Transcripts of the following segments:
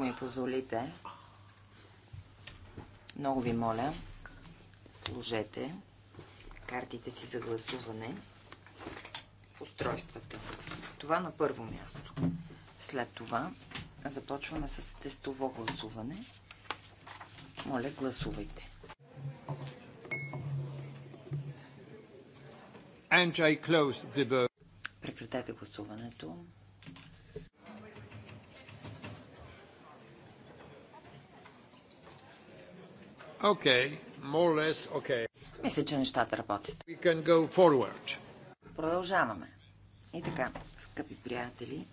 ако ми позволите. Много ви моля, сложете картите си за гласуване в устройствата. Това на първо място. След това започваме с тестово гласуване. Моля, гласувайте. Прекратете гласуването. Okay. More or less okay. Мисля, че нещата работят. We can go forward. Продължаваме. И така, скъпи приятели,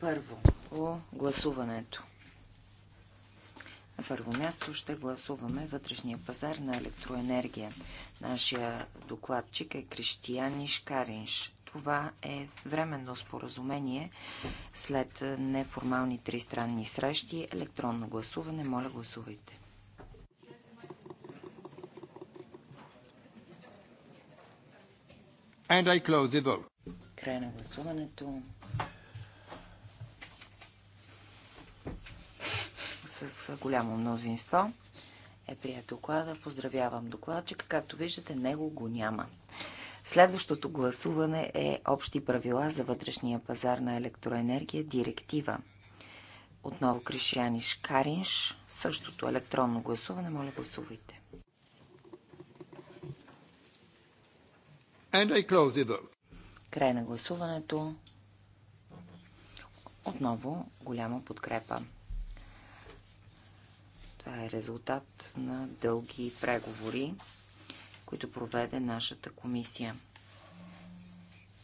първо по гласуването. На първо място ще гласуваме вътрешния пазар на електроенергия. Нашия докладчик е Кристиян Ишкаринш. Това е временно споразумение след неформални тристранни срещи. Електронно гласуване. Моля, гласувайте. And I close the vote. Край на гласуването. С голямо мнозинство е прият доклада. Поздравявам докладчика. Както виждате, него го няма. Следващото гласуване е Общи правила за вътрешния пазар на електроенергия директива. Отново Кришиани Каринш. Същото електронно гласуване. Моля, гласувайте. And I close the vote. Край на гласуването. Отново голяма подкрепа. Това е резултат на дълги преговори, които проведе нашата комисия.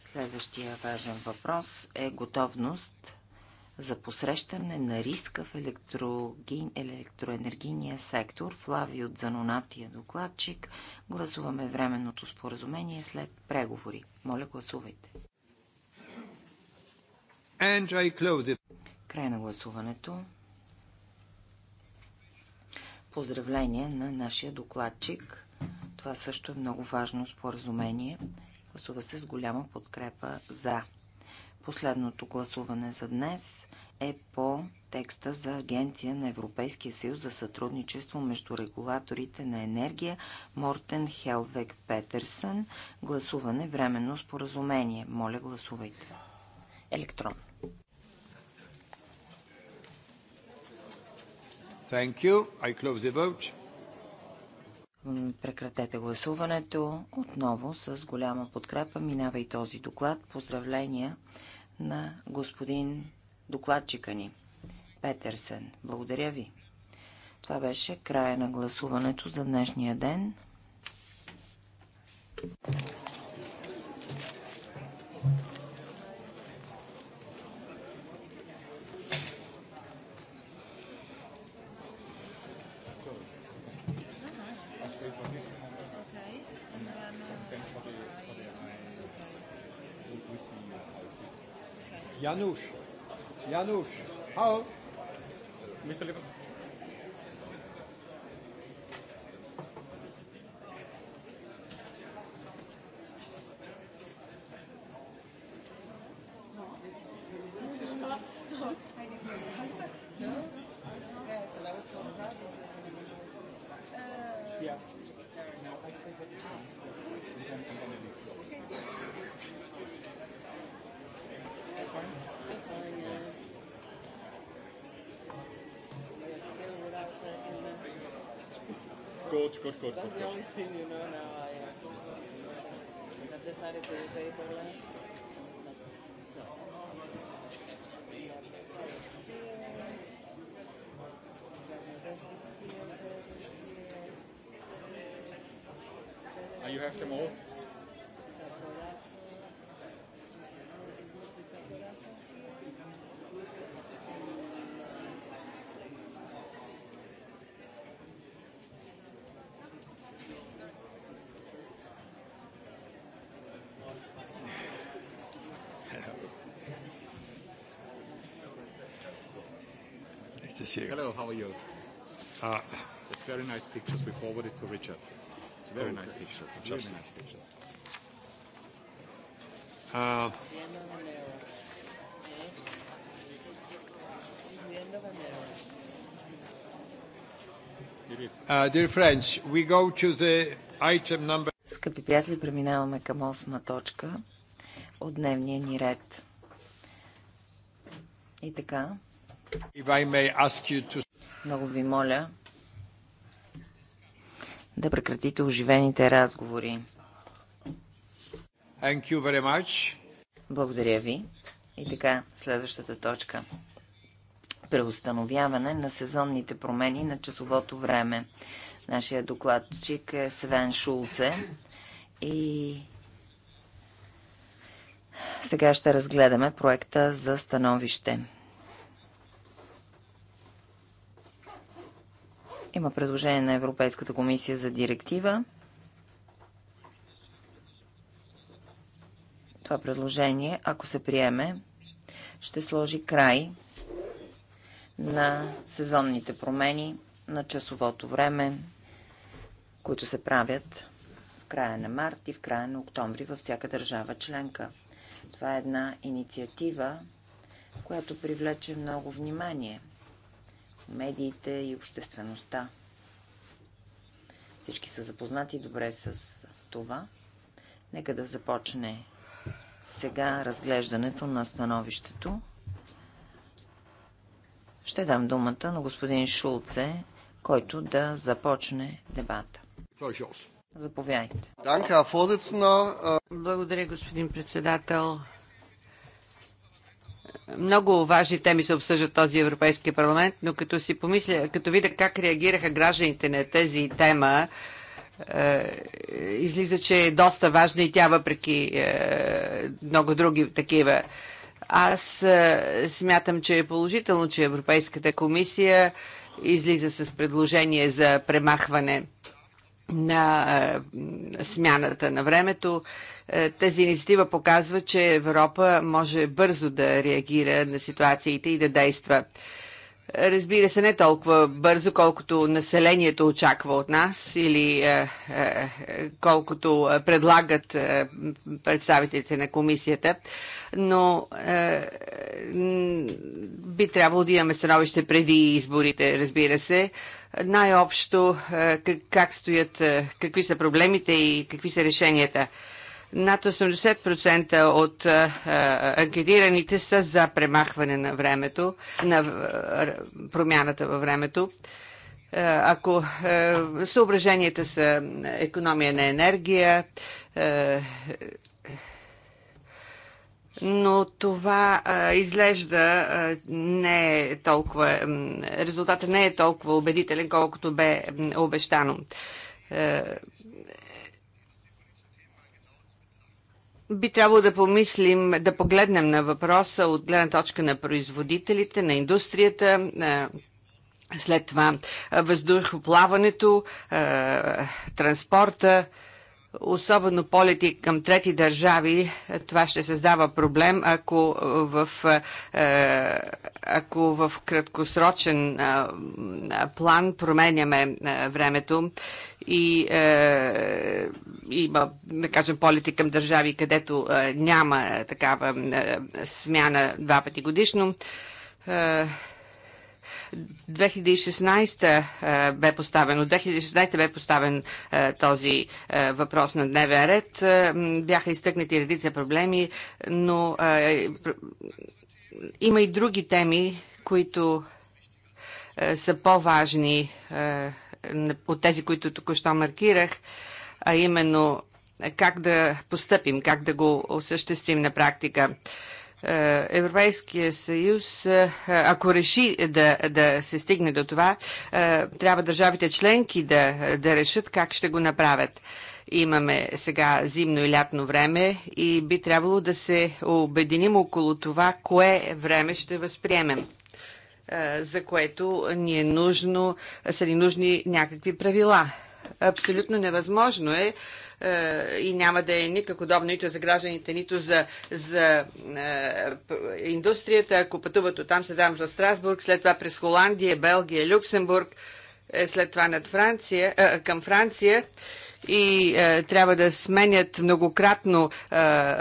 Следващия важен въпрос е готовност за посрещане на риска в електроген... електроенергийния сектор. Флави от Занонатия е докладчик. Гласуваме временното споразумение след преговори. Моля, гласувайте. Край на гласуването. Поздравление на нашия докладчик. Това също е много важно споразумение. Гласува се с голяма подкрепа за. Последното гласуване за днес е по текста за Агенция на Европейския съюз за сътрудничество между регулаторите на енергия Мортен Хелвек Петерсън. Гласуване временно споразумение. Моля, гласувайте. Електрон. Thank you. I close the vote. Прекратете гласуването. Отново с голяма подкрепа минава и този доклад. Поздравления на господин докладчика ни, Петърсен. Благодаря ви. Това беше края на гласуването за днешния ден. Janusz. Janusz, how? Mr. Lippert. Hello, how are you? Uh, It's very nice pictures. We forwarded to Richard. It's very nice pictures. Very nice pictures. Uh, uh Скъпи приятели, преминаваме към осма точка от дневния ни ред. И така. Много ви моля да прекратите оживените разговори. Thank you very much. Благодаря ви. И така, следващата точка. Преустановяване на сезонните промени на часовото време. Нашия докладчик е Свен Шулце. И сега ще разгледаме проекта за становище. Има предложение на Европейската комисия за директива. Това предложение, ако се приеме, ще сложи край на сезонните промени на часовото време, които се правят в края на март и в края на октомври във всяка държава членка. Това е една инициатива, която привлече много внимание – медиите и обществеността. Всички са запознати добре с това. Нека да започне сега разглеждането на становището. Ще дам думата на господин Шулце, който да започне дебата. Заповядайте. Благодаря, господин председател. Много важни теми се обсъждат този Европейски парламент, но като си помисля, като видя как реагираха гражданите на тези тема, е, излиза, че е доста важна и тя, въпреки е, много други такива. Аз е, смятам, че е положително, че Европейската комисия излиза с предложение за премахване на смяната на времето е, тази инициатива показва, че Европа може бързо да реагира на ситуациите и да действа. Разбира се, не толкова бързо, колкото населението очаква от нас или е, е, колкото е, предлагат е, представителите на комисията, но е, би трябвало да имаме становище преди изборите, разбира се. Най-общо е, как, стоят, е, какви са проблемите и какви са решенията. Над 80% от анкетираните са за премахване на времето, на промяната във времето ако съображенията са економия на енергия, но това изглежда не е толкова, резултатът не е толкова убедителен, колкото бе обещано. Би трябвало да помислим, да погледнем на въпроса от гледна точка на производителите, на индустрията, на след това въздухоплаването, транспорта, особено полети към трети държави, това ще създава проблем, ако в, ако в краткосрочен план променяме времето и е, има, да кажем, полети към държави, където е, няма такава е, смяна два пъти годишно. Е, 2016 е, бе поставен, от 2016 бе поставен е, този е, въпрос на дневен ред. Бяха изтъкнати редица проблеми, но има и други теми, които са по-важни е, от тези, които току-що маркирах, а именно как да постъпим, как да го осъществим на практика. Е, Европейския съюз, е, ако реши да, да се стигне до това, трябва държавите членки да, да решат как ще го направят. Имаме сега зимно и лятно време и би трябвало да се обединим около това, кое време ще възприемем. Е, за което ни е нужно, са ни нужни някакви правила. Абсолютно невъзможно е, е и няма да е никак удобно нито за гражданите, нито за, за е, индустрията. Ако пътуват там се дам за Страсбург, след това през Холандия, Белгия, Люксембург, е, след това над Франция, е, към Франция и е, трябва да сменят многократно е,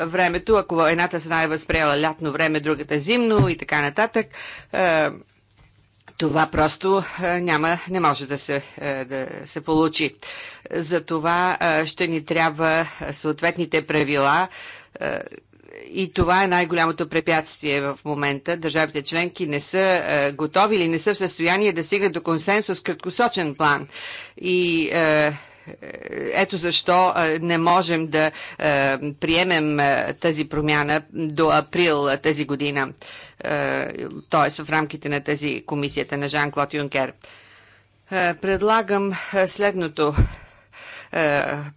времето, ако едната страна е възприела лятно време, другата зимно и така нататък. Е, това просто е, няма, не може да се, е, да се получи. За това е, ще ни трябва съответните правила и това е най-голямото препятствие в момента. Държавите членки не са готови или не са в състояние да стигнат до консенсус краткосочен план. И ето защо не можем да приемем тази промяна до април тази година, т.е. в рамките на тази комисията на Жан-Клод Юнкер. Предлагам следното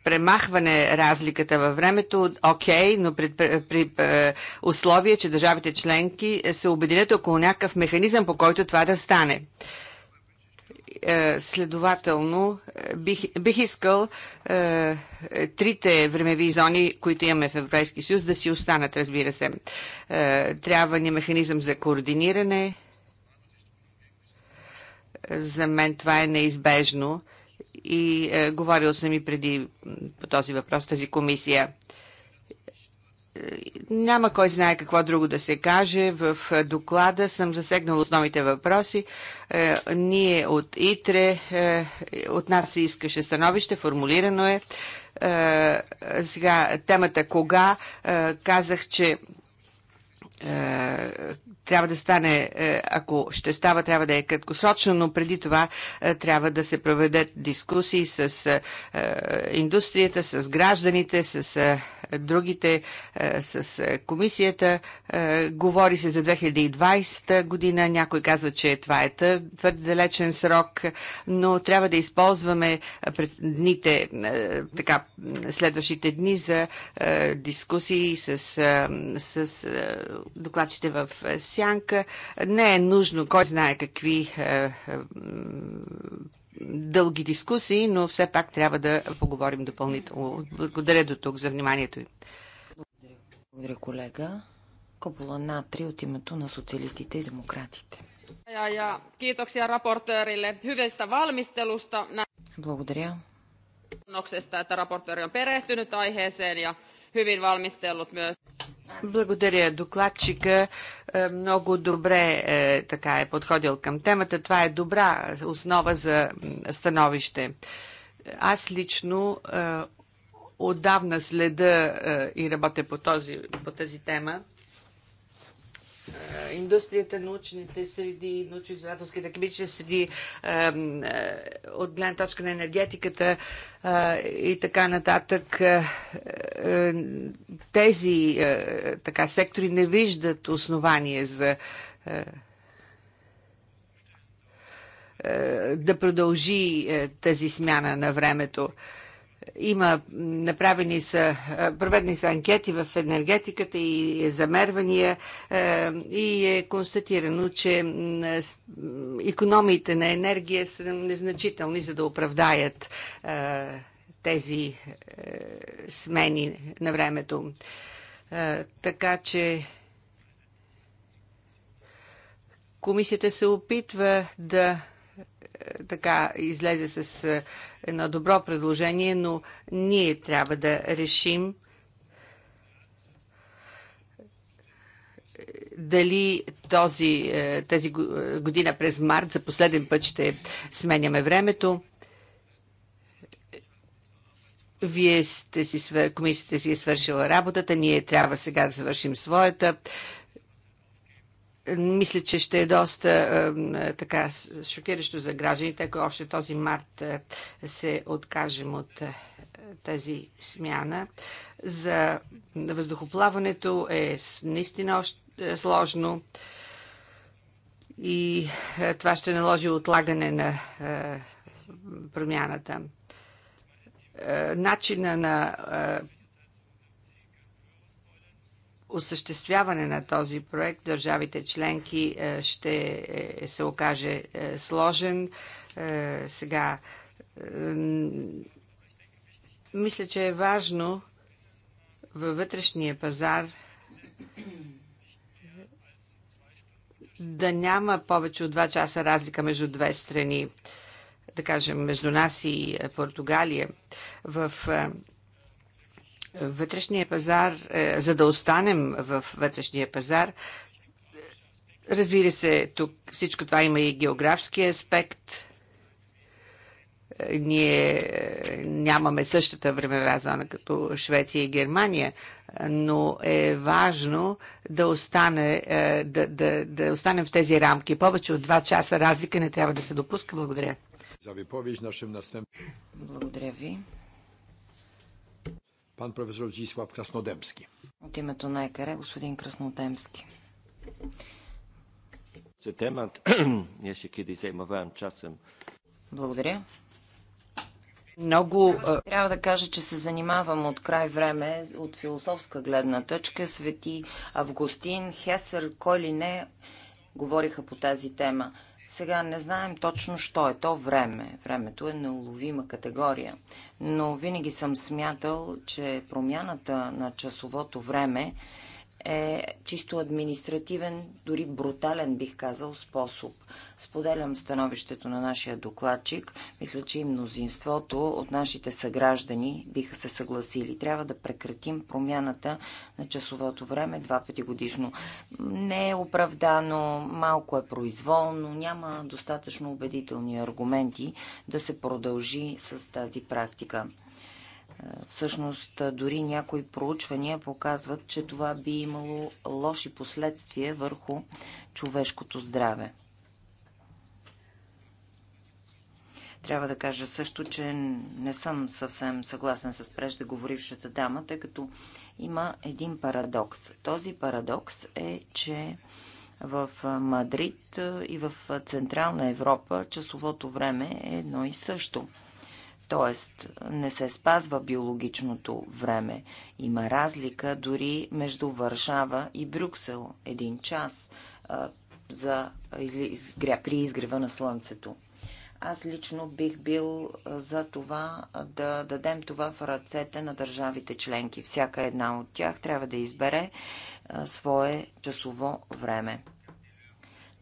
премахване разликата във времето, окей, но при, при, при условие, че държавите членки се обединят около някакъв механизъм, по който това да стане. Е, следователно е, бих, бих искал е, трите времеви зони, които имаме в Европейски съюз, да си останат, разбира се. Е, трябва ни механизъм за координиране. За мен това е неизбежно и е, говорил съм и преди по този въпрос тази комисия няма кой знае какво друго да се каже. В доклада съм засегнал основните въпроси. Е, ние от ИТРЕ, е, от нас се искаше становище, формулирано е. е сега темата кога, е, казах, че трябва да стане, е, ако ще става, трябва да е краткосрочно, но преди това е, трябва да се проведат дискусии с е, индустрията, с гражданите, с другите, с комисията. Говори се за 2020 година. Някой казва, че това е твърде далечен срок, но трябва да използваме дните, така, следващите дни за дискусии с, с докладчите в сянка не е нужно, кой знае какви е, е, дълги дискусии, но все пак трябва да поговорим допълнително. Благодаря до тук за вниманието ви. Благодаря, Благодаря колега. на три от името на социалистите и демократите. Благодаря. että raportööri on perehtynyt aiheeseen ja hyvin valmistellut myös. Благодаря докладчика. Е, много добре е, така е подходил към темата. Това е добра основа за становище. Аз лично е, отдавна следа е, и работя по, този, по тази тема е, индустрията, научните среди, научно-изследователските, химични среди, е, от гледна точка на енергетиката е, и така нататък. Тези така, сектори не виждат основание за да продължи тази смяна на времето има направени са, проведени са анкети в енергетиката и е замервания и е констатирано, че економиите на енергия са незначителни, за да оправдаят тези е, смени на времето. Така че комисията се опитва да е, така излезе с е, едно добро предложение, но ние трябва да решим е, дали този, тази година през март за последен път ще сменяме времето. Вие сте си, комисията си е свършила работата, ние трябва сега да завършим своята мисля, че ще е доста така шокиращо за гражданите, ако още този март е, се откажем от е, тази смяна. За въздухоплаването е наистина още е, сложно и това ще наложи отлагане на промяната. Начина на осъществяване на този проект държавите членки е, ще е, се окаже е, сложен. Сега, мисля, че е важно във вътрешния пазар да няма повече от 2 часа разлика между две страни, да кажем, между нас и Португалия. В Вътрешния пазар, е, за да останем в вътрешния пазар, разбира се, тук всичко това има и географски аспект. Е, ние е, нямаме същата времева зона като Швеция и Германия, но е важно да, остане, да, да, да останем в тези рамки. Повече от 2 часа разлика не трябва да се допуска. Благодаря. Благодаря ви. Пан професор Зислав Краснодемски. От името на ЕКР, господин Краснодемски. Темат, ще киди займавам часом. Благодаря. Много... Трябва да кажа, че се занимавам от край време, от философска гледна точка. Свети Августин, Хесър, кой ли не, говориха по тази тема. Сега не знаем точно, що е то време. Времето е неуловима категория. Но винаги съм смятал, че промяната на часовото време е чисто административен, дори брутален, бих казал, способ. Споделям становището на нашия докладчик. Мисля, че и мнозинството от нашите съграждани биха се съгласили. Трябва да прекратим промяната на часовото време два пъти годишно. Не е оправдано, малко е произволно, няма достатъчно убедителни аргументи да се продължи с тази практика. Всъщност, дори някои проучвания показват, че това би имало лоши последствия върху човешкото здраве. Трябва да кажа също, че не съм съвсем съгласен с преждеговорившата дама, тъй като има един парадокс. Този парадокс е, че в Мадрид и в Централна Европа часовото време е едно и също – Тоест, не се спазва биологичното време. Има разлика дори между Варшава и Брюксел. Един час а, за, изгря, при изгрева на слънцето. Аз лично бих бил за това да дадем това в ръцете на държавите членки. Всяка една от тях трябва да избере а, свое часово време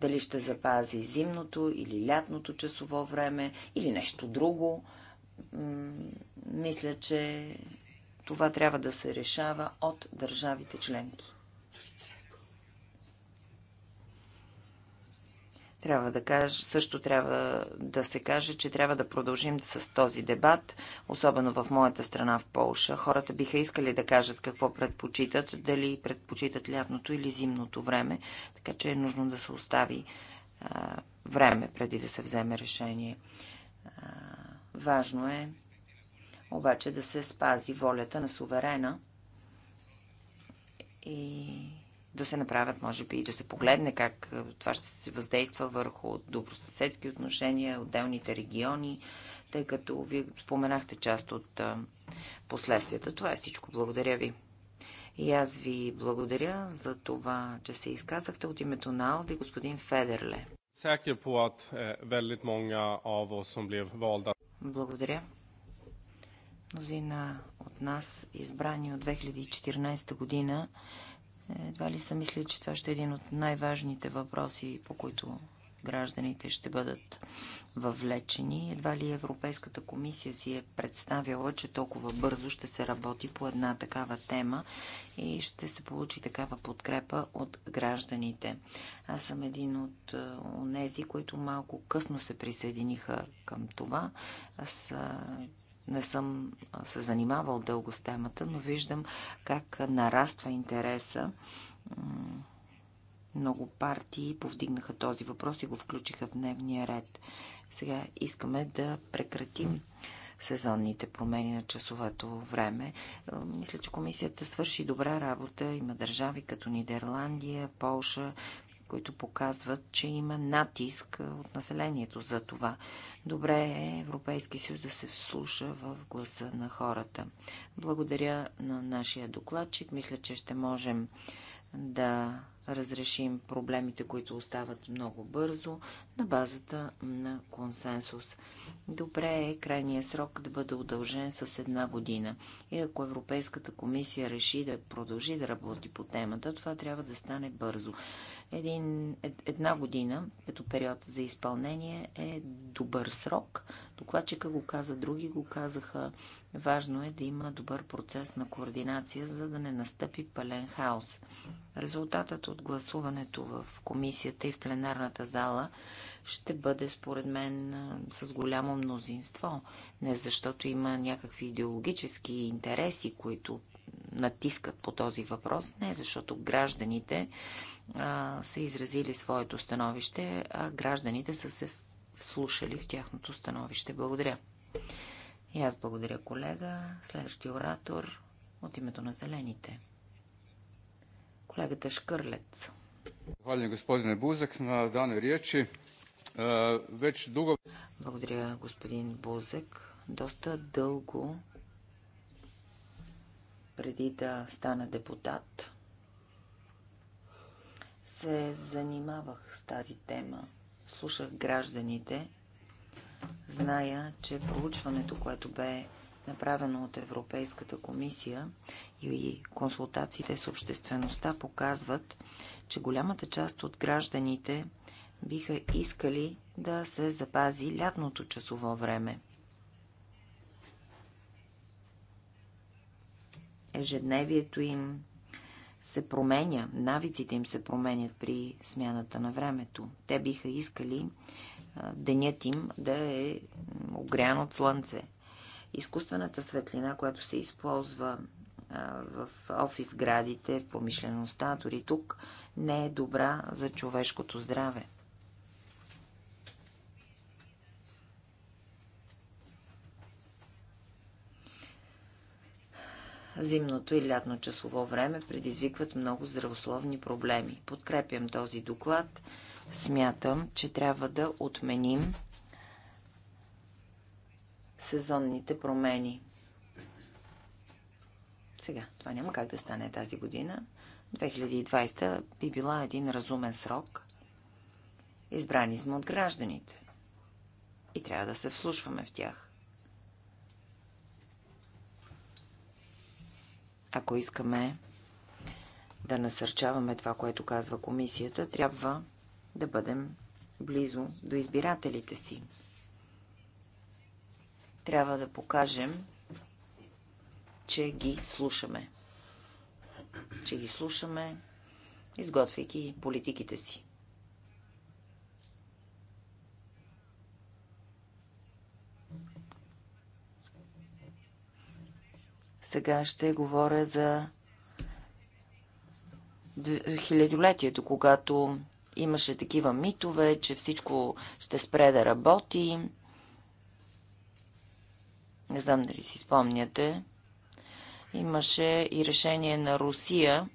дали ще запази зимното или лятното часово време или нещо друго мисля, че това трябва да се решава от държавите членки. Трябва да кажа, също трябва да се каже, че трябва да продължим с този дебат, особено в моята страна в Полша. Хората биха искали да кажат какво предпочитат, дали предпочитат лятното или зимното време, така че е нужно да се остави а, време преди да се вземе решение. А, Важно е обаче да се спази волята на суверена и да се направят, може би, и да се погледне как това ще се въздейства върху добросъседски отношения, отделните региони, тъй като вие споменахте част от последствията. Това е всичко. Благодаря ви. И аз ви благодаря за това, че се изказахте от името на Алди, господин Федерле. Säker på att е, väldigt många av oss som blev благодаря. Мнозина от нас, избрани от 2014 година, едва ли са мисли, че това ще е един от най-важните въпроси, по които гражданите ще бъдат въвлечени. Едва ли Европейската комисия си е представила, че толкова бързо ще се работи по една такава тема и ще се получи такава подкрепа от гражданите. Аз съм един от е, онези, които малко късно се присъединиха към това. Аз е, не съм е, се занимавал дълго с темата, но виждам как нараства интереса много партии повдигнаха този въпрос и го включиха в дневния ред. Сега искаме да прекратим сезонните промени на часовото време. Е, мисля, че комисията свърши добра работа. Има държави като Нидерландия, Полша, които показват, че има натиск от населението за това. Добре е Европейски съюз да се вслуша в гласа на хората. Благодаря на нашия докладчик. Мисля, че ще можем да разрешим проблемите, които остават много бързо, на базата на консенсус. Добре е крайният срок да бъде удължен с една година. И ако Европейската комисия реши да продължи да работи по темата, това трябва да стане бързо. Един, една година като период за изпълнение е добър срок. Докладчика го каза, други го казаха. Важно е да има добър процес на координация, за да не настъпи пълен хаос. Резултатът от гласуването в комисията и в пленарната зала ще бъде, според мен, с голямо мнозинство. Не защото има някакви идеологически интереси, които натискат по този въпрос, не защото гражданите са изразили своето становище, а гражданите са се вслушали в тяхното становище. Благодаря. И аз благодаря, колега. Следващия оратор от името на Зелените. Колегата Шкърлец. Hvala господине Бузък на дане речи. Вече дълго... Благодаря, господин Бузек. Доста дълго преди да стана депутат, се занимавах с тази тема, слушах гражданите, зная, че проучването, което бе направено от Европейската комисия и консултациите с обществеността показват, че голямата част от гражданите биха искали да се запази лятното часово време. Ежедневието им, се променя, навиците им се променят при смяната на времето. Те биха искали денят им да е огрян от слънце. Изкуствената светлина, която се използва в офис градите, в промишлеността, дори тук, не е добра за човешкото здраве. зимното и лятно часово време предизвикват много здравословни проблеми. Подкрепям този доклад. Смятам, че трябва да отменим сезонните промени. Сега, това няма как да стане тази година. 2020 би била един разумен срок. Избрани сме от гражданите. И трябва да се вслушваме в тях. Ако искаме да насърчаваме това, което казва комисията, трябва да бъдем близо до избирателите си. Трябва да покажем, че ги слушаме. Че ги слушаме, изготвяйки политиките си. Сега ще говоря за хилядолетието, когато имаше такива митове, че всичко ще спре да работи. Не знам дали си спомняте. Имаше и решение на Русия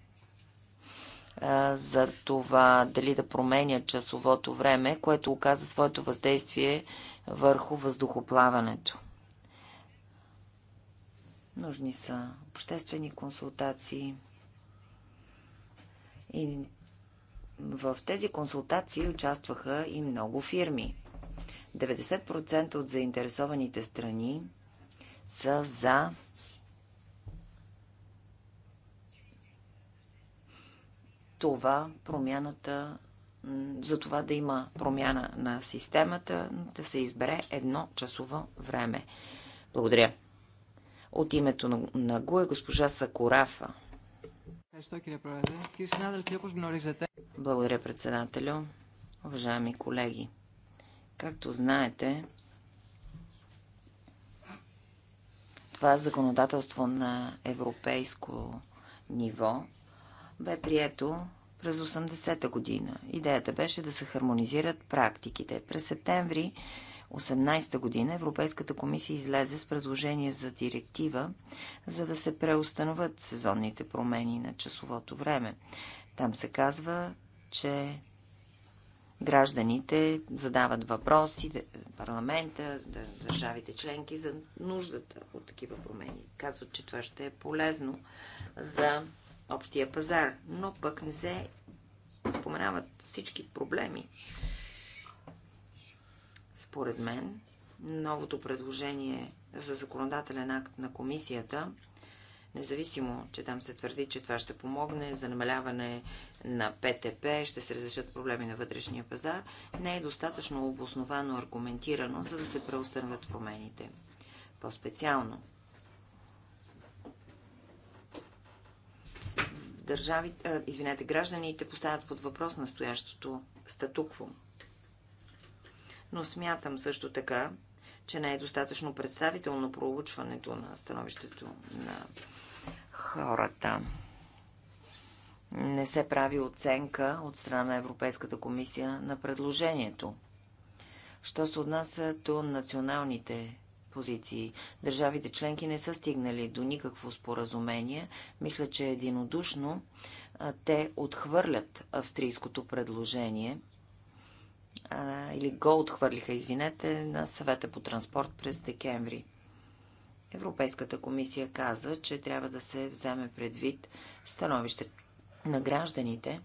а, за това дали да променя часовото време, което оказа своето въздействие върху въздухоплаването. Нужни са обществени консултации. И в тези консултации участваха и много фирми. 90% от заинтересованите страни са за това промяната, за това да има промяна на системата, да се избере едно часово време. Благодаря. От името на, на ГУЕ госпожа Сакурафа. Благодаря, председателю. Уважаеми колеги, както знаете, това законодателство на европейско ниво бе прието през 80-та година. Идеята беше да се хармонизират практиките. През септември 2018 година Европейската комисия излезе с предложение за директива, за да се преустановят сезонните промени на часовото време. Там се казва, че гражданите задават въпроси, парламента, държавите членки за нуждата от такива промени. Казват, че това ще е полезно за общия пазар, но пък не се споменават всички проблеми според мен, новото предложение за законодателен акт на комисията, независимо, че там се твърди, че това ще помогне за намаляване на ПТП, ще се разрешат проблеми на вътрешния пазар, не е достатъчно обосновано аргументирано, за да се преустановят промените. По-специално, държави, извинете, гражданите поставят под въпрос настоящото статукво но смятам също така, че не е достатъчно представително проучването на становището на хората. Не се прави оценка от страна на Европейската комисия на предложението. Що се отнася до националните позиции. Държавите членки не са стигнали до никакво споразумение. Мисля, че единодушно те отхвърлят австрийското предложение – или го отхвърлиха, извинете, на съвета по транспорт през декември. Европейската комисия каза, че трябва да се вземе предвид становище на гражданите.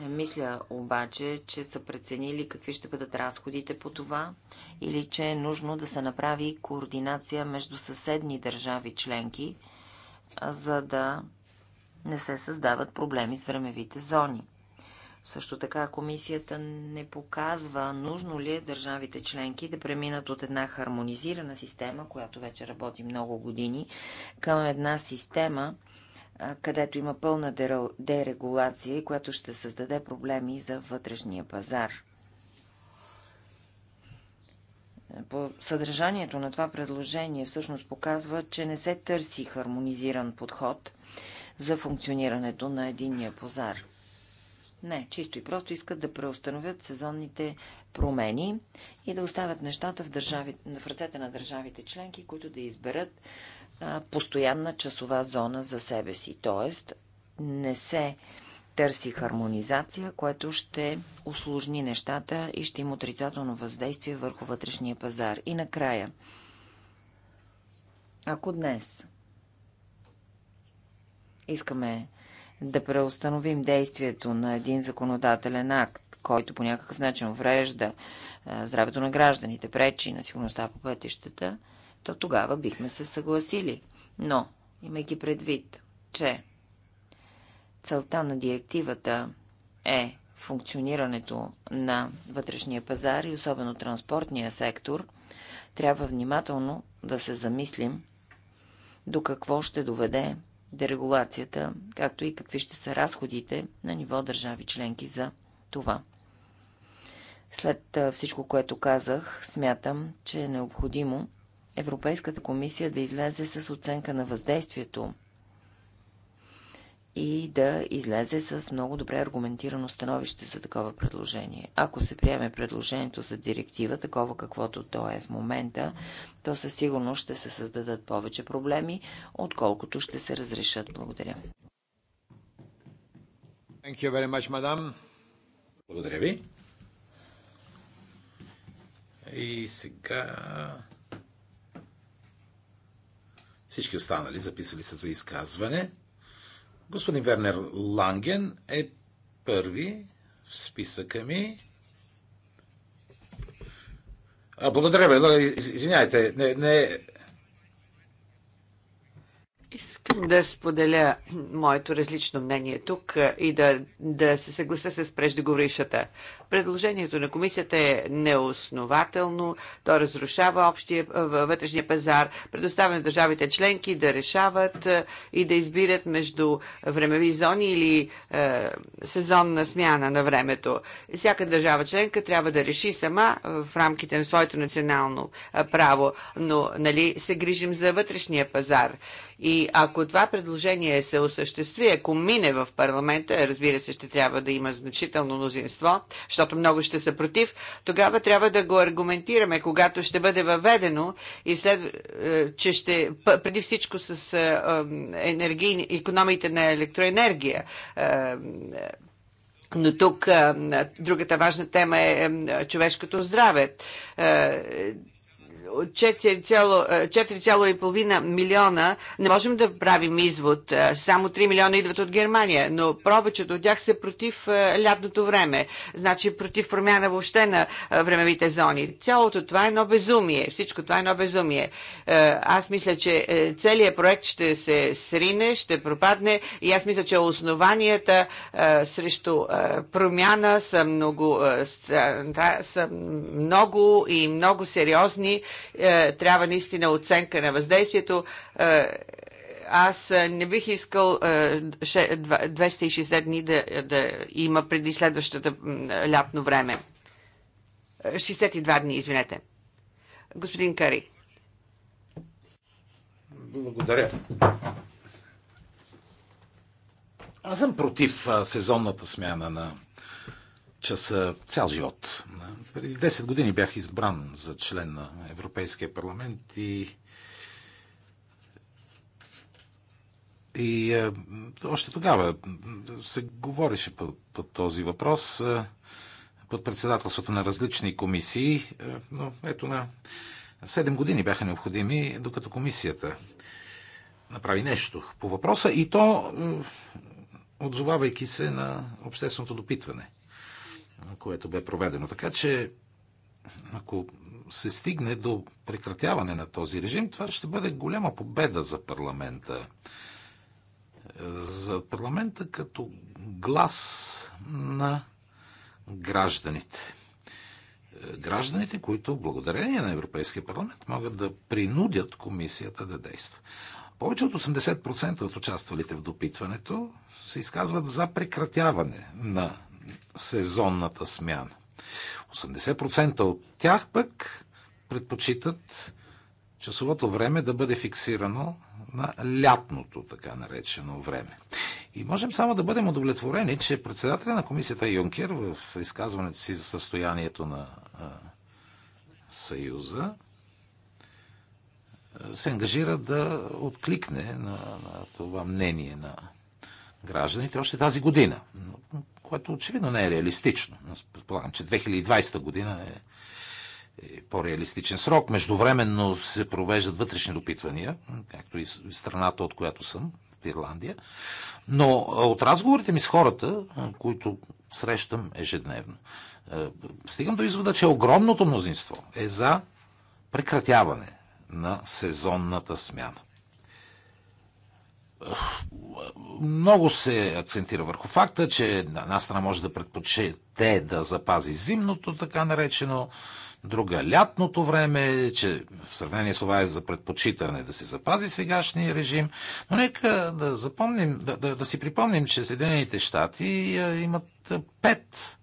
Мисля обаче, че са преценили какви ще бъдат разходите по това или че е нужно да се направи координация между съседни държави членки, за да не се създават проблеми с времевите зони. Също така комисията не показва нужно ли е държавите членки да преминат от една хармонизирана система, която вече работи много години, към една система, където има пълна дерегулация и която ще създаде проблеми за вътрешния пазар. По съдържанието на това предложение всъщност показва, че не се търси хармонизиран подход за функционирането на единния пазар. Не, чисто и просто искат да преустановят сезонните промени и да оставят нещата в, държави, в ръцете на държавите членки, които да изберат а, постоянна часова зона за себе си. Тоест, не се търси хармонизация, което ще усложни нещата и ще има отрицателно въздействие върху вътрешния пазар. И накрая, ако днес искаме да преустановим действието на един законодателен акт, който по някакъв начин врежда здравето на гражданите, пречи на сигурността по пътищата, то тогава бихме се съгласили. Но, имайки предвид, че целта на директивата е функционирането на вътрешния пазар и особено транспортния сектор, трябва внимателно да се замислим до какво ще доведе дерегулацията, както и какви ще са разходите на ниво държави членки за това. След всичко, което казах, смятам, че е необходимо Европейската комисия да излезе с оценка на въздействието и да излезе с много добре аргументирано становище за такова предложение. Ако се приеме предложението за директива, такова каквото то е в момента, то със сигурност ще се създадат повече проблеми, отколкото ще се разрешат. Благодаря. Thank you very much, madam. Благодаря ви. И сега всички останали записали са за изказване. Господин Вернер Ланген е първи в списъка ми. А, благодаря ви, извиняйте, не, не... Искам да споделя моето различно мнение тук и да, да се съглася с преждеговорившата. Предложението на комисията е неоснователно, то разрушава общия е, вътрешния пазар, предоставя на държавите членки да решават е, и да избират между времеви зони или е, сезонна смяна на времето. Всяка държава членка трябва да реши сама е, в рамките на своето национално право, но нали, се грижим за вътрешния пазар. И ако това предложение се осъществи, ако мине в парламента, разбира се, ще трябва да има значително мнозинство, защото много ще са против, тогава трябва да го аргументираме, когато ще бъде въведено и след, е, че ще, преди всичко с е, е, енергийни, економиите на електроенергия. Но тук другата важна тема е човешкото здраве. 4,5 е, милиона не можем да правим извод. Е, само 3 милиона идват от Германия, но повечето от тях са против е, лятното време. Значи против промяна въобще на времевите зони. Цялото това е едно безумие. Всичко това е едно безумие. Аз мисля, че целият проект ще се срине, ще пропадне и аз мисля, че основанията срещу промяна са много, са много и много сериозни е, трябва наистина оценка на въздействието е, аз е, не бих искал 260 дни да, да има преди следващата лятно време. 62 дни, извинете. Господин Кари. Благодаря. Аз съм против сезонната смяна на часа цял живот. Преди 10 години бях избран за член на Европейския парламент и И а, още тогава се говореше по, по този въпрос а, под председателството на различни комисии, а, но ето на 7 години бяха необходими, докато комисията направи нещо по въпроса и то отзовавайки се на общественото допитване което бе проведено. Така че, ако се стигне до прекратяване на този режим, това ще бъде голяма победа за парламента. За парламента като глас на гражданите. Гражданите, които благодарение на Европейския парламент могат да принудят комисията да действа. Повече от 80% от участвалите в допитването се изказват за прекратяване на сезонната смяна. 80% от тях пък предпочитат часовото време да бъде фиксирано на лятното, така наречено време. И можем само да бъдем удовлетворени, че председателя на комисията Юнкер в изказването си за състоянието на а, Съюза се ангажира да откликне на, на това мнение на гражданите още тази година което очевидно не е реалистично. Предполагам, че 2020 година е, е по-реалистичен срок. Междувременно се провеждат вътрешни допитвания, както и в страната, от която съм, в Ирландия. Но от разговорите ми с хората, които срещам ежедневно, стигам до извода, че огромното мнозинство е за прекратяване на сезонната смяна много се акцентира върху факта, че една страна може да предпочете да запази зимното, така наречено, друга лятното време, че в сравнение с това е за предпочитане да се запази сегашния режим. Но нека да запомним, да, да, да си припомним, че Съединените щати имат пет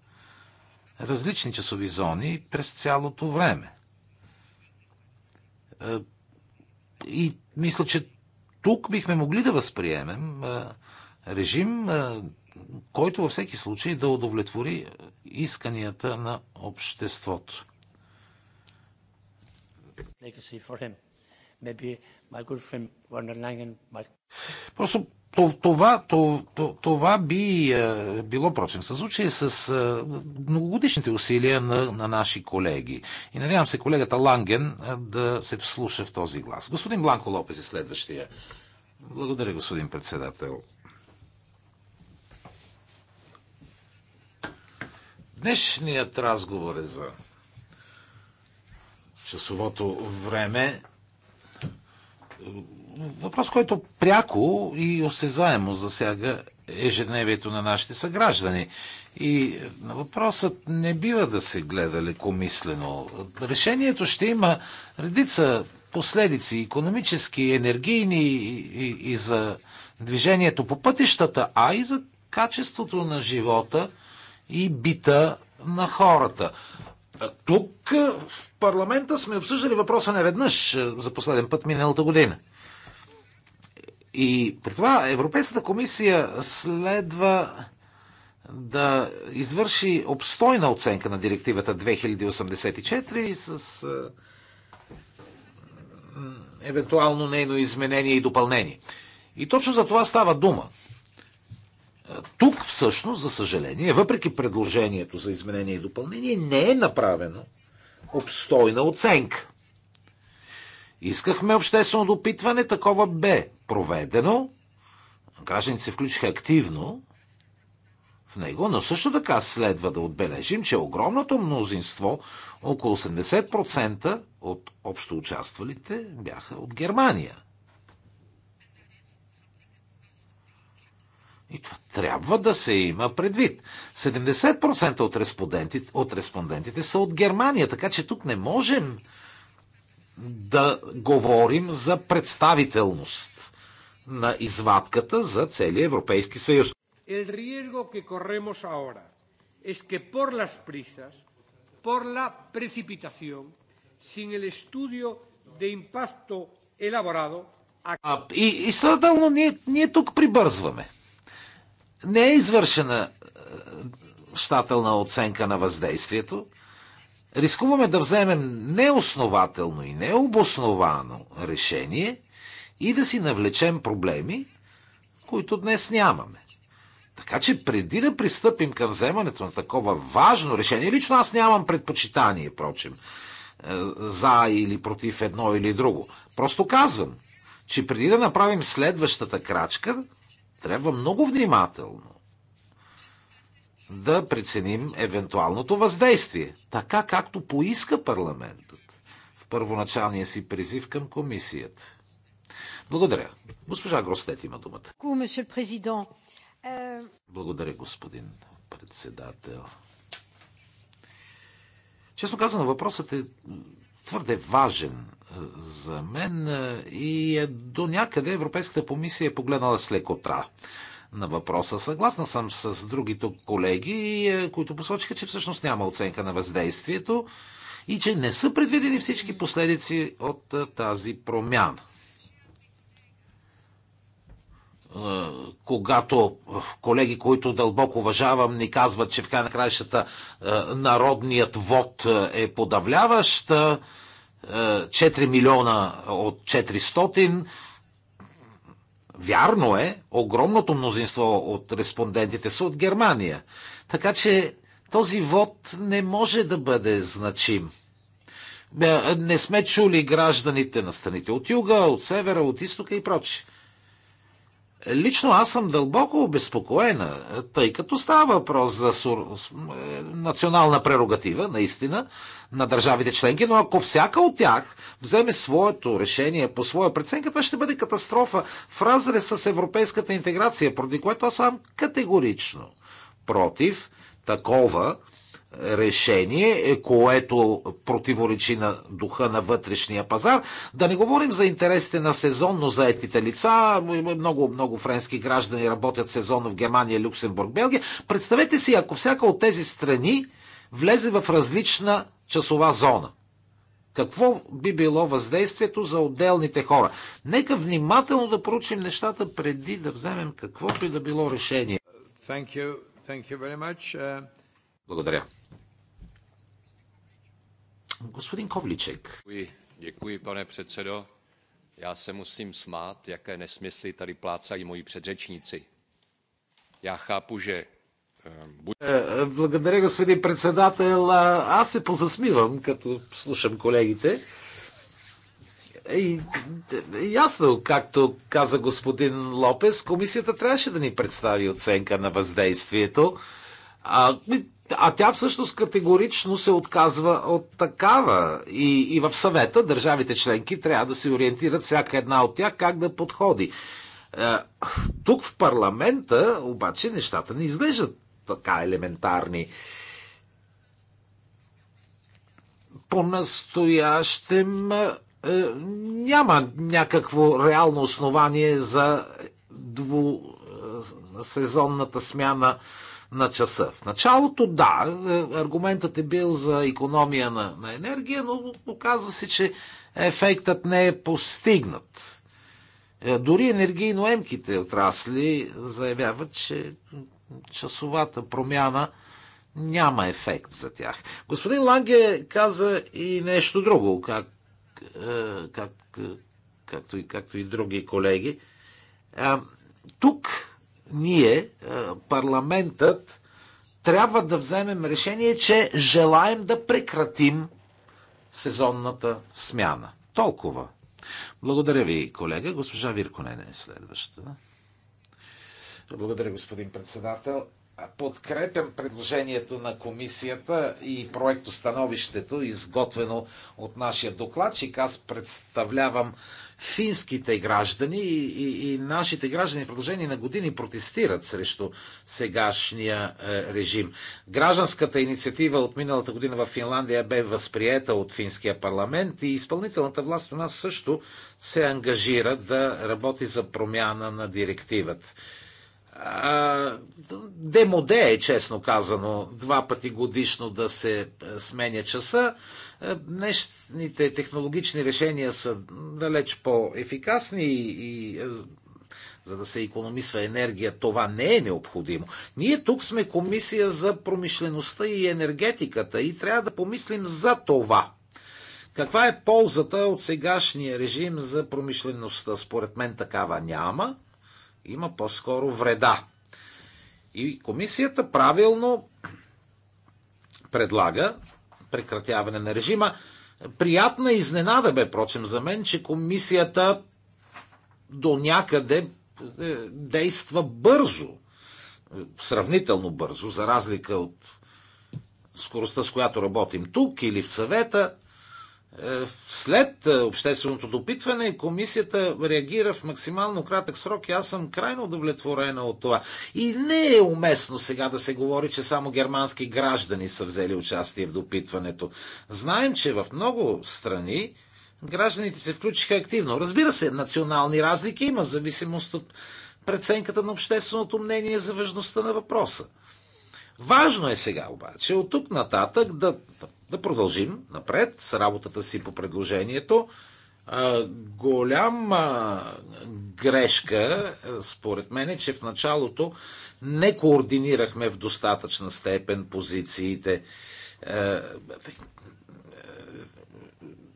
различни часови зони през цялото време. И мисля, че тук бихме могли да възприемем режим, който във всеки случай да удовлетвори исканията на обществото. Просто това, това, това би е, било, прочим, случай с е, многогодишните усилия на, на наши колеги. И надявам се колегата Ланген е, да се вслуша в този глас. Господин Бланко Лопес е следващия. Благодаря, господин председател. Днешният разговор е за часовото време въпрос, който пряко и осезаемо засяга ежедневието на нашите съграждани. И въпросът не бива да се гледа лекомислено. Решението ще има редица последици, економически, енергийни и, и, и за движението по пътищата, а и за качеството на живота и бита на хората. Тук в парламента сме обсъждали въпроса не веднъж е, за последен път миналата година. И при това Европейската комисия следва да извърши обстойна оценка на директивата 2084 с евентуално нейно изменение и допълнение. И точно за това става дума. Тук всъщност, за съжаление, въпреки предложението за изменение и допълнение, не е направено обстойна оценка. Искахме обществено допитване, такова бе проведено. Гражданите се включиха активно в него, но също така следва да отбележим, че огромното мнозинство, около 80% от общо участвалите, бяха от Германия. И това трябва да се има предвид. 70% от респондентите, от респондентите са от Германия, така че тук не можем да говорим за представителност на извадката за целия Европейски съюз. El riesgo que corremos ahora es que por las prisas, por la precipitación, sin el estudio de impacto elaborado, а, и, и следователно ние, ние тук прибързваме. Не е извършена е, щателна оценка на въздействието рискуваме да вземем неоснователно и необосновано решение и да си навлечем проблеми, които днес нямаме. Така че преди да пристъпим към вземането на такова важно решение, лично аз нямам предпочитание, прочим, е, за или против едно или друго. Просто казвам, че преди да направим следващата крачка, трябва много внимателно да преценим евентуалното въздействие, така както поиска парламентът в първоначалния си призив към комисията. Благодаря. Госпожа Гростет има думата. Е, Благодаря, господин председател. Честно казано, въпросът е твърде важен е, за мен е, и до някъде Европейската комисия е погледнала с лекота на въпроса. Съгласна съм с другите колеги, е, които посочиха, че всъщност няма оценка на въздействието и че не са предвидени всички последици от е, тази промяна. Е, когато колеги, които дълбоко уважавам, ни казват, че в край на краищата народният вод е подавляващ, 4 милиона от 400, Вярно е, огромното мнозинство от респондентите са от Германия. Така че този вод не може да бъде значим. Е, не сме чули гражданите на страните от юга, от севера, от изтока и прочи. Лично аз съм дълбоко обезпокоена, тъй като става въпрос за е, национална прерогатива, наистина, на държавите членки, но ако всяка от тях вземе своето решение по своя преценка, това ще бъде катастрофа в разрез с европейската интеграция, поради което аз съм категорично против такова е, решение, е, което противоречи на духа на вътрешния пазар. Да не говорим за интересите на сезонно заетите лица. Много, много френски граждани работят сезонно в Германия, Люксембург, Белгия. Представете си, ако всяка от тези страни влезе в различна часова зона. Какво би било въздействието за отделните хора? Нека внимателно да проучим нещата преди да вземем каквото и да било решение. Thank you. Thank you very much. Uh... Благодаря. Господин Ковличек. Děkuji, děkuji, pane předsedo. Já se musím smát, jaké nesmysly tady plácají moji předřečníci. Já chápu, že е, благодаря, господин председател. Аз се позасмивам, като слушам колегите. И, ясно, както каза господин Лопес, комисията трябваше да ни представи оценка на въздействието. А, а тя всъщност категорично се отказва от такава. И, и в съвета държавите членки трябва да се ориентират всяка една от тях как да подходи. Е, тук в парламента обаче нещата не изглеждат така елементарни. По-настоящем е, няма някакво реално основание за двусезонната е, смяна на часа. В началото, да, е, аргументът е бил за економия на, на енергия, но оказва се, че ефектът не е постигнат. Дори енергийно емките отрасли заявяват, че часовата промяна няма ефект за тях. Господин Ланге каза и нещо друго, как, е, как, както, и, както и други колеги. Е, тук ние, е, парламентът, трябва да вземем решение, че желаем да прекратим сезонната смяна. Толкова. Благодаря ви, колега. Госпожа Вирконене е следващата. Благодаря, господин председател. Подкрепям предложението на комисията и проекто становището, изготвено от нашия докладчик. Аз представлявам финските граждани и, и, и нашите граждани в продължение на години протестират срещу сегашния е, режим. Гражданската инициатива от миналата година в Финландия бе възприета от финския парламент и изпълнителната власт у нас също се ангажира да работи за промяна на директивата. Демоде е, честно казано, два пъти годишно да се е, сменя часа. Е, днешните технологични решения са далеч по-ефикасни и е, за да се економисва енергия, това не е необходимо. Ние тук сме комисия за промишлеността и енергетиката и трябва да помислим за това. Каква е ползата от сегашния режим за промишлеността? Според мен такава няма има по-скоро вреда. И комисията правилно предлага прекратяване на режима. Приятна изненада бе, прочим, за мен, че комисията до някъде е, действа бързо, е, сравнително бързо, за разлика от скоростта, с която работим тук или в съвета. Е, след е, общественото допитване комисията реагира в максимално кратък срок и аз съм крайно удовлетворена от това. И не е уместно сега да се говори, че само германски граждани са взели участие в допитването. Знаем, че в много страни гражданите се включиха активно. Разбира се, национални разлики има в зависимост от преценката на общественото мнение за важността на въпроса. Важно е сега обаче от тук нататък да да продължим напред с работата си по предложението. Голяма грешка, според мен, е, че в началото не координирахме в достатъчна степен позициите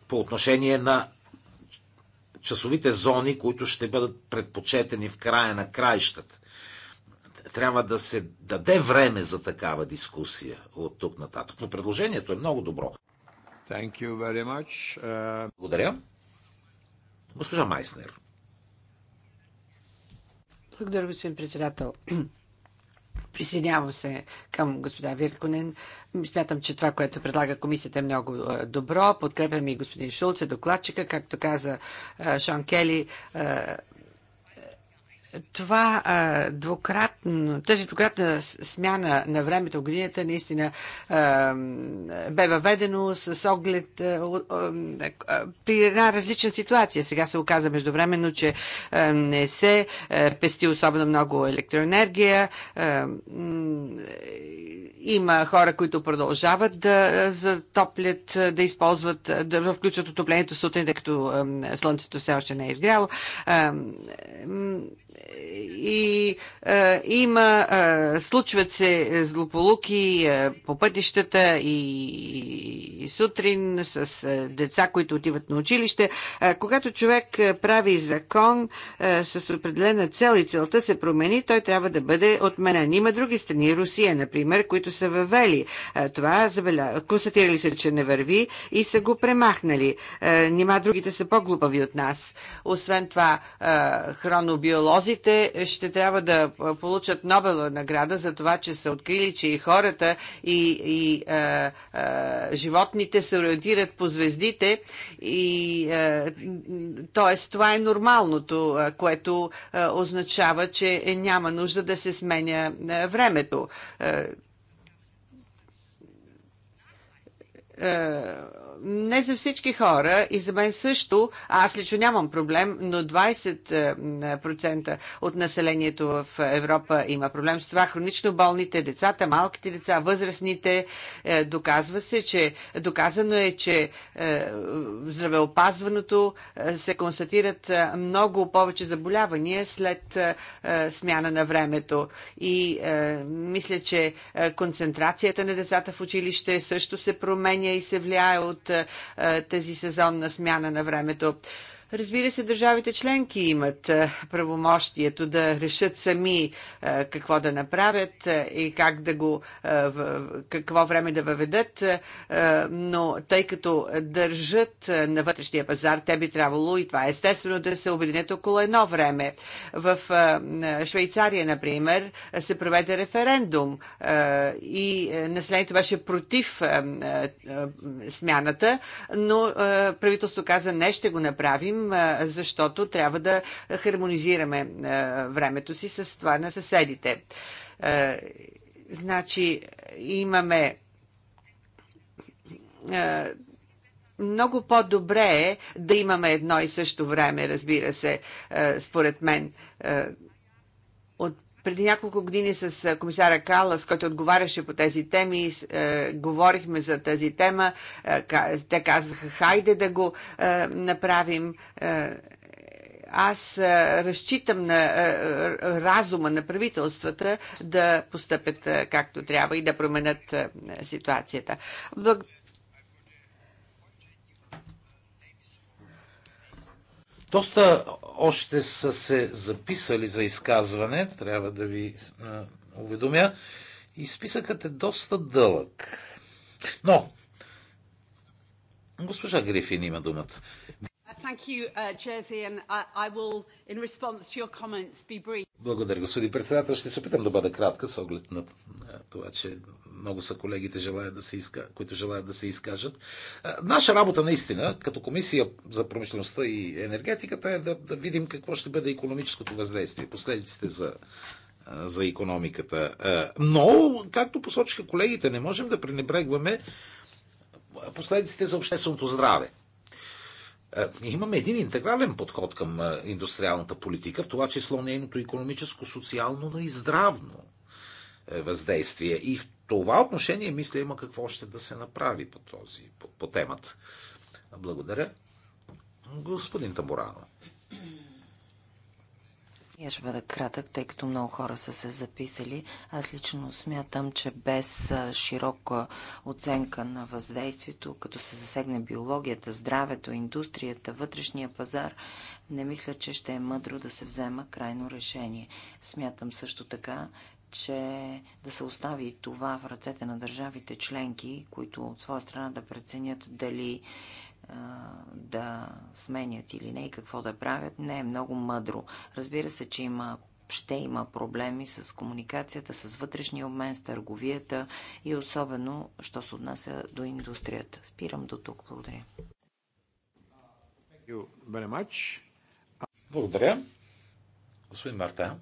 по отношение на часовите зони, които ще бъдат предпочетени в края на краищата трябва да се даде време за такава дискусия от тук нататък. Но предложението е много добро. Thank you very much. Uh... Благодаря. Госпожа Майснер. Благодаря, господин председател. Присъединявам се към господа Вирконен. Смятам, че това, което предлага комисията е много е, добро. Подкрепям и господин Шулце, докладчика. Както каза е, Шан Кели, е, това а, двукратно, тази двукратна смяна на времето годината наистина а, бе въведено с оглед а, а, при една различна ситуация. Сега се оказа междувременно, че а, не се а, пести особено много електроенергия. А, има хора, които продължават да затоплят, да използват, да включат отоплението сутрин, тъй като слънцето все още не е изгряло. А, и а, е, има, а, е, случват се злополуки а, е, по пътищата и, и сутрин с а, деца, които отиват на училище. А, когато човек прави закон а, с определена цел и целта се промени, той трябва да бъде отменен. Има други страни, Русия, например, които са въвели а, това, забеля... констатирали се, че не върви и са го премахнали. нима другите са по-глупави от нас. Освен това, а, хронобиолози Физиколозите ще трябва да получат Нобелова награда за това, че са открили, че и хората, и, и а, а, животните се ориентират по звездите. И, а, тоест, това е нормалното, което а, означава, че няма нужда да се сменя времето. А, не за всички хора и за мен също, аз лично нямам проблем, но 20% е, от населението в Европа има проблем с това. Хронично болните, децата, малките деца, възрастните. Е, доказва се, че доказано е, че в е, здравеопазването се констатират много повече заболявания след смяна на времето. И мисля, че концентрацията на децата в училище също се променя и се влияе от тази сезонна смяна на времето. Разбира се, държавите членки имат е, правомощието да решат сами е, какво да направят е, и как да го, какво време да въведат, но тъй като държат на вътрешния пазар, те би трябвало и това естествено да се объединят около едно време. В Швейцария, например, се проведе референдум и населението беше против смяната, но правителството каза не ще го направим правим, защото трябва да хармонизираме времето си с това на съседите. Значи имаме много по-добре е да имаме едно и също време, разбира се, според мен преди няколко години с комисара Калас, който отговаряше по тези теми, говорихме за тази тема. те казаха, хайде да го направим. аз разчитам на разума на правителствата да постъпят както трябва и да променят ситуацията. Доста още са се записали за изказване, трябва да ви уведомя. И списъкът е доста дълъг. Но, госпожа Грифин има думата. Благодаря, господин председател. Ще се опитам да бъда кратка с оглед на това, че много са колегите, желаят да се иска, които желаят да се изкажат. Наша работа наистина, като комисия за промишлеността и енергетиката, е да, да видим какво ще бъде економическото въздействие, последиците за, за економиката. Но, както посочиха колегите, не можем да пренебрегваме последиците за общественото здраве. Имаме един интегрален подход към индустриалната политика, в това число нейното економическо, социално, но и здравно е, въздействие. И в това отношение, мисля, има какво още да се направи по, този, по, по темата. Благодаря. Господин Таборано. Я ще бъда кратък, тъй като много хора са се записали. Аз лично смятам, че без широка оценка на въздействието, като се засегне биологията, здравето, индустрията, вътрешния пазар, не мисля, че ще е мъдро да се взема крайно решение. Смятам също така, че да се остави това в ръцете на държавите членки, които от своя страна да преценят дали да сменят или не и какво да правят, не е много мъдро. Разбира се, че има ще има проблеми с комуникацията, с вътрешния обмен, с търговията и особено, що се отнася до индустрията. Спирам до тук. Благодаря. Благодаря. Господин Марта.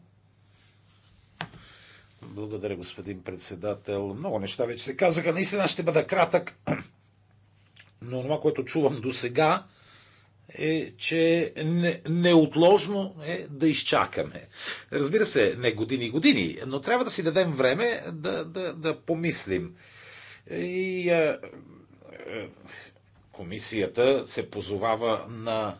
Благодаря, господин председател. Много неща вече се казаха. Наистина ще бъда кратък, но това, което чувам до сега, е, че не, неотложно е да изчакаме. Разбира се, не години и години, но трябва да си дадем време да, да, да помислим. И а, комисията се позовава на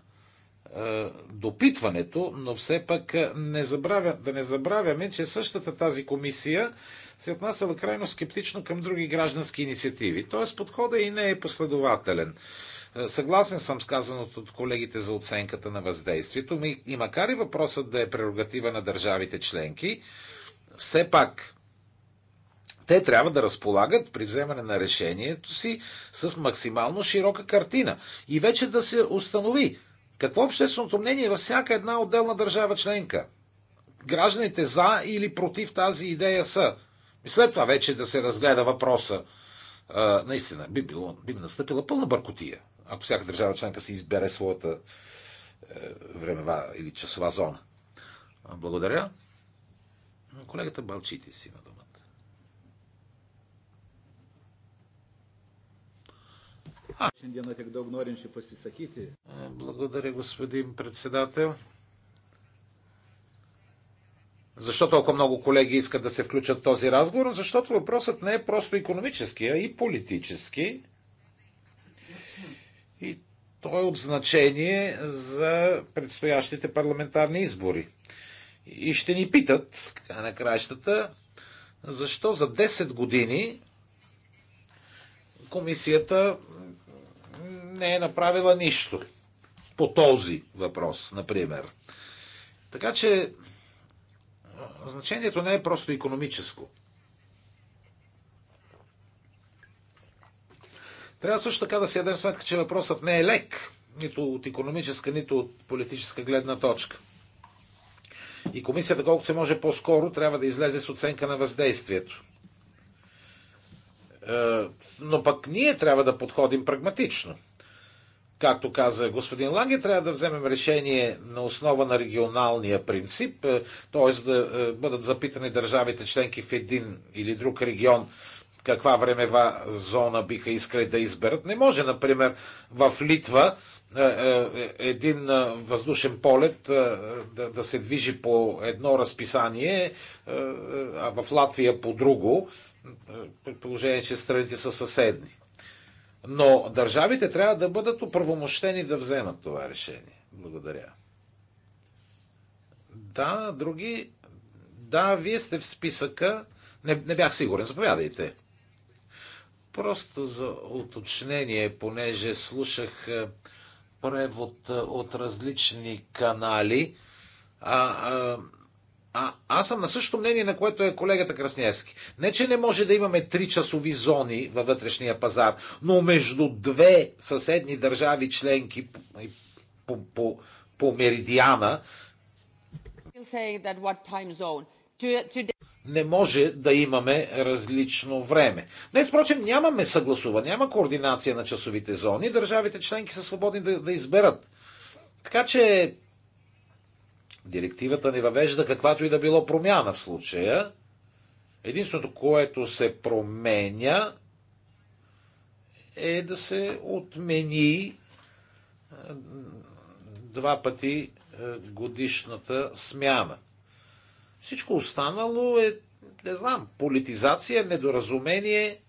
е, допитването, но все пък е, не забравя, да не забравяме, че същата тази комисия се отнасяла крайно скептично към други граждански инициативи. Тоест подходът и не е последователен. Е, съгласен съм с казаното от колегите за оценката на въздействието, и макар и въпросът да е прерогатива на държавите членки, все пак те трябва да разполагат при вземане на решението си с максимално широка картина и вече да се установи какво е общественото мнение във всяка една отделна държава членка? Гражданите за или против тази идея са. И след това вече да се разгледа въпроса. А, наистина, би, било, би настъпила пълна бъркотия, ако всяка държава членка си избере своята е, времева или часова зона. Благодаря. Колегата Балчити си има Е, благодаря, господин председател. Защо толкова много колеги искат да се включат в този разговор? Защото въпросът не е просто економически, а и политически. И той е от значение за предстоящите парламентарни избори. И ще ни питат, така на краищата, защо за 10 години комисията не е направила нищо по този въпрос, например. Така че значението не е просто економическо. Трябва също така да си ядем сметка, че въпросът не е лек, нито от економическа, нито от политическа гледна точка. И комисията, колкото се може по-скоро, трябва да излезе с оценка на въздействието. Е, но пък ние трябва да подходим прагматично както каза господин Ланге, трябва да вземем решение на основа на регионалния принцип, е, т.е. да е, бъдат запитани държавите членки в един или друг регион каква времева зона биха искали да изберат. Не може, например, в Литва е, един въздушен полет да, се движи по едно разписание, а в Латвия по друго, предположение, че страните са съседни. Но държавите трябва да бъдат оправомощени да вземат това решение. Благодаря. Да, други. Да, вие сте в списъка. Не, не бях сигурен. Заповядайте. Просто за уточнение, понеже слушах е, превод е, от различни канали. А, а, а, аз съм на същото мнение, на което е колегата Красневски. Не, че не може да имаме три часови зони във вътрешния пазар, но между две съседни държави членки по, по, по меридиана не може да имаме различно време. Не, впрочем, нямаме съгласуване, няма координация на часовите зони. Държавите членки са свободни да, да изберат. Така че Директивата не въвежда каквато и да било промяна в случая. Единственото, което се променя, е да се отмени е, два пъти е, годишната смяна. Всичко останало е, не знам, политизация, недоразумение.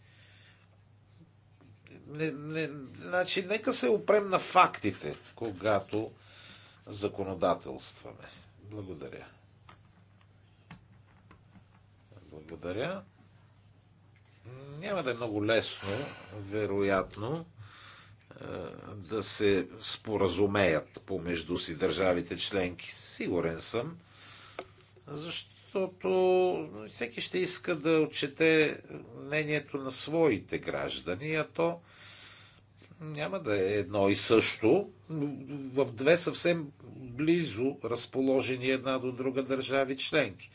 Не, не, значи, нека се опрем на фактите, когато законодателстваме. Благодаря. Благодаря. Няма да е много лесно, вероятно, е, да се споразумеят помежду си държавите членки. Сигурен съм, защото всеки ще иска да отчете мнението на своите граждани, а то няма да е едно и също, в две съвсем близо разположени една до друга държави членки.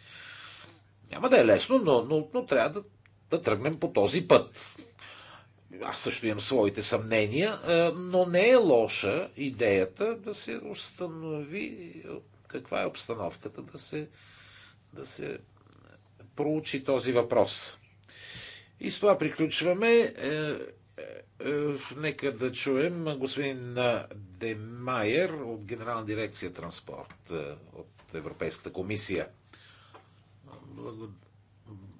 Няма да е лесно, но, но, но трябва да, да тръгнем по този път. Аз също имам своите съмнения, е, но не е лоша идеята да се установи е, каква е обстановката, да се, да се проучи този въпрос. И с това приключваме. Е, е, е, нека да чуем господин Демайер от Генерална дирекция транспорт е, от Европейската комисия.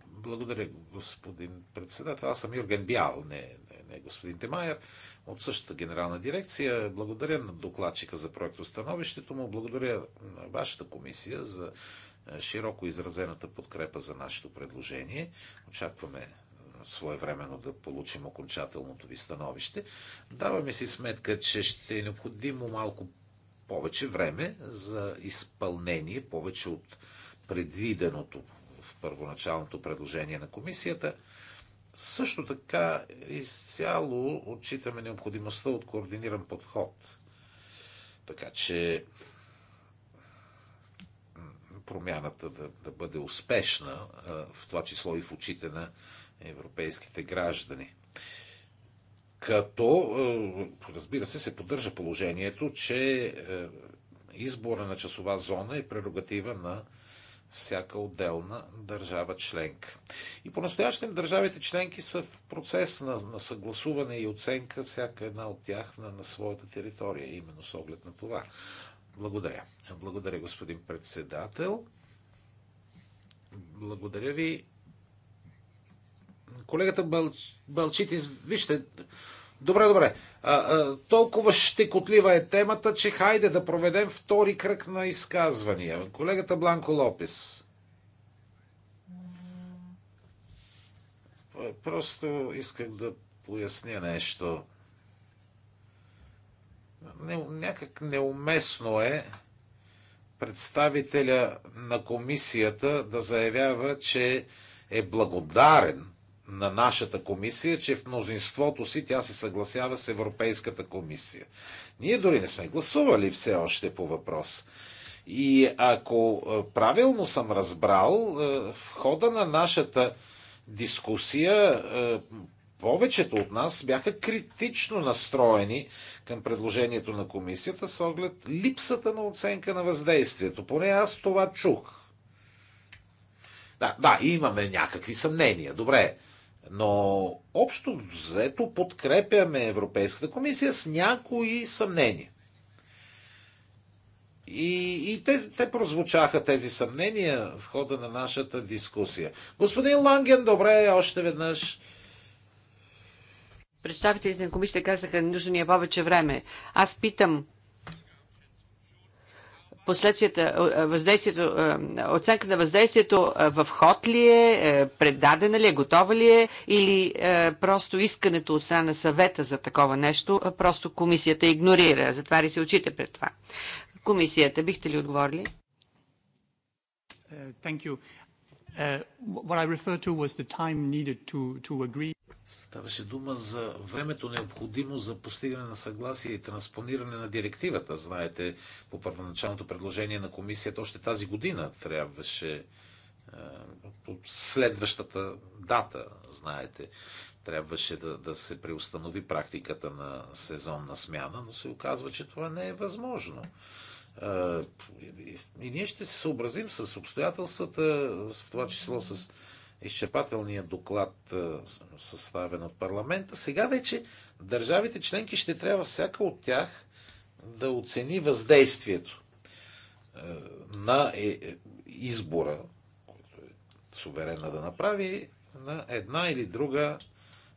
Благодаря, господин председател. Аз съм Юрген Бял, не, не, не господин Демайер, от същата генерална дирекция. Благодаря на докладчика за проектостановището му. Благодаря на вашата комисия за широко изразената подкрепа за нашето предложение. Очакваме своевременно да получим окончателното ви становище. Даваме си сметка, че ще е необходимо малко повече време за изпълнение, повече от предвиденото в първоначалното предложение на комисията. Също така изцяло отчитаме необходимостта от координиран подход. Така че промяната да, да бъде успешна, в това число и в очите на европейските граждани. Като, е, разбира се, се поддържа положението, че е, избора на часова зона е прерогатива на всяка отделна държава членка. И по-настоящем държавите членки са в процес на, на съгласуване и оценка, всяка една от тях на, на своята територия, именно с оглед на това. Благодаря. Благодаря, господин председател. Благодаря ви. Колегата Бал... Балчитис, вижте, добре, добре, а, а, толкова щекотлива е темата, че хайде да проведем втори кръг на изказвания. Колегата Бланко Лопес. Просто исках да поясня нещо. Не, някак неуместно е представителя на комисията да заявява, че е благодарен на нашата комисия, че в мнозинството си тя се съгласява с Европейската комисия. Ние дори не сме гласували все още по въпрос. И ако е, правилно съм разбрал, е, в хода на нашата дискусия е, повечето от нас бяха критично настроени към предложението на комисията с оглед липсата на оценка на въздействието. Поне аз това чух. Да, да, имаме някакви съмнения. Добре. Но общо взето подкрепяме Европейската комисия с някои съмнения. И, и те, те прозвучаха тези съмнения в хода на нашата дискусия. Господин Ланген, добре, още веднъж. Представителите на комисията казаха, нужно ни е повече време. Аз питам, последствията, е, е, въздействието, е, оценка на въздействието в ход ли е, предадена ли е, готова ли е или просто искането от страна на съвета за такова нещо, просто комисията игнорира, затваря се очите пред това. Комисията, бихте ли отговорили? Uh, what I referred to was the time needed to, to agree. Ставаше дума за времето необходимо за постигане на съгласие и транспониране на директивата. Знаете, по първоначалното предложение на комисията още тази година трябваше по следващата дата, знаете, трябваше да, да се преустанови практиката на сезонна смяна, но се оказва, че това не е възможно. И ние ще се съобразим с обстоятелствата, в това число с изчерпателния доклад, съставен от парламента. Сега вече държавите членки ще трябва всяка от тях да оцени въздействието на е, е, избора, който е суверена да направи, на една или друга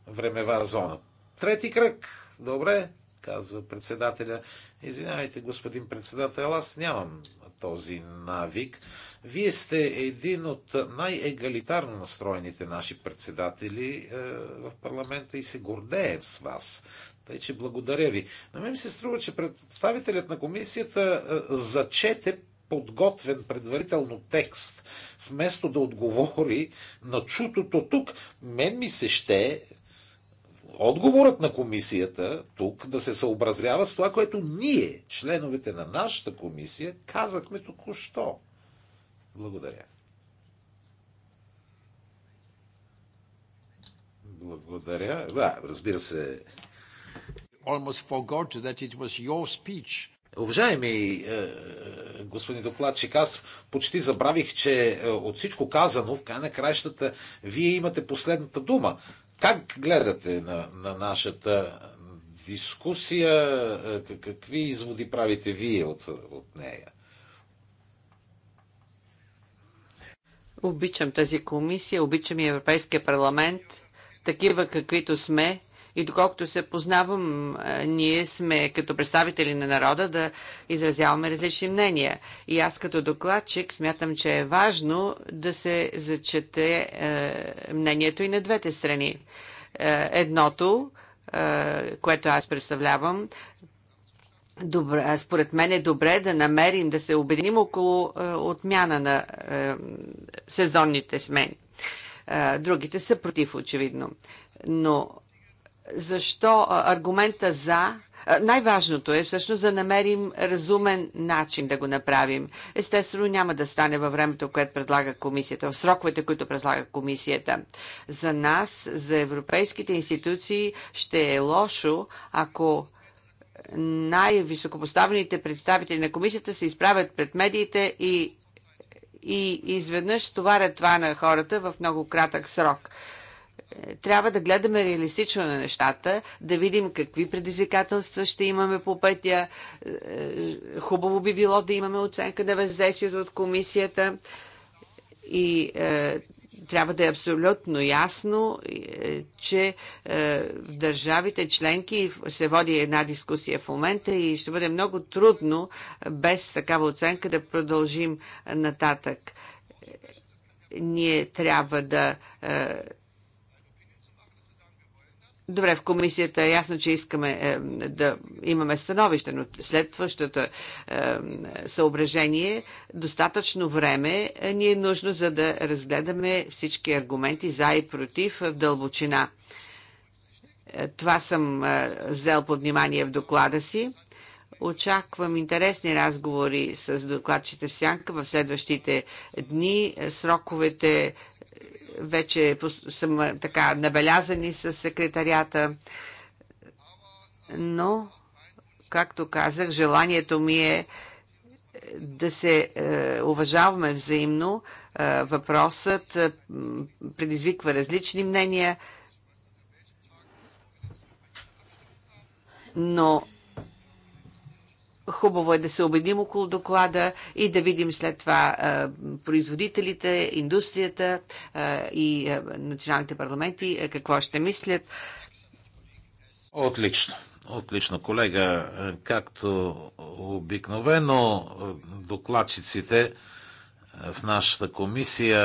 времева зона. Трети кръг. Добре, казва председателя. Извинявайте, господин председател, аз нямам този навик. Вие сте един от най-егалитарно настроените наши председатели е, в парламента и се гордеем с вас. Тъй, че благодаря ви. На мен ми се струва, че представителят на комисията е, зачете подготвен предварително текст, вместо да отговори на чутото тук, мен ми се ще отговорът на комисията тук да се съобразява с това, което ние, членовете на нашата комисия, казахме току-що. Благодаря. Благодаря. Да, разбира се. Уважаеми е, е, господин докладчик, аз почти забравих, че е, от всичко казано, в край на краищата, вие имате последната дума. Как гледате на, на нашата дискусия? Е, какви изводи правите вие от, от нея? Обичам тази комисия, обичам и Европейския парламент, такива каквито сме и доколкото се познавам, е, ние сме като представители на народа да изразяваме различни мнения. И аз като докладчик смятам, че е важно да се зачете е, мнението и на двете страни. Е, едното, е, което аз представлявам, Добре, е, според мен е добре да намерим, да се обединим около е, отмяна на е, сезонните смени. Е, другите са против, очевидно. Но защо аргумента за най-важното е всъщност да намерим разумен начин да го направим. Естествено няма да стане във времето, което предлага комисията, в сроковете, които предлага комисията. За нас, за европейските институции ще е лошо, ако най-високопоставените представители на комисията се изправят пред медиите и и изведнъж товарят това на хората в много кратък срок трябва да гледаме реалистично на нещата, да видим какви предизвикателства ще имаме по пътя. Е, е, хубаво би било да имаме оценка на въздействието от комисията и е, трябва да е абсолютно ясно, че в държавите членки се води една дискусия в момента и ще бъде много трудно без такава оценка да продължим нататък. Ние трябва да. Добре, в комисията е ясно, че искаме е, да имаме становище, но след е, съображение достатъчно време е, ни е нужно, за да разгледаме всички аргументи за и против в дълбочина. Е, това съм е, взел под внимание в доклада си. Очаквам интересни разговори с докладчите в Сянка в следващите дни. Сроковете вече съм така набелязани с секретарията. Но, както казах, желанието ми е да се е, уважаваме взаимно. Е, въпросът е, предизвиква различни мнения, но Хубаво е да се обедим около доклада и да видим след това производителите, индустрията и националните парламенти какво ще мислят. Отлично. Отлично, колега. Както обикновено, докладчиците в нашата комисия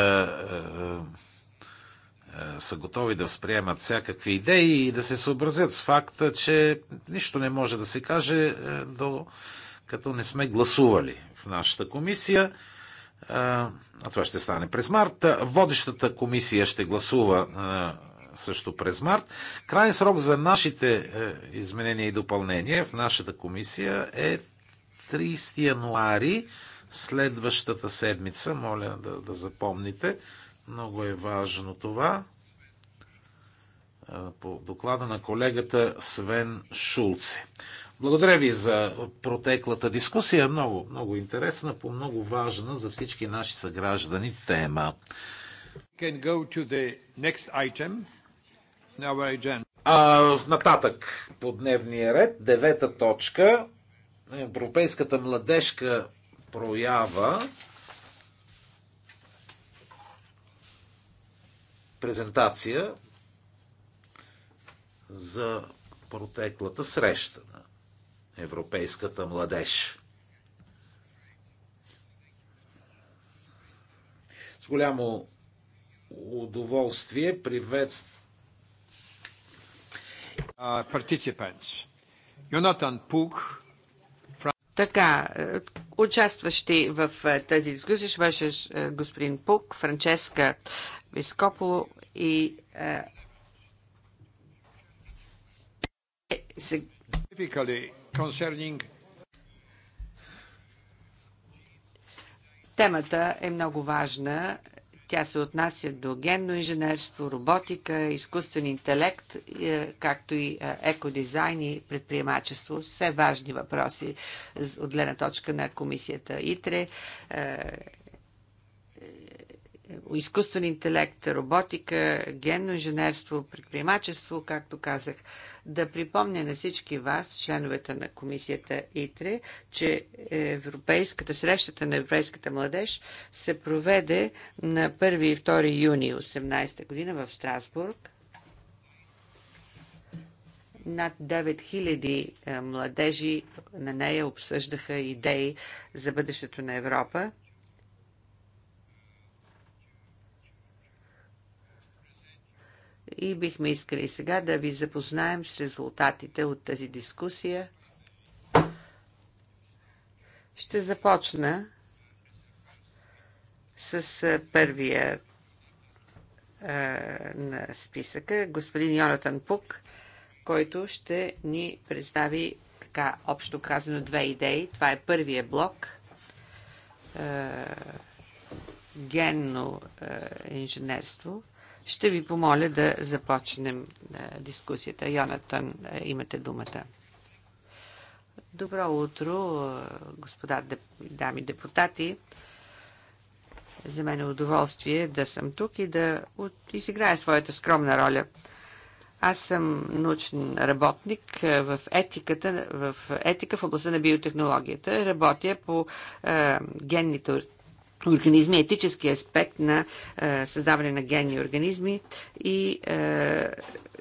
е, са готови да възприемат всякакви идеи и да се съобразят с факта, че нищо не може да се каже е, до като не сме гласували в нашата комисия. Е, а това ще стане през март. Водещата комисия ще гласува също през март. Крайен срок за нашите изменения и допълнения в нашата комисия е 30 януари следващата седмица. Моля да, да запомните. Много е важно това. По доклада на колегата Свен Шулце. Благодаря ви за протеклата дискусия. Много, много интересна, по много важна за всички наши съграждани тема. А, нататък по дневния ред, девета точка, Европейската младежка проява презентация за протеклата среща на европейската младеж. С голямо удоволствие приветствам participants. Пук. Така, е, участващи в е, тази дискусия ще беше е, господин Пук, Франческа Вискополо и е, е Темата е много важна. Тя се отнася до генно инженерство, роботика, изкуствен интелект, е, както и е, екодизайн и предприемачество. Все важни въпроси от гледна точка на комисията ИТРЕ, изкуствен интелект, роботика, генно инженерство, предприемачество, както казах. Да припомня на всички вас, членовете на комисията ИТРЕ, че европейската срещата на европейската младеж се проведе на 1 и 2 юни 18 година в Страсбург. Над 9000 е, младежи на нея обсъждаха идеи за бъдещето на Европа и бихме искали сега да ви запознаем с резултатите от тази дискусия. Ще започна с първия е, на списъка, господин Йонатан Пук, който ще ни представи така общо казано две идеи. Това е първия блок. Е, генно е, инженерство ще ви помоля да започнем е, дискусията. Йонатан, е, имате думата. Добро утро, е, господа дами депутати. За мен е удоволствие да съм тук и да изиграя своята скромна роля. Аз съм научен работник в етиката, в етика в областта на биотехнологията. Работя по е, генните организми, етически аспект на е, създаване на генни организми. И е,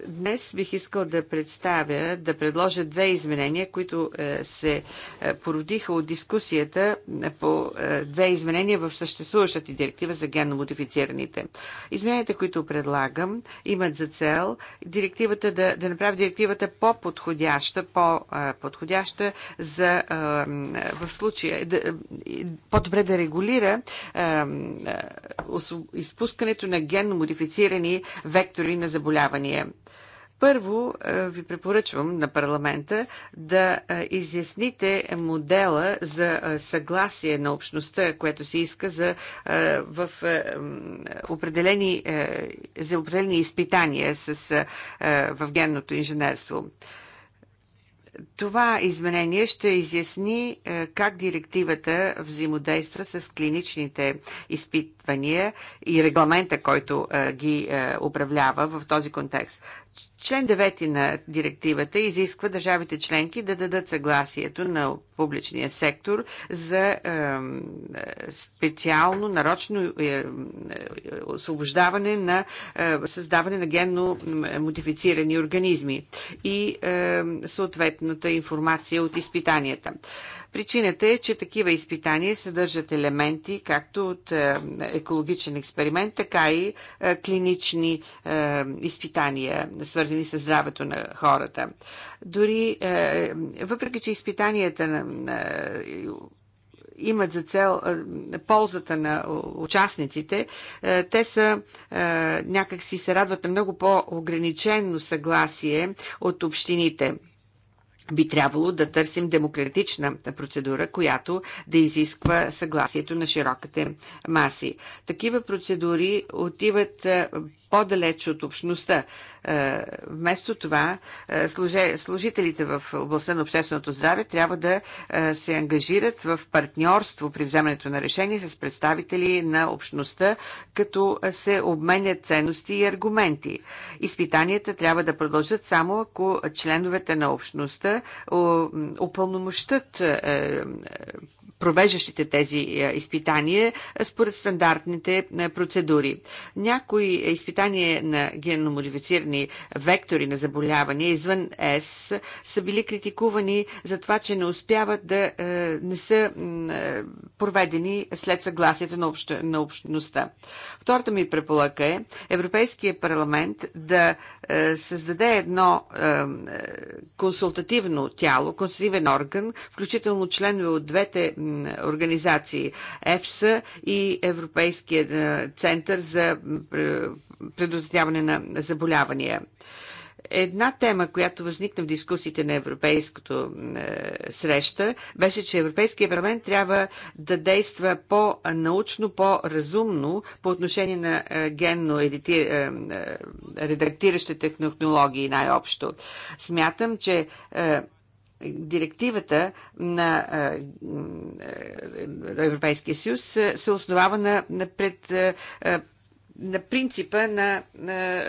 днес бих искал да представя, да предложа две изменения, които е, се породиха от дискусията по две изменения в съществуващата директива за генно модифицираните. Измененията, които предлагам, имат за цел директивата да, да направи директивата по-подходяща, по-подходяща за в случая да, по-добре да регулира изпускането на генно модифицирани вектори на заболявания. Първо ви препоръчвам на парламента да изясните модела за съгласие на общността, което се иска за, в определени, за определени изпитания с, в генното инженерство. Това изменение ще изясни е, как директивата взаимодейства с клиничните изпитвания и регламента, който е, ги е, управлява в този контекст. Член 9 на директивата изисква държавите членки да дадат съгласието на публичния сектор за е, е, специално, нарочно е, освобождаване на създаване на генно модифицирани организми и съответната информация от изпитанията. Причината е, че такива изпитания съдържат елементи както от екологичен експеримент, така и клинични изпитания, свързани с здравето на хората. Дори, е, въпреки че изпитанията на, на, имат за цел е, ползата на участниците, е, те са е, някакси се радват на много по-ограничено съгласие от общините би трябвало да търсим демократична процедура, която да изисква съгласието на широките маси. Такива процедури отиват е, по-далеч от общността. Е, вместо това, е, служителите в областта на общественото здраве трябва да е, се ангажират в партньорство при вземането на решение с представители на общността, като се обменят ценности и аргументи. Изпитанията трябва да продължат само ако членовете на общността опълномощат провеждащите тези е, изпитания е, според стандартните е, процедури. Някои изпитания на генномодифицирани вектори на заболявания извън ЕС са били критикувани за това, че не успяват да не са проведени след съгласието на, общ, на общността. Втората ми препоръка е Европейския парламент да създаде едно консултативно тяло, консултативен орган, включително членове от двете организации ЕФСА и Европейския е, център за е, предотвратяване на заболявания. Една тема, която възникна в дискусиите на европейското е, среща, беше, че Европейския парламент трябва да действа по-научно, по-разумно по отношение на генно редактиращите технологии най-общо. Смятам, че директивата на Европейския съюз се основава на, на пред на принципа на, на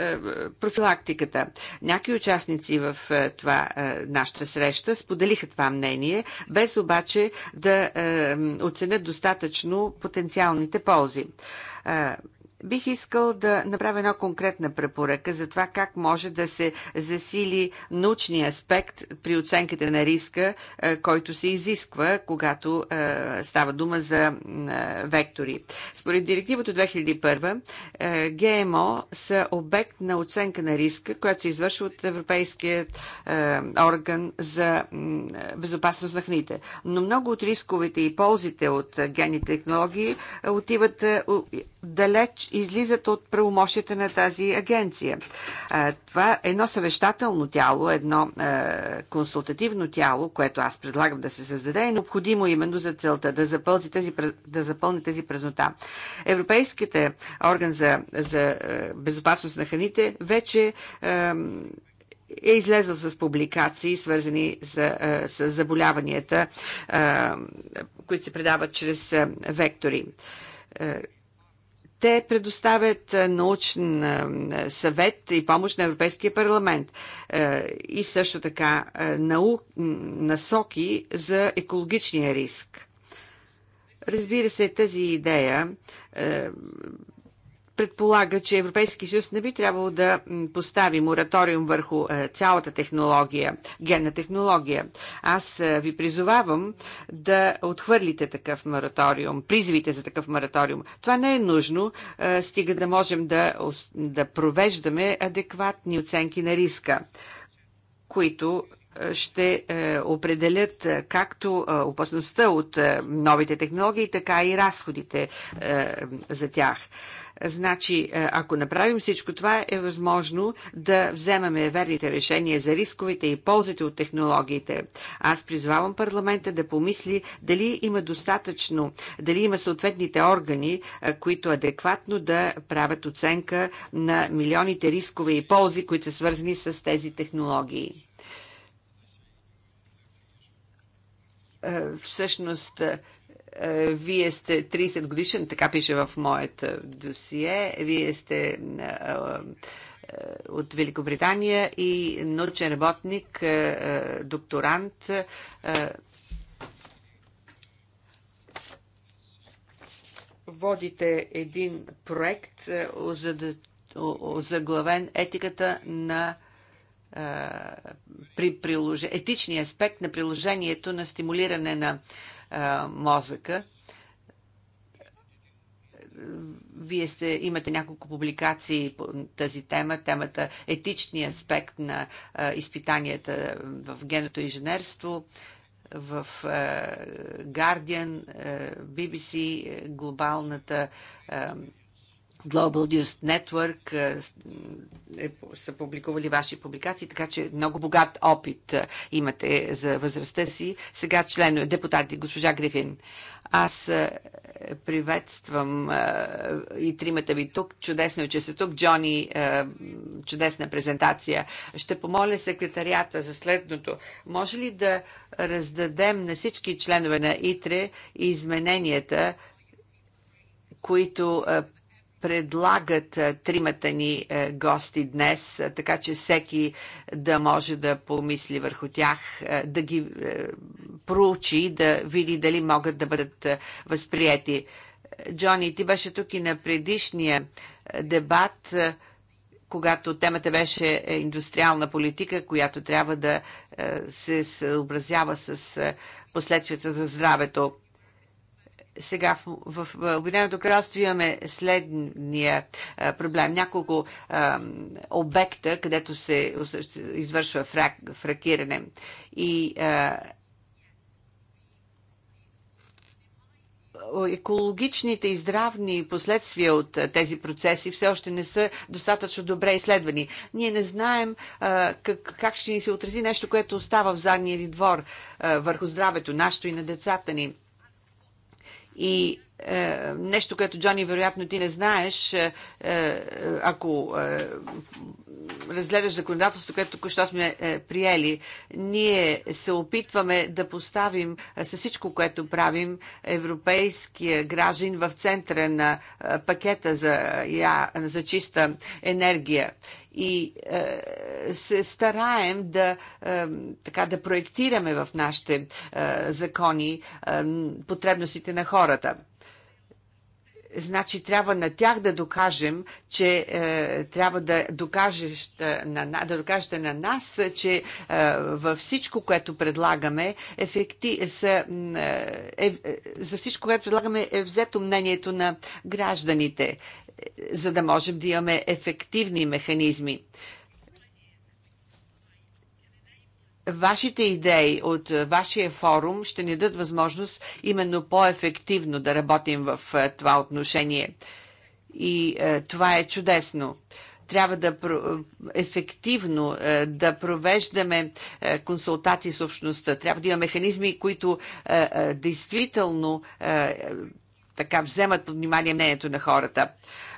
профилактиката. Някои участници в това нашата среща споделиха това мнение, без обаче да оценят достатъчно потенциалните ползи. Бих искал да направя една конкретна препоръка за това как може да се засили научния аспект при оценките на риска, е, който се изисква, когато е, става дума за е, вектори. Според директивата 2001, ГМО са обект на оценка на риска, която се извършва от Европейския орган за безопасност на храните. Но много от рисковете и ползите от генни технологии отиват далеч излизат от правомощите на тази агенция. Това е едно съвещателно тяло, едно консултативно тяло, което аз предлагам да се създаде, е необходимо именно за целта да запълни тези да запълни тези празнота. Европейските орган за, за безопасност на храните вече е излезъл с публикации, свързани с, с заболяванията, които се предават чрез вектори. Те предоставят научен съвет и помощ на Европейския парламент и също така наук, насоки за екологичния риск. Разбира се, тази идея предполага, че Европейски съюз не би трябвало да постави мораториум върху е, цялата технология, генна технология. Аз е, ви призовавам да отхвърлите такъв мораториум, призивите за такъв мораториум. Това не е нужно, е, стига да можем да, да провеждаме адекватни оценки на риска, които ще определят както опасността от новите технологии, така и разходите за тях. Значи, е, ако направим всичко това, е възможно да вземаме верните решения за рисковете и ползите от технологиите. Аз призвавам парламента да помисли дали има достатъчно, дали има съответните органи, е, които адекватно да правят оценка на милионите рискове и ползи, които са свързани с тези технологии. Е, всъщност, е, вие сте 30 годишен, така пише в моят е, досие, вие сте е, от Великобритания и научен работник, докторант. Водите един проект заглавен етиката на при етичния аспект на приложението на стимулиране на мозъка. Вие сте, имате няколко публикации по тази тема, темата етичния аспект на изпитанията в геното инженерство в Guardian, BBC, глобалната Global News Network е, са публикували ваши публикации, така че много богат опит имате за възрастта си. Сега член депутати госпожа Грифин. Аз приветствам и тримата ви тук. Чудесно е, че сте тук. Джони, чудесна презентация. Ще помоля секретарията за следното. Може ли да раздадем на всички членове на ИТРЕ измененията, които предлагат тримата ни гости днес, така че всеки да може да помисли върху тях, да ги проучи, да види дали могат да бъдат възприяти. Джони, ти беше тук и на предишния дебат, когато темата беше е, индустриална политика, която трябва да се съобразява с последствията за здравето. Сега в, Обединеното кралство имаме следния проблем. Няколко обекта, където се извършва фракиране. И екологичните и здравни последствия от тези процеси все още не са достатъчно добре изследвани. Ние не знаем как, ще ни се отрази нещо, което остава в задния ни двор върху здравето, нашето и на децата ни и е, нещо, което, Джони, вероятно ти не знаеш, е, е, ако разгледаш законодателството, което току-що сме приели, ние се опитваме да поставим с всичко, което правим, европейския гражданин в центъра на пакета за, я, за чиста енергия и е, се стараем да, е, така, да проектираме в нашите е, закони е, потребностите на хората. Значи трябва на тях да докажем, че е, трябва да докажете, на, да докажете на нас, че е, във всичко, което предлагаме, ефекти, са, е, е, за всичко, което предлагаме, е взето мнението на гражданите, е, за да можем да имаме ефективни механизми. Е, вашите идеи от е, вашия форум ще ни дадат възможност именно по-ефективно да работим в е, това отношение. И е, това е чудесно трябва да ефективно да провеждаме консултации с общността. Трябва да има механизми, които действително така вземат под внимание мнението на хората.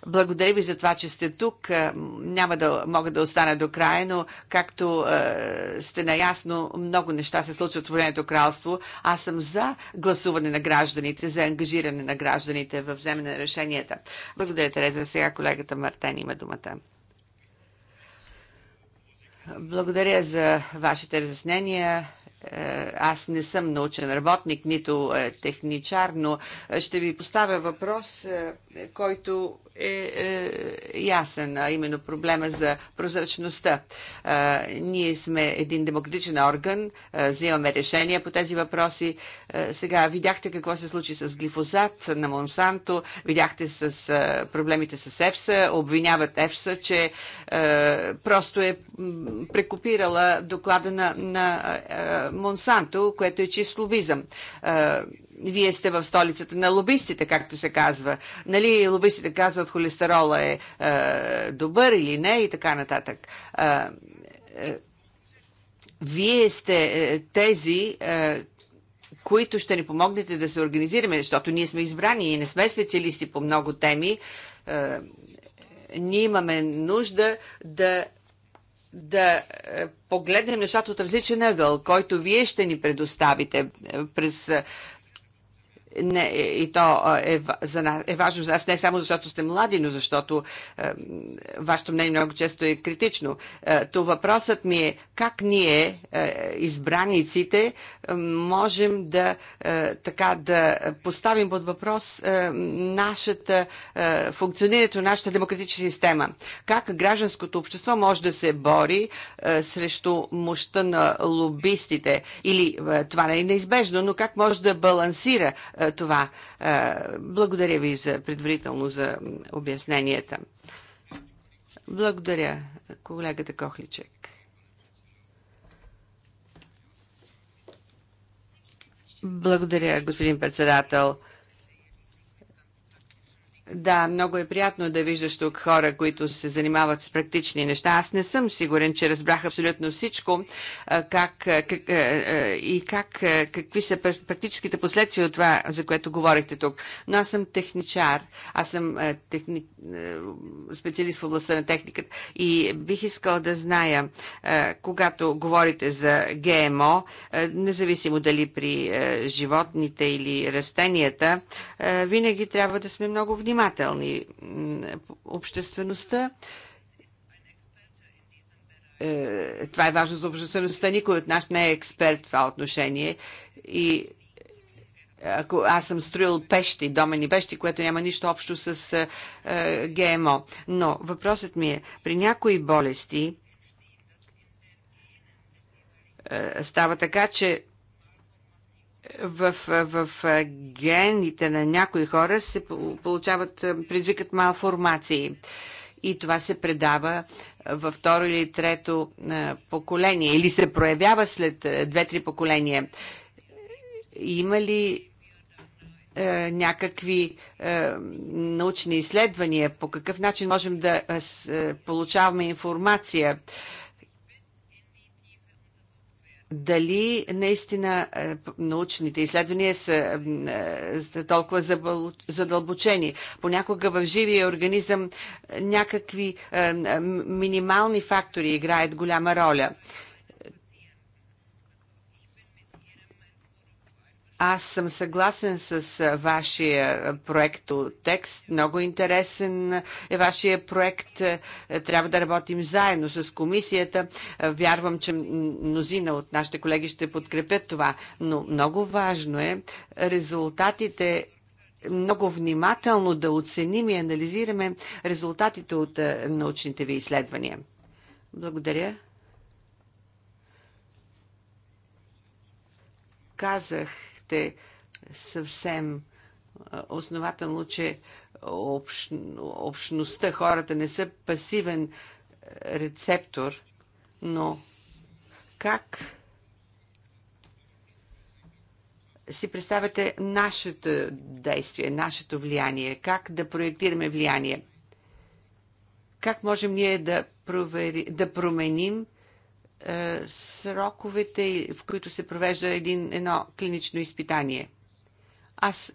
Благодаря ви за това, че сте тук. Е, няма да мога да остана до края, но както е, сте наясно, много неща се случват в времето кралство. Аз съм за гласуване на гражданите, за ангажиране на гражданите в вземане на решенията. Благодаря, Тереза. Сега колегата Мартен има думата. Благодаря за вашите разяснения е, аз не съм научен работник, нито е, техничар, но е, ще ви поставя въпрос, който е, ясен, а именно проблема за прозрачността. ние сме един демократичен орган, взимаме решения по тези въпроси. сега видяхте какво се случи с глифозат на Монсанто, видяхте с проблемите с ЕФСА, обвиняват ЕФСА, че просто е прекопирала доклада на, на Монсанто, което е чист лобизъм. Вие сте в столицата на лобистите, както се казва. Нали, лобистите казват холестерола е, е добър или не и така нататък. Е, е, вие сте е, тези, е, които ще ни помогнете да се организираме, защото ние сме избрани и не сме специалисти по много теми. Е, ние имаме нужда да да е, погледнем нещата от различен ъгъл, който вие ще ни предоставите е, през е, не, и то е, за нас, е важно за нас не само защото сте млади, но защото е, вашето мнение много често е критично. Е, то въпросът ми е как ние, е, избраниците, е, можем да, е, така, да поставим под въпрос е, нашата, е, функционирането на нашата демократична система. Как гражданското общество може да се бори е, срещу мощта на лобистите или е, това не е неизбежно, но как може да балансира е, това. Е, благодаря ви за предварително за обясненията. Благодаря, колегата Кохличек. Благодаря, господин председател. Да, много е приятно да виждаш тук хора, които се занимават с практични неща. Аз не съм сигурен, че разбрах абсолютно всичко как, как, и как, какви са практическите последствия от това, за което говорихте тук. Но аз съм техничар, аз съм техни... специалист в областта на техниката и бих искал да зная, когато говорите за ГМО, независимо дали при животните или растенията, винаги трябва да сме много внимателни внимателни. Обществеността е, това е важно за обществеността. Никой от нас не е експерт в това отношение. И ако аз съм строил пещи, домени пещи, което няма нищо общо с е, е, ГМО. Но въпросът ми е, при някои болести става така, че в, в, в гените на някои хора се получават, е, предизвикат малформации. И това се предава във второ или трето е, поколение или се проявява след е, две-три поколения. Има ли е, някакви е, научни изследвания по какъв начин можем да е, получаваме информация? Е, дали наистина е, научните изследвания са, е, са толкова задълбочени. Понякога в живия организъм е, някакви минимални фактори играят голяма роля. Аз съм съгласен с вашия проект текст. Много интересен е вашия проект. Е, е, трябва да работим заедно с комисията. Е, вярвам, че мнозина от нашите колеги ще подкрепят това. Но много важно е резултатите много внимателно да оценим и анализираме резултатите от научните ви изследвания. Благодаря. Казах казахте съвсем основателно, че общ, общността, хората не са пасивен рецептор, но как си представяте нашето действие, нашето влияние, как да проектираме влияние? Как можем ние да, провери, да променим е, сроковете, в които се провежда един, едно клинично изпитание. Аз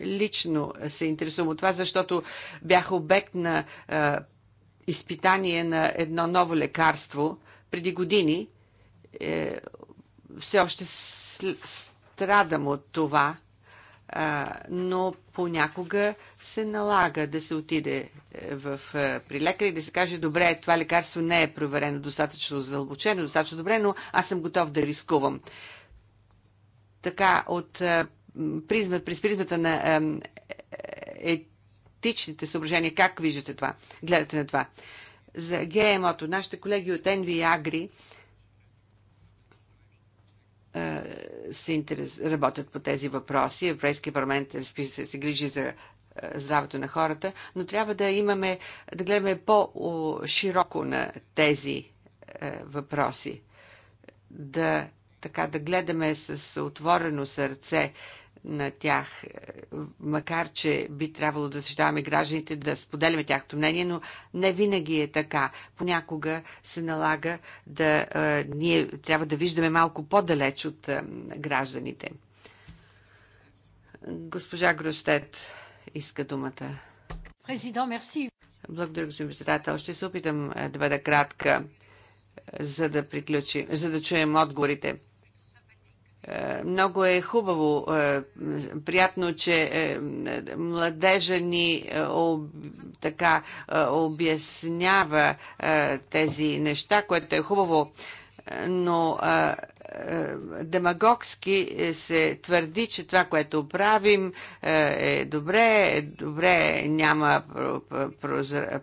лично се интересувам от това, защото бях обект на а, е, изпитание на едно ново лекарство преди години. Е, все още страдам от това но понякога се налага да се отиде е, в, е, при лекар и да се каже, добре, това лекарство не е проверено достатъчно задълбочено, достатъчно добре, но аз съм готов да рискувам. Така, от е, призма, през призмата на етичните съображения, как виждате това? Гледате на това? За ГМО-то, нашите колеги от NV Agri се интерес, работят по тези въпроси. Европейския парламент се, се грижи за е, здравето на хората, но трябва да имаме, да гледаме по-широко на тези е, въпроси. Да, така, да гледаме с отворено сърце на тях, е, макар че би трябвало да защитаваме гражданите, да споделяме тяхто мнение, но не винаги е така. Понякога се налага да а, е, ние трябва да виждаме малко по-далеч от а, е, гражданите. Госпожа Гростет иска думата. Президент, мерси. Благодаря, господин председател. Ще се опитам да бъда кратка, за да приключим, за да чуем отговорите. Е, много е хубаво, е, приятно, че е, младежа ни така обяснява тези неща, което е хубаво, но е, демагогски е, се твърди, че това, което правим е, е добре, е добре няма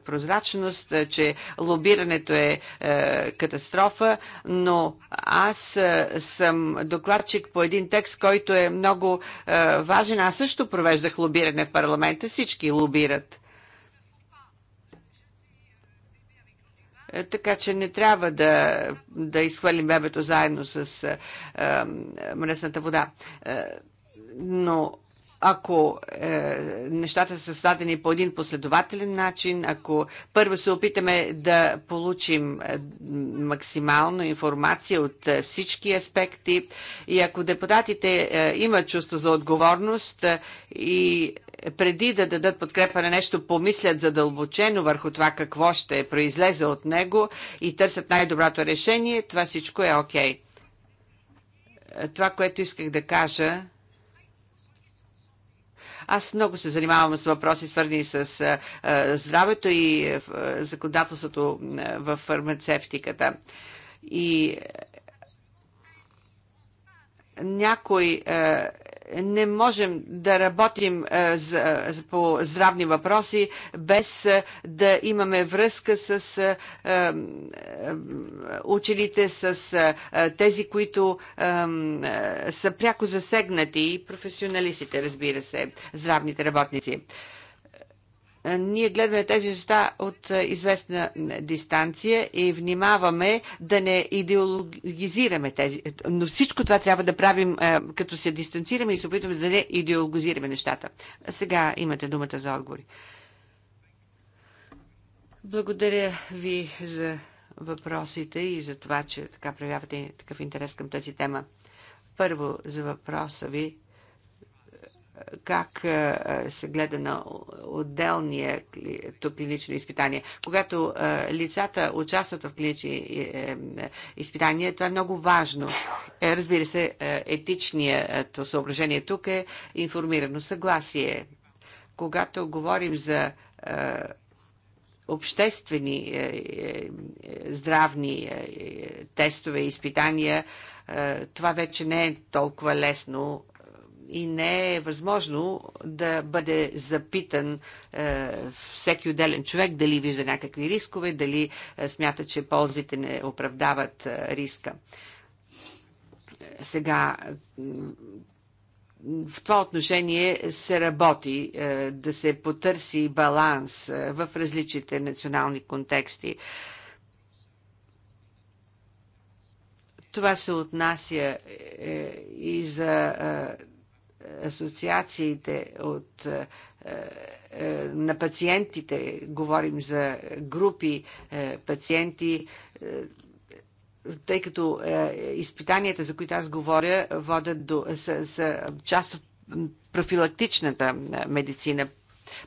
прозрачност, че лобирането е катастрофа, но аз съм докладчик по един текст, който е много важен. Аз също провеждах лобиране в парламента, всички лобират. Е, така че не трябва да, да изхвърлим бебето заедно с а, е, е, мръсната вода. А, но ако е, нещата са създадени по един последователен начин, ако първо се опитаме да получим е, максимално информация от е, всички аспекти и ако депутатите е, имат чувство за отговорност е, и преди да дадат подкрепа на нещо, помислят задълбочено върху това какво ще произлезе от него и търсят най-доброто решение, това всичко е окей. Okay. Това, което исках да кажа, аз много се занимавам с въпроси, свързани с здравето и законодателството в фармацевтиката. И някой не можем да работим е, по здравни въпроси без е, да имаме връзка с е, учените, с тези, които са пряко засегнати и професионалистите, разбира се, здравните работници. Е, ние гледаме тези неща от е, известна е, дистанция и внимаваме да не идеологизираме тези. Но всичко това трябва да правим, като се дистанцираме и се опитваме да не идеологизираме нещата. Сега имате думата за отговори. Благодаря ви за въпросите и за това, че така проявявате такъв интерес към тази тема. Първо за въпроса ви как е, се гледа на отделния клинично изпитание. Когато е, лицата участват в клинични е, изпитания, това е много важно. Разбира се, етичният съображение тук е информирано съгласие. Когато говорим за обществени здравни тестове и изпитания, това вече не е толкова лесно и не е възможно да бъде запитан е, всеки отделен човек дали вижда някакви рискове, дали е, смята, че ползите не оправдават е, риска. Сега, в това отношение се работи е, да се потърси баланс е, в различните национални контексти. Това се отнася е, и за асоциациите от, е, е, на пациентите, говорим за групи е, пациенти, тъй като изпитанията, за които аз говоря, водят до, са, са част от профилактичната медицина,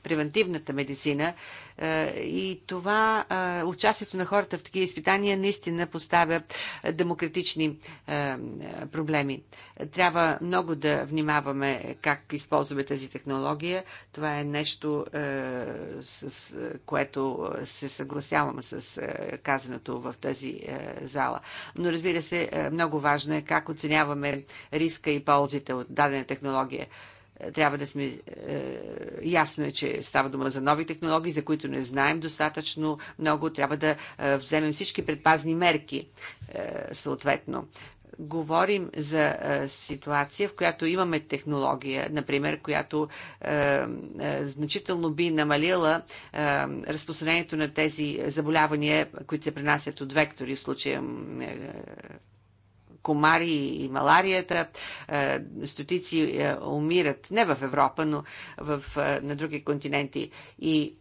превентивната медицина. Е, и това е, участието на хората в такива изпитания наистина поставя демократични е, проблеми. Трябва много да внимаваме как използваме тази технология. Това е нещо, с което се съгласявам с казаното в тази зала. Но разбира се, много важно е как оценяваме риска и ползите от дадена технология трябва да сме. Е, ясно е, че става дума за нови технологии, за които не знаем достатъчно много. Трябва да е, вземем всички предпазни мерки, е, съответно. Говорим за е, ситуация, в която имаме технология, например, която е, е, значително би намалила е, разпространението на тези заболявания, които се пренасят от вектори, в случая. Е, комари и маларията. Е, стотици е, умират не в Европа, но в, е, на други континенти. И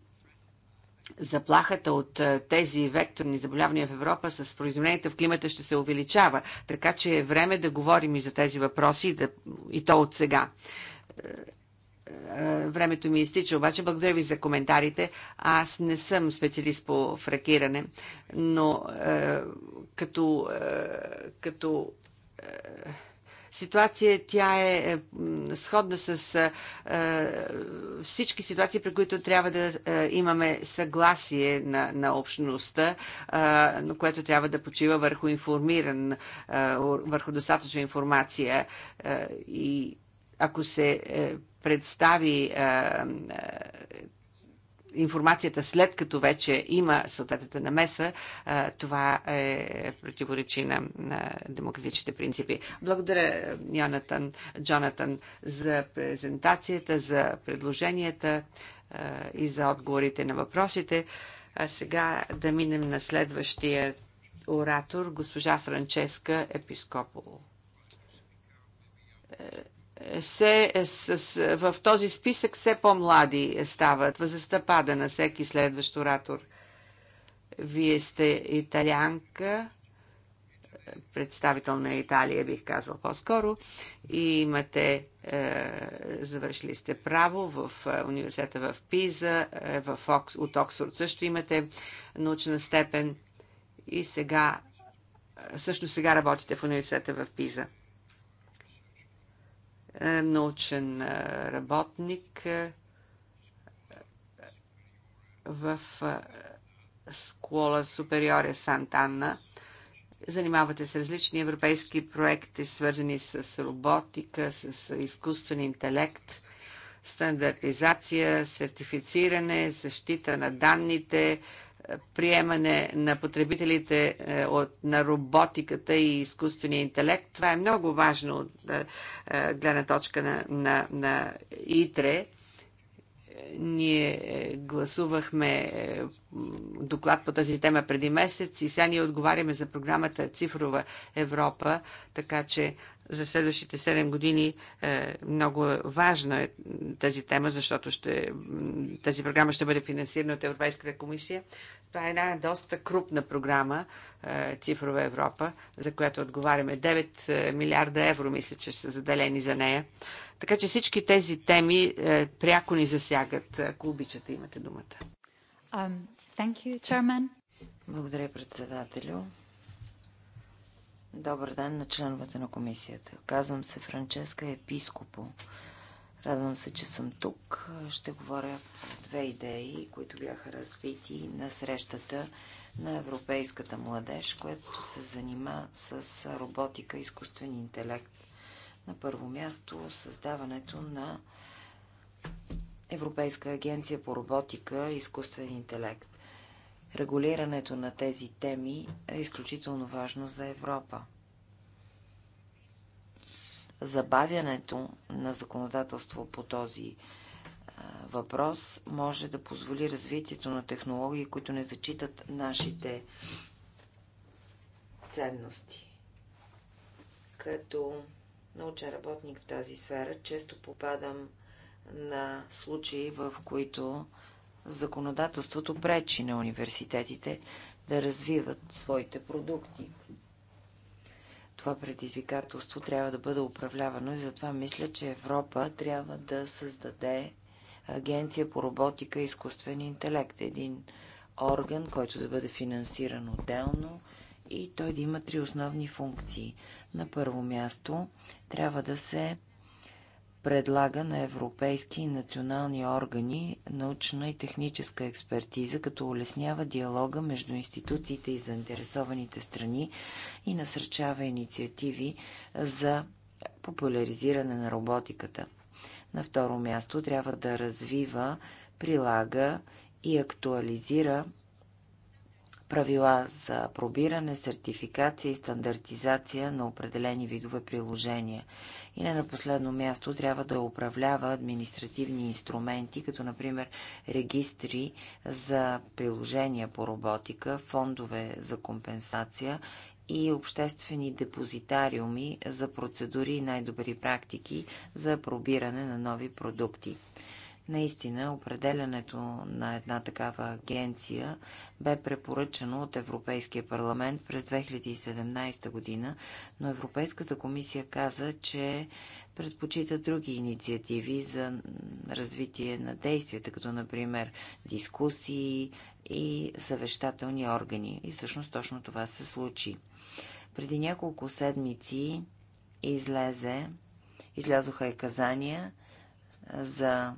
заплахата от тези векторни заболявания в Европа с произведенията в климата ще се увеличава. Така че е време да говорим и за тези въпроси и, да, и то от сега. Е, времето ми изтича, обаче благодаря ви за коментарите. Аз не съм специалист по фракиране, но е, като, е, като е, ситуация тя е, е сходна с е, е, всички ситуации, при които трябва да е, имаме съгласие на, на общността, е, което трябва да почива върху информиран, е, върху достатъчна информация е, и ако се е, представи е, е, информацията след като вече има съответната намеса, е, това е противоречи на, на демократичните принципи. Благодаря, Йонатан, Джонатан, за презентацията, за предложенията е, и за отговорите на въпросите. А сега да минем на следващия оратор, госпожа Франческа Епискополо. Е, се, с, с, в този списък все по-млади стават. Възрастта пада на всеки следващ оратор. Вие сте италянка, представител на Италия, бих казал по-скоро, и имате, е, завършили сте право в е, университета в Пиза, е, в Окс, от Оксфорд също имате научна степен и сега, е, също сега работите в университета в Пиза. Е, научен е, работник е, в Школа Супериоре Сант'Анна. Занимавате се различни европейски проекти, свързани с роботика, с изкуствен интелект, стандартизация, сертифициране, защита на данните, приемане на потребителите е, от, на роботиката и изкуствения интелект. Това е много важно от е, е, гледна точка на, на, на ИТРЕ ние гласувахме доклад по тази тема преди месец и сега ние отговаряме за програмата Цифрова Европа, така че за следващите 7 години е, много важна е тази тема, защото ще, тази програма ще бъде финансирана от Европейската комисия. Това е една доста крупна програма е, Цифрова Европа, за която отговаряме. 9 е, милиарда евро, мисля, че са заделени за нея. Така че всички тези теми е, пряко ни засягат. Ако обичате, имате думата. Um, you, Благодаря, председателю. Добър ден на членовете на комисията. Казвам се Франческа Епископо. Радвам се, че съм тук. Ще говоря две идеи, които бяха развити на срещата на европейската младеж, която се занима с роботика и изкуствен интелект. На първо място създаването на Европейска агенция по роботика и изкуствен интелект регулирането на тези теми е изключително важно за Европа. Забавянето на законодателство по този въпрос може да позволи развитието на технологии, които не зачитат нашите ценности. Като научен работник в тази сфера, често попадам на случаи, в които законодателството пречи на университетите да развиват своите продукти. Това предизвикателство трябва да бъде управлявано и затова мисля, че Европа трябва да създаде Агенция по роботика и изкуствен интелект. Един орган, който да бъде финансиран отделно и той да има три основни функции. На първо място трябва да се предлага на европейски и национални органи научна и техническа експертиза, като улеснява диалога между институциите и заинтересованите страни и насърчава инициативи за популяризиране на роботиката. На второ място трябва да развива, прилага и актуализира правила за пробиране, сертификация и стандартизация на определени видове приложения. И не на последно място трябва да управлява административни инструменти, като например регистри за приложения по роботика, фондове за компенсация и обществени депозитариуми за процедури и най-добри практики за пробиране на нови продукти. Наистина, определянето на една такава агенция бе препоръчено от Европейския парламент през 2017 година, но Европейската комисия каза, че предпочита други инициативи за развитие на действията, като например дискусии и съвещателни органи. И всъщност точно това се случи. Преди няколко седмици излезе, излязоха и казания за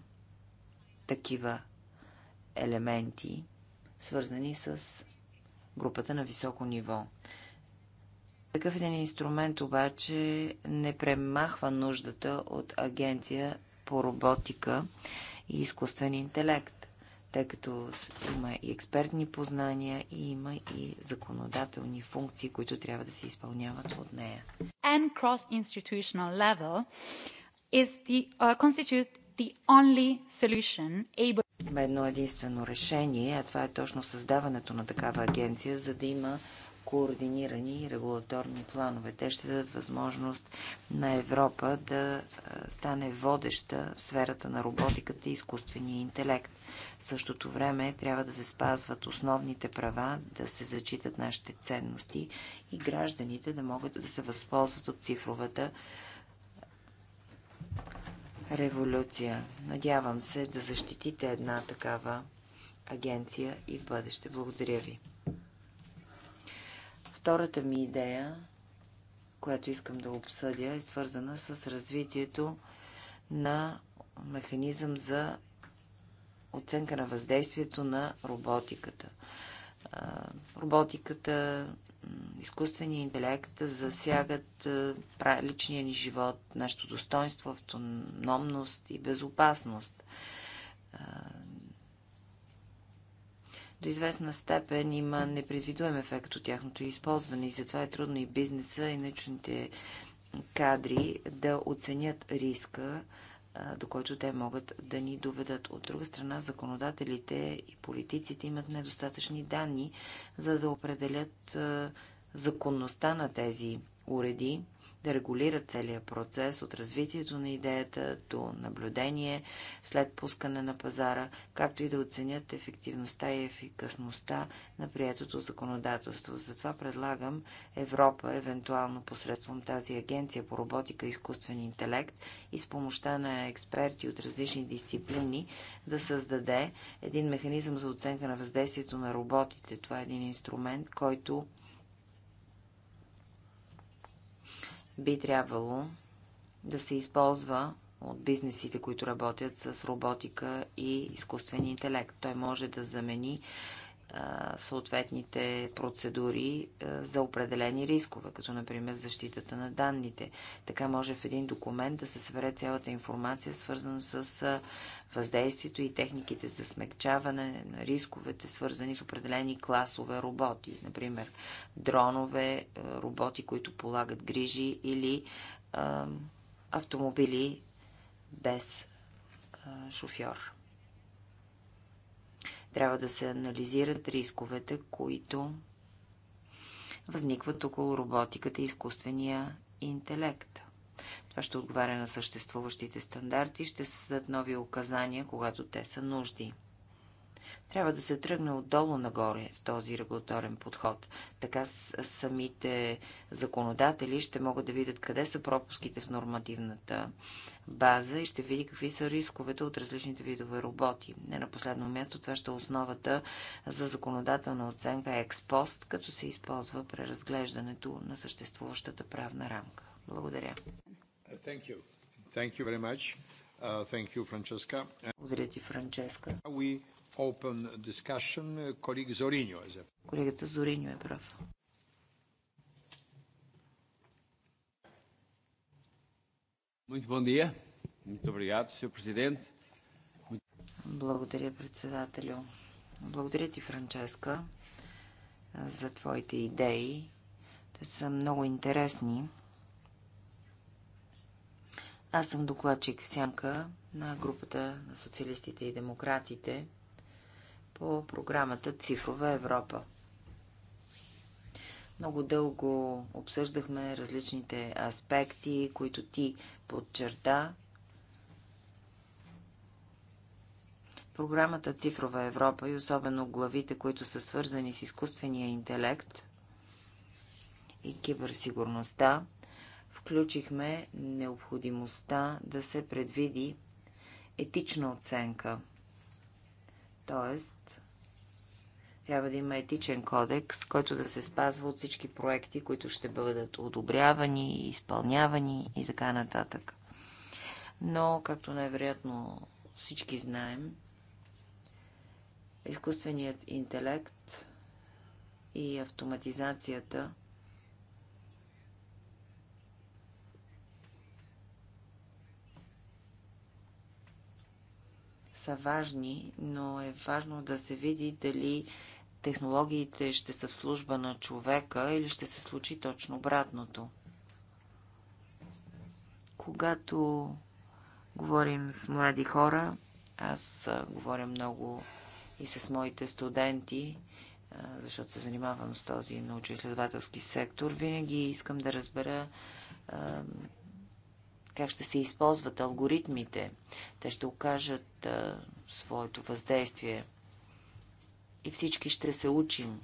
такива елементи, свързани с групата на високо ниво. Такъв един инструмент обаче не премахва нуждата от агенция по роботика и изкуствен интелект, тъй като има и експертни познания и има и законодателни функции, които трябва да се изпълняват от нея. And cross-institutional level is the, uh, constitute има едно единствено решение, а това е точно създаването на такава агенция, за да има координирани регулаторни планове. Те ще дадат възможност на Европа да стане водеща в сферата на роботиката и изкуствения интелект. В същото време трябва да се спазват основните права, да се зачитат нашите ценности и гражданите да могат да се възползват от цифровата революция. Надявам се да защитите една такава агенция и в бъдеще. Благодаря ви. Втората ми идея, която искам да обсъдя, е свързана с развитието на механизъм за оценка на въздействието на роботиката. Роботиката изкуствения интелект засягат е, личния ни живот, нашето достоинство, автономност и безопасност. Е, до известна степен има непредвидуем ефект от тяхното използване и затова е трудно и бизнеса и научните кадри да оценят риска, до който те могат да ни доведат. От друга страна, законодателите и политиците имат недостатъчни данни, за да определят законността на тези уреди да регулират целият процес от развитието на идеята до наблюдение, след пускане на пазара, както и да оценят ефективността и ефикасността на приетото законодателство. Затова предлагам Европа, евентуално посредством тази агенция по роботика и изкуствен интелект и с помощта на експерти от различни дисциплини, да създаде един механизъм за оценка на въздействието на роботите. Това е един инструмент, който би трябвало да се използва от бизнесите, които работят с роботика и изкуствен интелект. Той може да замени съответните процедури за определени рискове, като например защитата на данните. Така може в един документ да се събере цялата информация, свързана с въздействието и техниките за смягчаване на рисковете, свързани с определени класове роботи, например дронове, роботи, които полагат грижи или автомобили без шофьор. Трябва да се анализират рисковете, които възникват около роботиката и изкуствения интелект. Това ще отговаря на съществуващите стандарти, ще създадат нови указания, когато те са нужди. Трябва да се тръгне отдолу нагоре в този регулаторен подход. Така самите законодатели ще могат да видят къде са пропуските в нормативната база и ще види какви са рисковете от различните видове роботи. Не на последно място, това ще е основата за законодателна оценка експост, като се използва преразглеждането на съществуващата правна рамка. Благодаря. Thank you. Thank you very much. Uh, thank you, Francesca. Благодаря ти, Франческа. We open discussion. Зориньо е за. Колегата Зориньо е прав. Muito bom dia. Muito obrigado, Sr. Presidente. Благодаря, председателю. Благодаря ти, Франческа, за твоите идеи. Те са много интересни. Аз съм докладчик в сянка на групата на социалистите и демократите по програмата Цифрова Европа. Много дълго обсъждахме различните аспекти, които ти подчерта. Програмата Цифрова Европа и особено главите, които са свързани с изкуствения интелект и киберсигурността, включихме необходимостта да се предвиди етична оценка – Тоест, трябва да има етичен кодекс, който да се спазва от всички проекти, които ще бъдат одобрявани, изпълнявани и така нататък. Но, както най-вероятно всички знаем, изкуственият интелект и автоматизацията – са важни, но е важно да се види дали технологиите ще са в служба на човека или ще се случи точно обратното. Когато говорим с млади хора, аз говоря много и с моите студенти, защото се занимавам с този научно-изследователски сектор, винаги искам да разбера как ще се използват алгоритмите. Те ще окажат а, своето въздействие. И всички ще се учим.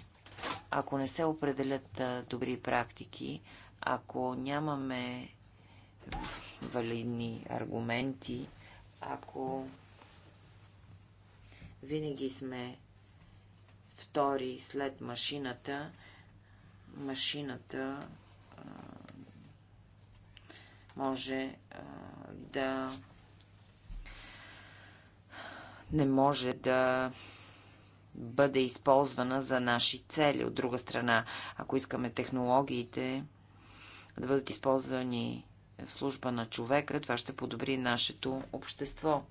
Ако не се определят а, добри практики, ако нямаме валидни аргументи, ако винаги сме втори след машината, машината може да не може да бъде използвана за наши цели. От друга страна, ако искаме технологиите да бъдат използвани в служба на човека, това ще подобри нашето общество.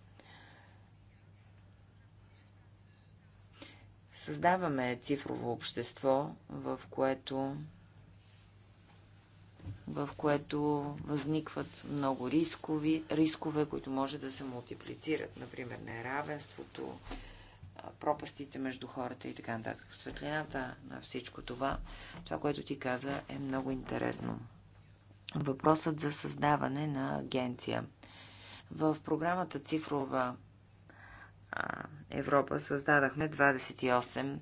Създаваме цифрово общество, в което в което възникват много рискови, рискове, които може да се мултиплицират. Например, неравенството, пропастите между хората и така нататък. В светлината на всичко това, това, което ти каза, е много интересно. Въпросът за създаване на агенция. В програмата Цифрова Европа създадахме 28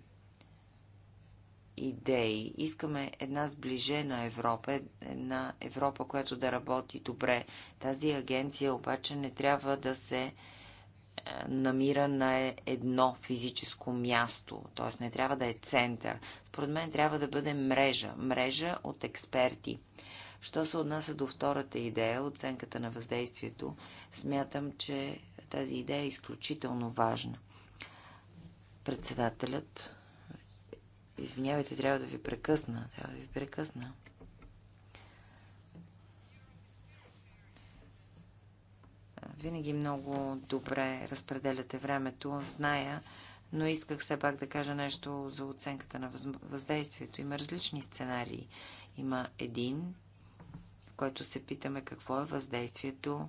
идеи. Искаме една сближена Европа, една Европа, която да работи добре. Тази агенция обаче не трябва да се е, намира на едно физическо място, т.е. не трябва да е център. Според мен трябва да бъде мрежа, мрежа от експерти. Що се отнася до втората идея, оценката на въздействието, смятам, че тази идея е изключително важна. Председателят Извинявайте, трябва да ви прекъсна. Трябва да ви прекъсна. Винаги много добре разпределяте времето, зная, но исках все пак да кажа нещо за оценката на въздействието. Има различни сценарии. Има един, в който се питаме какво е въздействието,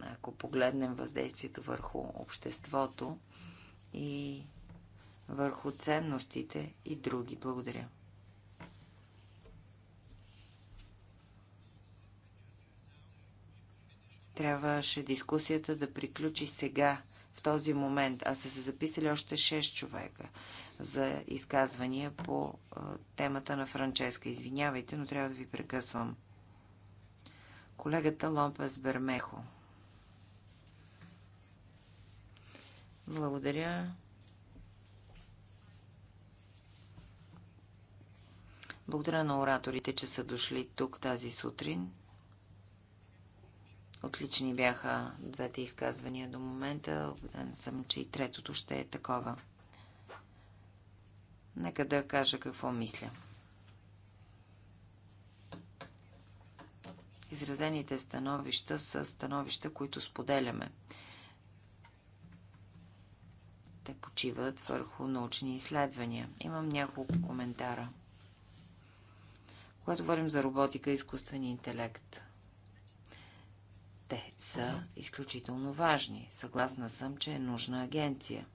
ако погледнем въздействието върху обществото и върху ценностите и други. Благодаря. Трябваше дискусията да приключи сега, в този момент, а са се записали още 6 човека за изказвания по темата на Франческа. Извинявайте, но трябва да ви прекъсвам. Колегата Лопес Бермехо. Благодаря. Благодаря на ораторите, че са дошли тук тази сутрин. Отлични бяха двете изказвания до момента. Обеден съм, че и третото ще е такова. Нека да кажа какво мисля. Изразените становища са становища, които споделяме. Те почиват върху научни изследвания. Имам няколко коментара – когато говорим за роботика и изкуствен интелект, те са изключително важни. Съгласна съм, че е нужна агенция.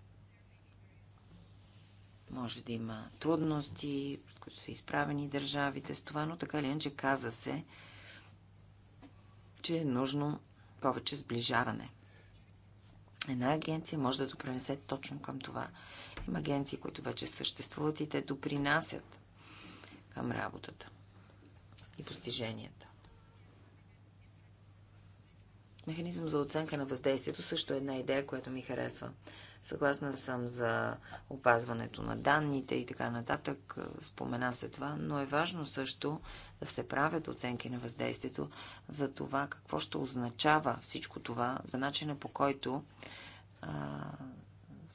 Може да има трудности, които са изправени държавите с това, но така или че каза се, че е нужно повече сближаване. Една агенция може да допренесе точно към това. Има агенции, които вече съществуват и те допринасят към работата и постиженията. Механизъм за оценка на въздействието също е една идея, която ми харесва. Съгласна съм за опазването на данните и така нататък. Спомена се това, но е важно също да се правят оценки на въздействието за това какво ще означава всичко това, за начина по който а,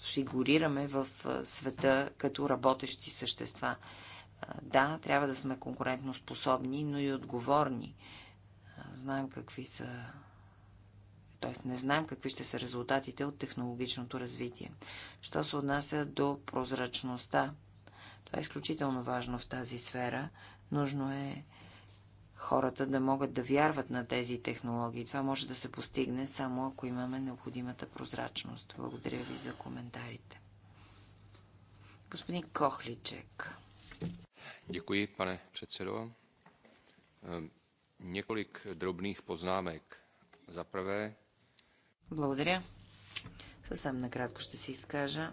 фигурираме в света като работещи същества. Да, трябва да сме способни, но и отговорни. Знаем какви са т.е. не знаем какви ще са резултатите от технологичното развитие. Що се отнася до прозрачността, това е изключително важно в тази сфера. Нужно е хората да могат да вярват на тези технологии. Това може да се постигне само ако имаме необходимата прозрачност. Благодаря ви за коментарите. Господин Кохличек. Děkuji, pane předsedo. Ehm, několik drobných poznámek. За prvé. Благодаря. Съвсем накратко ще се изкажа.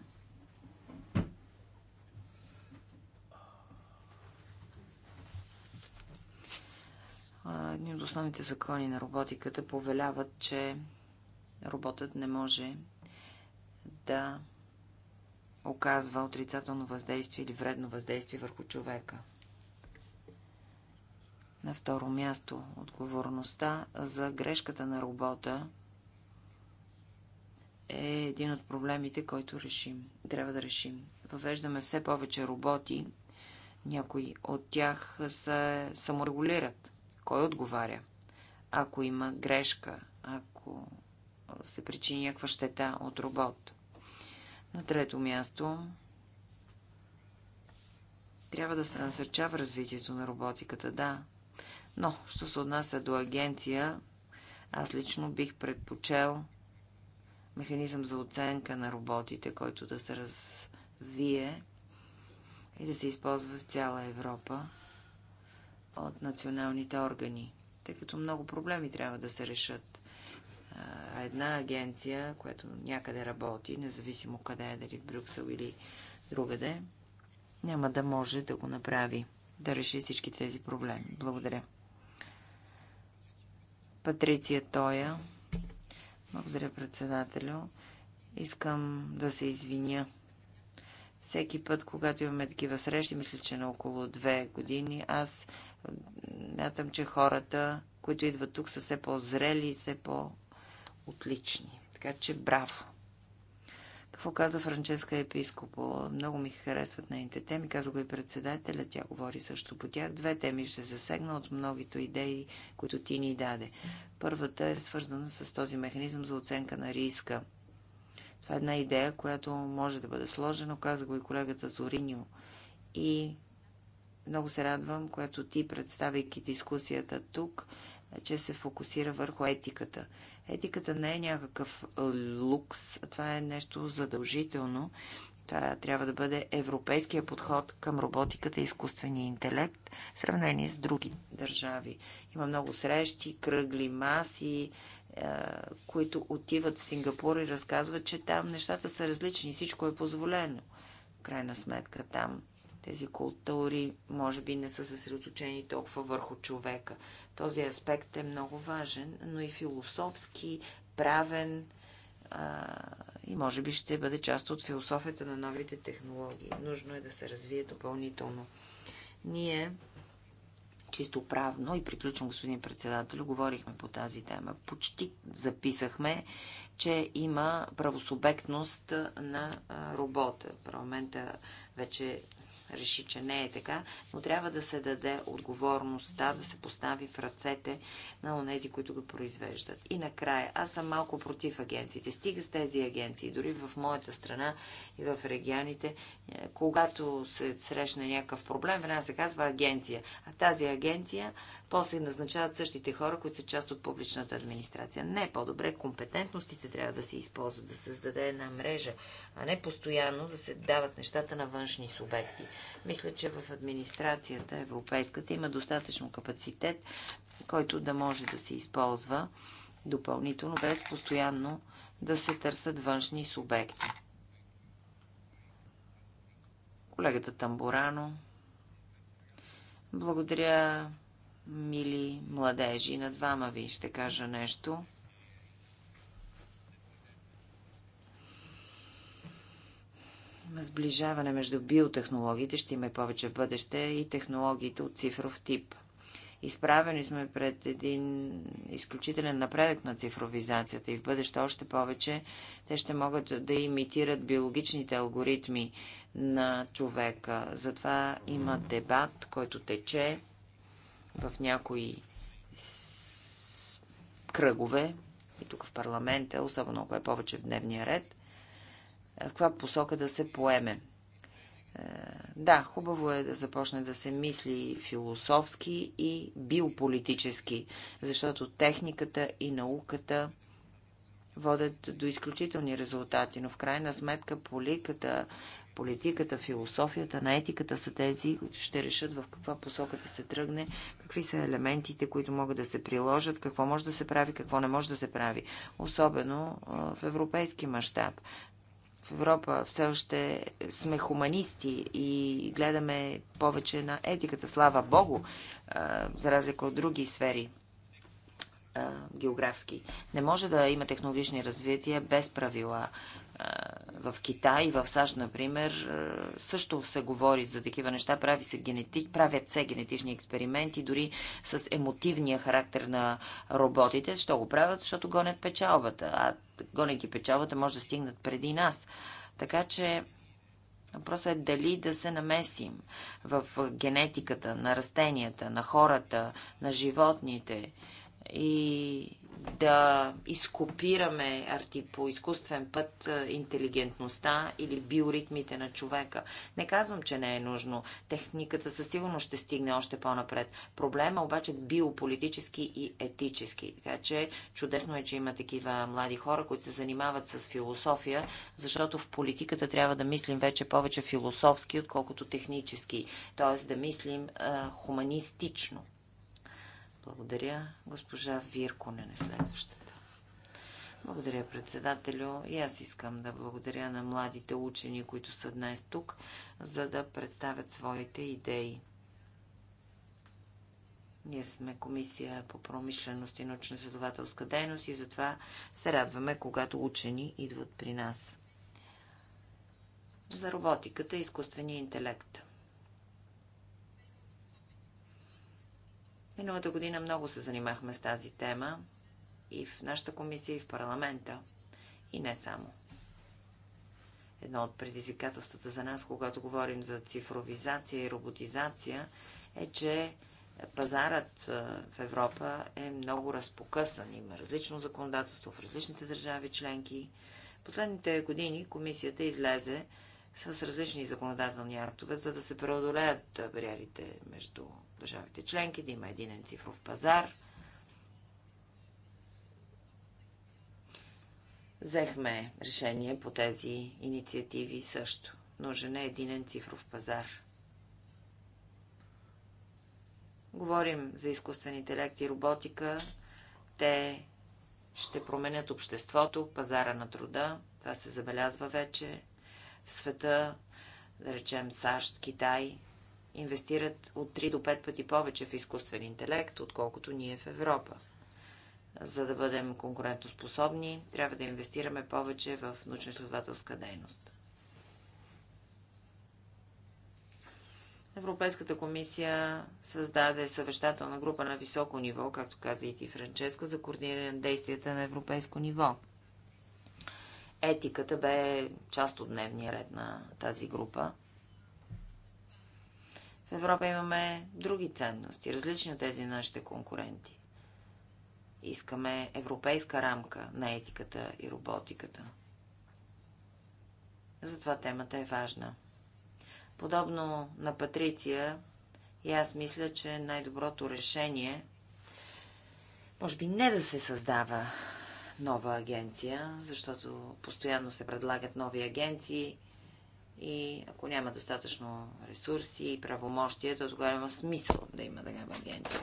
Едни от основните закони на роботиката повеляват, че роботът не може да оказва отрицателно въздействие или вредно въздействие върху човека. На второ място, отговорността за грешката на робота е един от проблемите, който решим. Трябва да решим. Въвеждаме все повече роботи. Някои от тях се саморегулират. Кой отговаря? Ако има грешка, ако се причини някаква щета от робот. На трето място трябва да се насърчава развитието на роботиката, да. Но, що се отнася до агенция, аз лично бих предпочел механизъм за оценка на роботите, който да се развие и да се използва в цяла Европа от националните органи, тъй като много проблеми трябва да се решат а една агенция, която някъде работи, независимо къде е, дали в Брюксел или другаде, няма да може да го направи, да реши всички тези проблеми. Благодаря. Патриция Тоя. Благодаря, председателю. Искам да се извиня. Всеки път, когато имаме такива срещи, мисля, че на около две години, аз мятам, че хората, които идват тук, са все по-зрели, все по отлични. Така че браво! Какво каза Франческа Епископо? Много ми харесват нейните теми. Каза го и председателя. Тя говори също по тях. Две теми ще засегна от многото идеи, които ти ни даде. Първата е свързана с този механизъм за оценка на риска. Това е една идея, която може да бъде сложена. Каза го и колегата Зориньо. И много се радвам, което ти, представяйки дискусията тук, че се фокусира върху етиката. Етиката не е някакъв лукс, това е нещо задължително. Това трябва да бъде европейския подход към роботиката и изкуствения интелект, в сравнение с други държави. Има много срещи, кръгли маси, е, които отиват в Сингапур и разказват, че там нещата са различни, всичко е позволено. В крайна сметка там тези култури може би не са съсредоточени толкова върху човека. Този аспект е много важен, но и философски, правен а, и може би ще бъде част от философията на новите технологии. Нужно е да се развие допълнително. Ние чисто правно и приключвам, господин председател, говорихме по тази тема. Почти записахме, че има правосубектност на робота. Парламента вече реши, че не е така, но трябва да се даде отговорността, да се постави в ръцете на онези, които го произвеждат. И накрая, аз съм малко против агенциите. Стига с тези агенции, дори в моята страна и в регионите, е, когато се срещне някакъв проблем, веднага се казва агенция. А тази агенция после назначават същите хора, които са част от публичната администрация. Не, е по-добре компетентностите трябва да се използват, да се създаде една мрежа, а не постоянно да се дават нещата на външни субекти. Мисля, че в администрацията европейската има достатъчно капацитет, който да може да се използва допълнително, без постоянно да се търсят външни субекти. Колегата Тамбурано. Благодаря мили младежи. На двама ви ще кажа нещо. Сближаване между биотехнологиите ще има повече в бъдеще и технологиите от цифров тип. Изправени сме пред един изключителен напредък на цифровизацията и в бъдеще още повече те ще могат да имитират биологичните алгоритми на човека. Затова има дебат, който тече в някои кръгове и тук в парламента, особено ако е повече в дневния ред, в каква посока да се поеме. Е, да, хубаво е да започне да се мисли философски и биополитически, защото техниката и науката водят до изключителни резултати, но в крайна сметка поликата, Политиката, философията на етиката са тези, които ще решат в каква посока да се тръгне, какви са елементите, които могат да се приложат, какво може да се прави, какво не може да се прави. Особено в европейски мащаб в Европа все още сме хуманисти и гледаме повече на етиката, слава Богу, за разлика от други сфери географски. Не може да има технологични развития без правила в Китай, в САЩ, например, също се говори за такива неща. Прави се генети... правят се генетични експерименти, дори с емотивния характер на роботите. Що го правят? Защото гонят печалбата. А гонейки печалбата, може да стигнат преди нас. Така че Въпросът е дали да се намесим в генетиката на растенията, на хората, на животните и да изкопираме арти по изкуствен път е, интелигентността или биоритмите на човека. Не казвам, че не е нужно. Техниката със сигурност ще стигне още по-напред. Проблема обаче е биополитически и етически. Така че чудесно е, че има такива млади хора, които се занимават с философия, защото в политиката трябва да мислим вече повече философски, отколкото технически. Тоест да мислим е, хуманистично. Благодаря. Госпожа Вирконен е следващата. Благодаря, председателю. И аз искам да благодаря на младите учени, които са днес тук, за да представят своите идеи. Ние сме комисия по промишленост и научно следователска дейност и затова се радваме, когато учени идват при нас. За роботиката и изкуствения интелект. Миналата година много се занимахме с тази тема и в нашата комисия, и в парламента. И не само. Едно от предизвикателствата за нас, когато говорим за цифровизация и роботизация, е, че пазарът е, в Европа е много разпокъсан. Има различно законодателство в различните държави членки. Последните години комисията излезе с различни законодателни актове, за да се преодолеят бариерите между държавите членки, да има единен цифров пазар. Взехме решение по тези инициативи също. Нужен е единен цифров пазар. Говорим за изкуствен интелект и роботика. Те ще променят обществото, пазара на труда. Това се забелязва вече. В света, да речем САЩ, Китай, инвестират от 3 до 5 пъти повече в изкуствен интелект, отколкото ние в Европа. За да бъдем конкурентоспособни, трябва да инвестираме повече в научно-изследователска дейност. Европейската комисия създаде съвещателна група на високо ниво, както каза и ти, Франческа, за координиране на действията на европейско ниво. Етиката бе част от дневния ред на тази група. В Европа имаме други ценности, различни от тези нашите конкуренти. Искаме европейска рамка на етиката и роботиката. Затова темата е важна. Подобно на Патриция, и аз мисля, че най-доброто решение, може би не да се създава нова агенция, защото постоянно се предлагат нови агенции и ако няма достатъчно ресурси и правомощия, то тогава има смисъл да има такава агенция.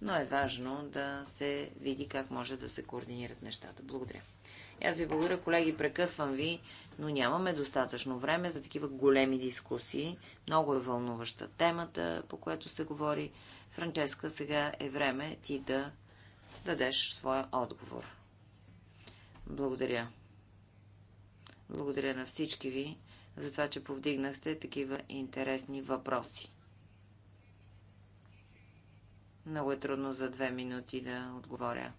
Но е важно да се види как може да се координират нещата. Благодаря. И аз ви благодаря, колеги, прекъсвам ви, но нямаме достатъчно време за такива големи дискусии. Много е вълнуваща темата, по която се говори. Франческа, сега е време ти да дадеш своя отговор. Благодаря. Благодаря на всички ви за това, че повдигнахте такива интересни въпроси. Много е трудно за две минути да отговоря.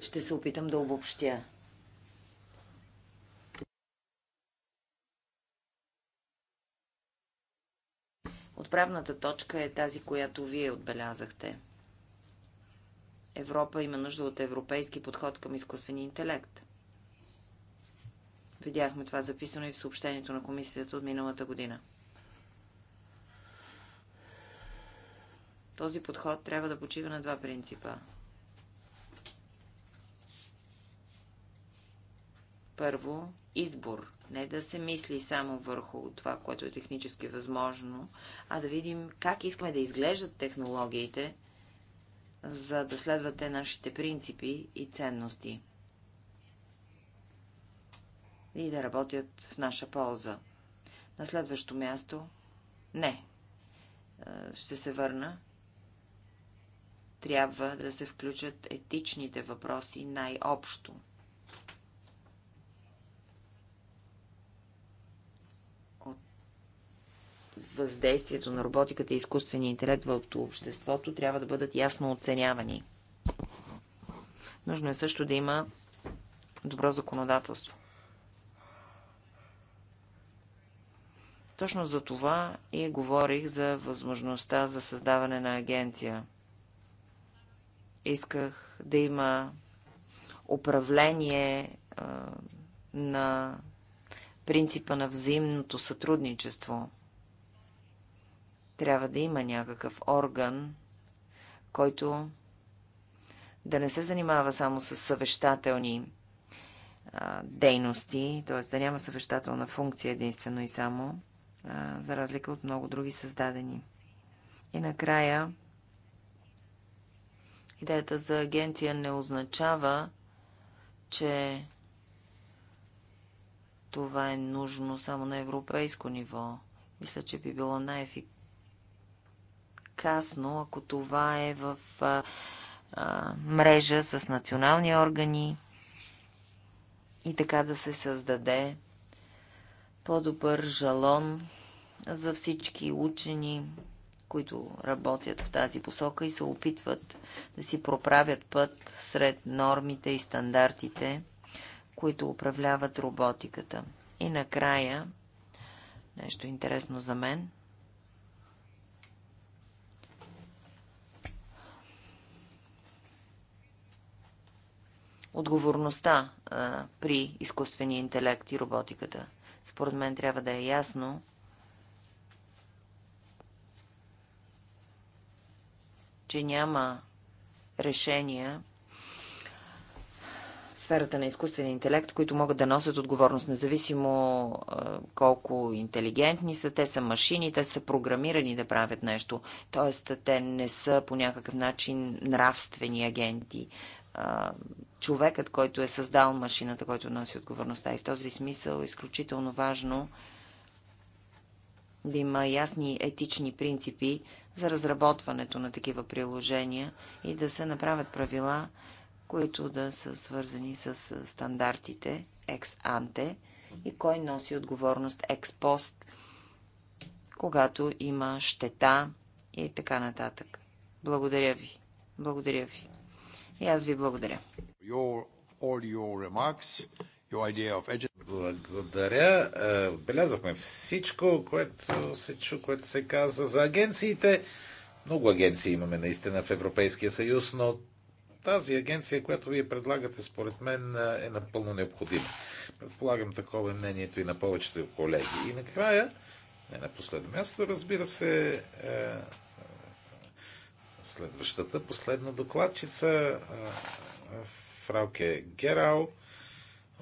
Ще се опитам да обобщя. Отправната точка е тази, която вие отбелязахте. Европа има нужда от европейски подход към изкуствения интелект. Видяхме това записано и в съобщението на комисията от миналата година. Този подход трябва да почива на два принципа. Първо, избор. Не да се мисли само върху това, което е технически възможно, а да видим как искаме да изглеждат технологиите, за да следвате нашите принципи и ценности и да работят в наша полза. На следващо място... Не. Ще се върна. Трябва да се включат етичните въпроси най-общо. От въздействието на роботиката и изкуствения интелект в обществото трябва да бъдат ясно оценявани. Нужно е също да има добро законодателство. Точно за това и говорих за възможността за създаване на агенция. Исках да има управление а, на принципа на взаимното сътрудничество. Трябва да има някакъв орган, който да не се занимава само с съвещателни а, дейности, т.е. да няма съвещателна функция единствено и само, за разлика от много други създадени. И накрая, идеята за агенция не означава, че това е нужно само на европейско ниво. Мисля, че би било най-ефикасно, ако това е в а, а, мрежа с национални органи и така да се създаде по-добър жалон за всички учени, които работят в тази посока и се опитват да си проправят път сред нормите и стандартите, които управляват роботиката. И накрая, нещо интересно за мен. Отговорността а, при изкуствения интелект и роботиката – според мен трябва да е ясно, че няма решения в сферата на изкуствения интелект, които могат да носят отговорност, независимо колко интелигентни са. Те са машини, те са програмирани да правят нещо. Тоест, те не са по някакъв начин нравствени агенти човекът, който е създал машината, който носи отговорността. И в този смисъл е изключително важно да има ясни етични принципи за разработването на такива приложения и да се направят правила, които да са свързани с стандартите екс-анте и кой носи отговорност експост, когато има щета и така нататък. Благодаря ви. Благодаря ви. И аз ви благодаря. Благодаря. Е, отбелязахме всичко, което се чу, което се каза за агенциите. Много агенции имаме наистина в Европейския съюз, но тази агенция, която вие предлагате, според мен е, е напълно необходима. Предполагам такова е мнението и на повечето колеги. И накрая, не на последно място, разбира се, е, Следващата последна докладчица Фрауке Герау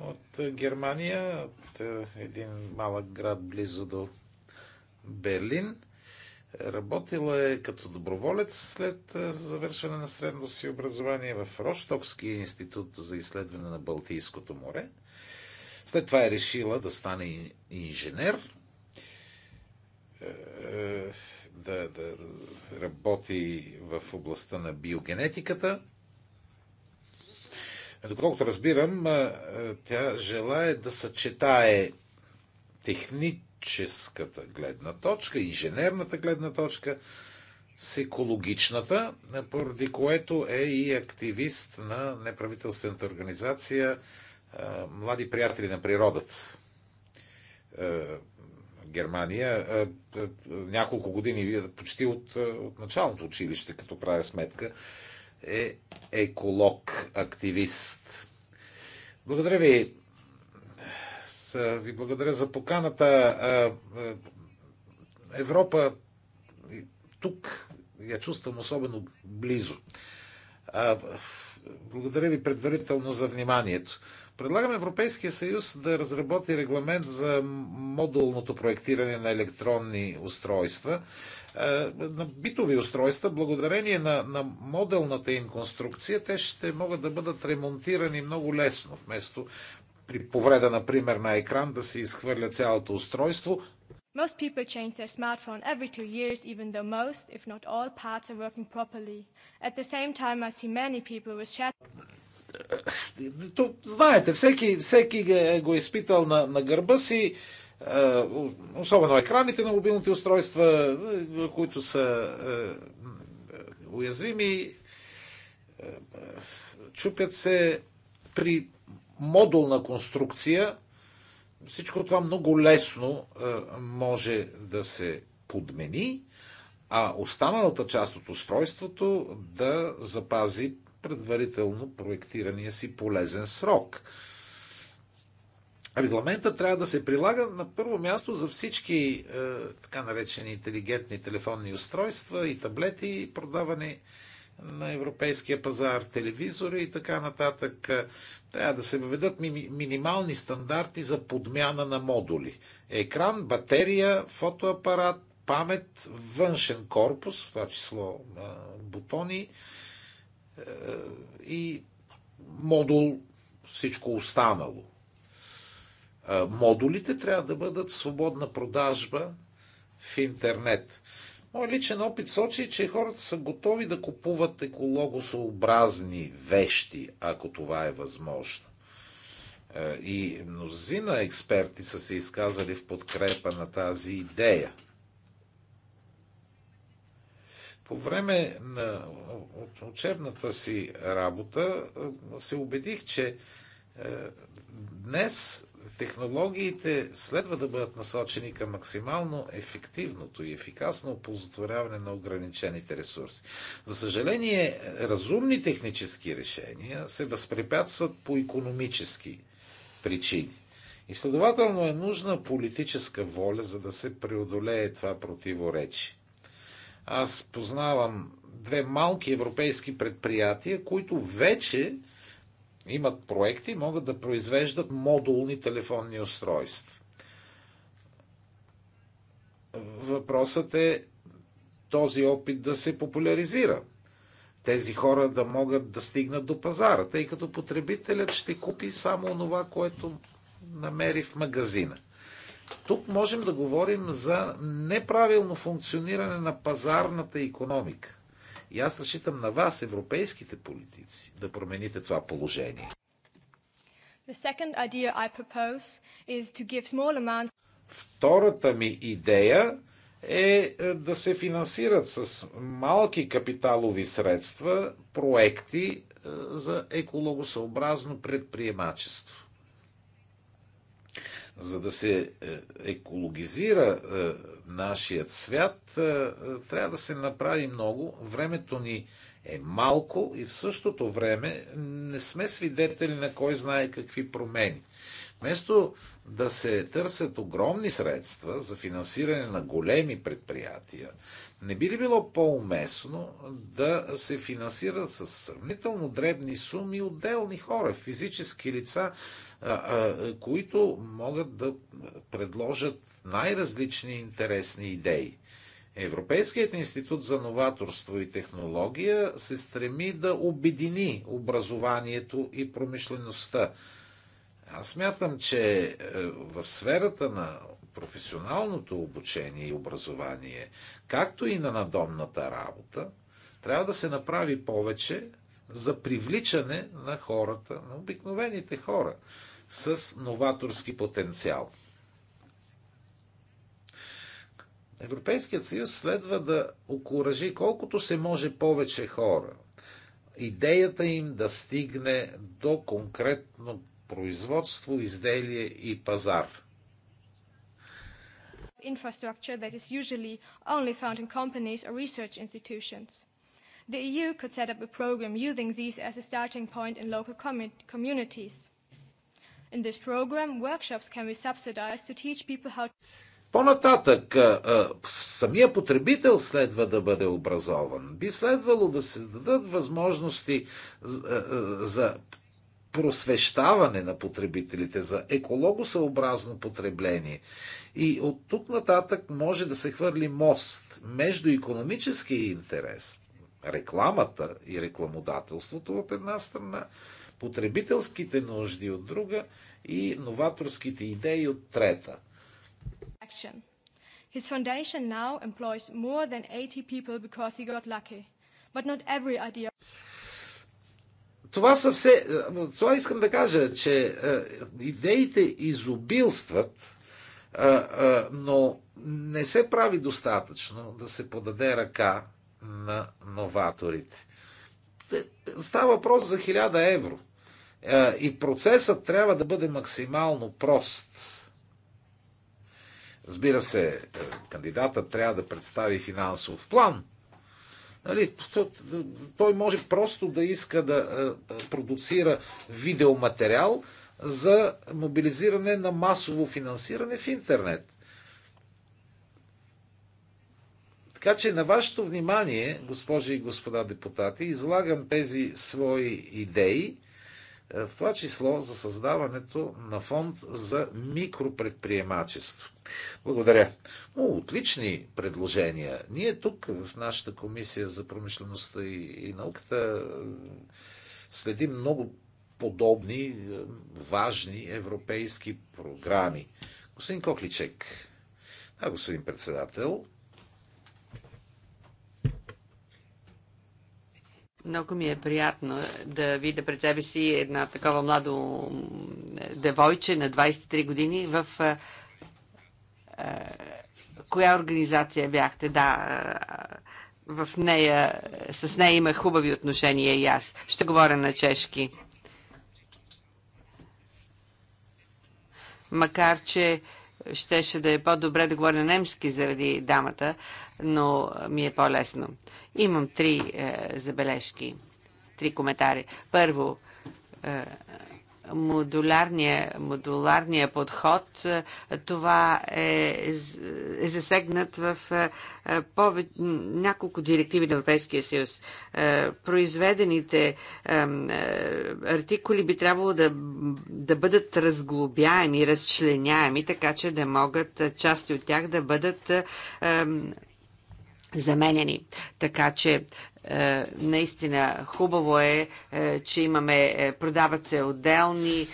от Германия, от един малък град близо до Берлин. Работила е като доброволец след завършване на средното си образование в Роштокския институт за изследване на Балтийското море. След това е решила да стане инженер е, да, да работи в областта на биогенетиката. Доколкото разбирам, е, тя желая да съчетае техническата гледна точка, инженерната гледна точка с екологичната, поради което е и активист на неправителствената организация е, Млади приятели на природата Германия няколко години, почти от, от началното училище, като правя сметка, е еколог, активист. Благодаря ви. Ви благодаря за поканата. Европа тук я чувствам особено близо. Благодаря ви предварително за вниманието. Предлагам Европейския съюз да разработи регламент за модулното проектиране на електронни устройства, е, на битови устройства. Благодарение на, на моделната им конструкция, те ще могат да бъдат ремонтирани много лесно, вместо при повреда, например, на екран да се изхвърля цялото устройство. Most people change their smartphone every two years, even though most, if not all, parts are working properly. At the same time, I see many people with shattered е, то, знаете, всеки, всеки е го изпитал на, на гърба си, е, особено екраните на мобилните устройства, е, които са уязвими, чупят се при модулна конструкция. Всичко това много лесно може да се подмени, а останалата част от устройството да запази предварително проектирания си полезен срок. Регламента трябва да се прилага на първо място за всички е, така наречени интелигентни телефонни устройства и таблети, продавани на европейския пазар, телевизори и така нататък. Трябва да се въведат ми- минимални стандарти за подмяна на модули. Екран, батерия, фотоапарат, памет, външен корпус, в това число е, бутони, и модул всичко останало. Модулите трябва да бъдат свободна продажба в интернет. Мой личен опит сочи, че хората са готови да купуват екологосообразни вещи, ако това е възможно. И мнозина експерти са се изказали в подкрепа на тази идея – по време на учебната си работа се убедих, че е, днес технологиите следва да бъдат насочени към максимално ефективното и ефикасно оползотворяване на ограничените ресурси. За съжаление, разумни технически решения се възпрепятстват по економически причини. И следователно е нужна политическа воля, за да се преодолее това противоречие. Аз познавам две малки европейски предприятия, които вече имат проекти, могат да произвеждат модулни телефонни устройства. Въпросът е този опит да се популяризира. Тези хора да могат да стигнат до пазара, тъй като потребителят ще купи само това, което намери в магазина. Тук можем да говорим за неправилно функциониране на пазарната економика. И аз разчитам на вас, европейските политици, да промените това положение. Втората ми идея е, е да се финансират с малки капиталови средства проекти е, за екологосъобразно предприемачество. За да се е, екологизира е, нашият свят, е, трябва да се направи много. Времето ни е малко и в същото време не сме свидетели на кой знае какви промени. Вместо да се търсят огромни средства за финансиране на големи предприятия, не би ли било по-уместно да се финансират с сравнително дребни суми отделни хора, физически лица, които могат да предложат най-различни интересни идеи. Европейският институт за новаторство и технология се стреми да обедини образованието и промишлеността. Аз смятам, че е, в сферата на професионалното обучение и образование, както и на надомната работа, трябва да се направи повече за привличане на хората, на обикновените хора, с новаторски потенциал. Европейският съюз следва да окоръжи колкото се може повече хора. Идеята им да стигне до конкретно производство, изделие и пазар. Infrastructure that is usually only found in companies or research institutions. The EU could set up a program using these as a starting point in local com- communities. In this program, workshops can be subsidized to teach people how по-нататък, самия потребител следва да бъде образован. Би следвало да се дадат възможности за просвещаване на потребителите, за екологосъобразно потребление. И от тук нататък може да се хвърли мост между економическия интерес, рекламата и рекламодателството от една страна, потребителските нужди от друга и новаторските идеи от трета. Action. His foundation now employs more than 80 people because he got lucky. But not every idea това са все. Това искам да кажа, че е, идеите изобилстват, е, е, но не се прави достатъчно да се подаде ръка на новаторите. Става въпрос за 1000 евро. Е, и процесът трябва да бъде максимално прост. Разбира се, е, кандидатът трябва да представи финансов план. Нали, той може просто да иска да е, продуцира видеоматериал за мобилизиране на масово финансиране в интернет. Така че на вашето внимание, госпожи и господа депутати, излагам тези свои идеи, е, в това число за създаването на фонд за микропредприемачество. Благодаря. О, отлични предложения. Ние тук в нашата комисия за промишлеността и, и науката е, следим много подобни е, важни европейски програми. Господин Кокличек. Да, господин председател. Много ми е приятно е, да видя пред себе си една такова младо девойче на 23 години в е, е, коя организация бяхте? Да, в нея, с нея има хубави отношения и аз. Ще говоря на чешки. Макар, че щеше да е по-добре да говоря на немски заради дамата, но ми е по-лесно. Имам три е, забележки, три коментари. Първо, е, модуларния, модуларния подход, е, това е, е, е засегнат в е, е, пове, няколко директиви на Европейския съюз. Е, произведените е, артикули би трябвало да, да бъдат разглобяеми, разчленяеми, така че да могат части от тях да бъдат е, заменени. Така че е, наистина хубаво е, е че имаме, е, продават се отделни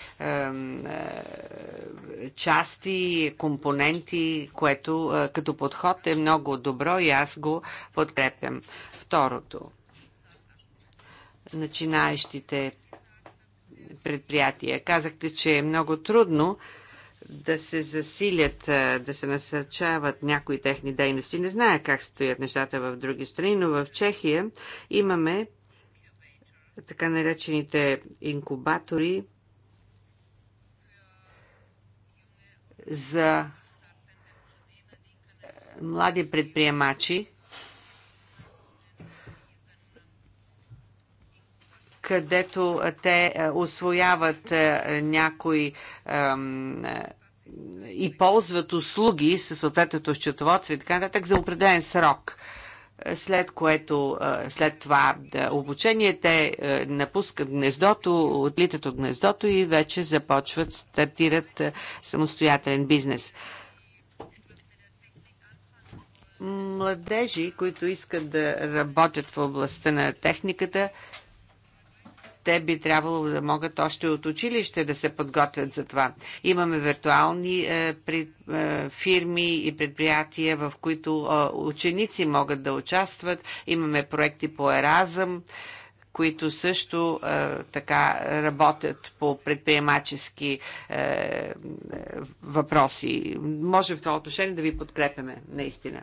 части, компоненти, което като подход е много добро и аз го подкрепям. Второто. Начинаещите предприятия. Казахте, че е много трудно, да се засилят, да се насърчават някои техни дейности. Не зная как стоят нещата в други страни, но в Чехия имаме така наречените инкубатори за млади предприемачи, където те освояват някои и ползват услуги със съответното счетоводство и така нататък за определен срок след което, след това обучение, те напускат гнездото, отлитат от гнездото и вече започват, стартират самостоятелен бизнес. Младежи, които искат да работят в областта на техниката, те би трябвало да могат още от училище да се подготвят за това. Имаме виртуални е, при, е, фирми и предприятия, в които е, ученици могат да участват. Имаме проекти по Еразъм, които също е, така работят по предприемачески е, въпроси. Може в това отношение да ви подкрепяме, наистина.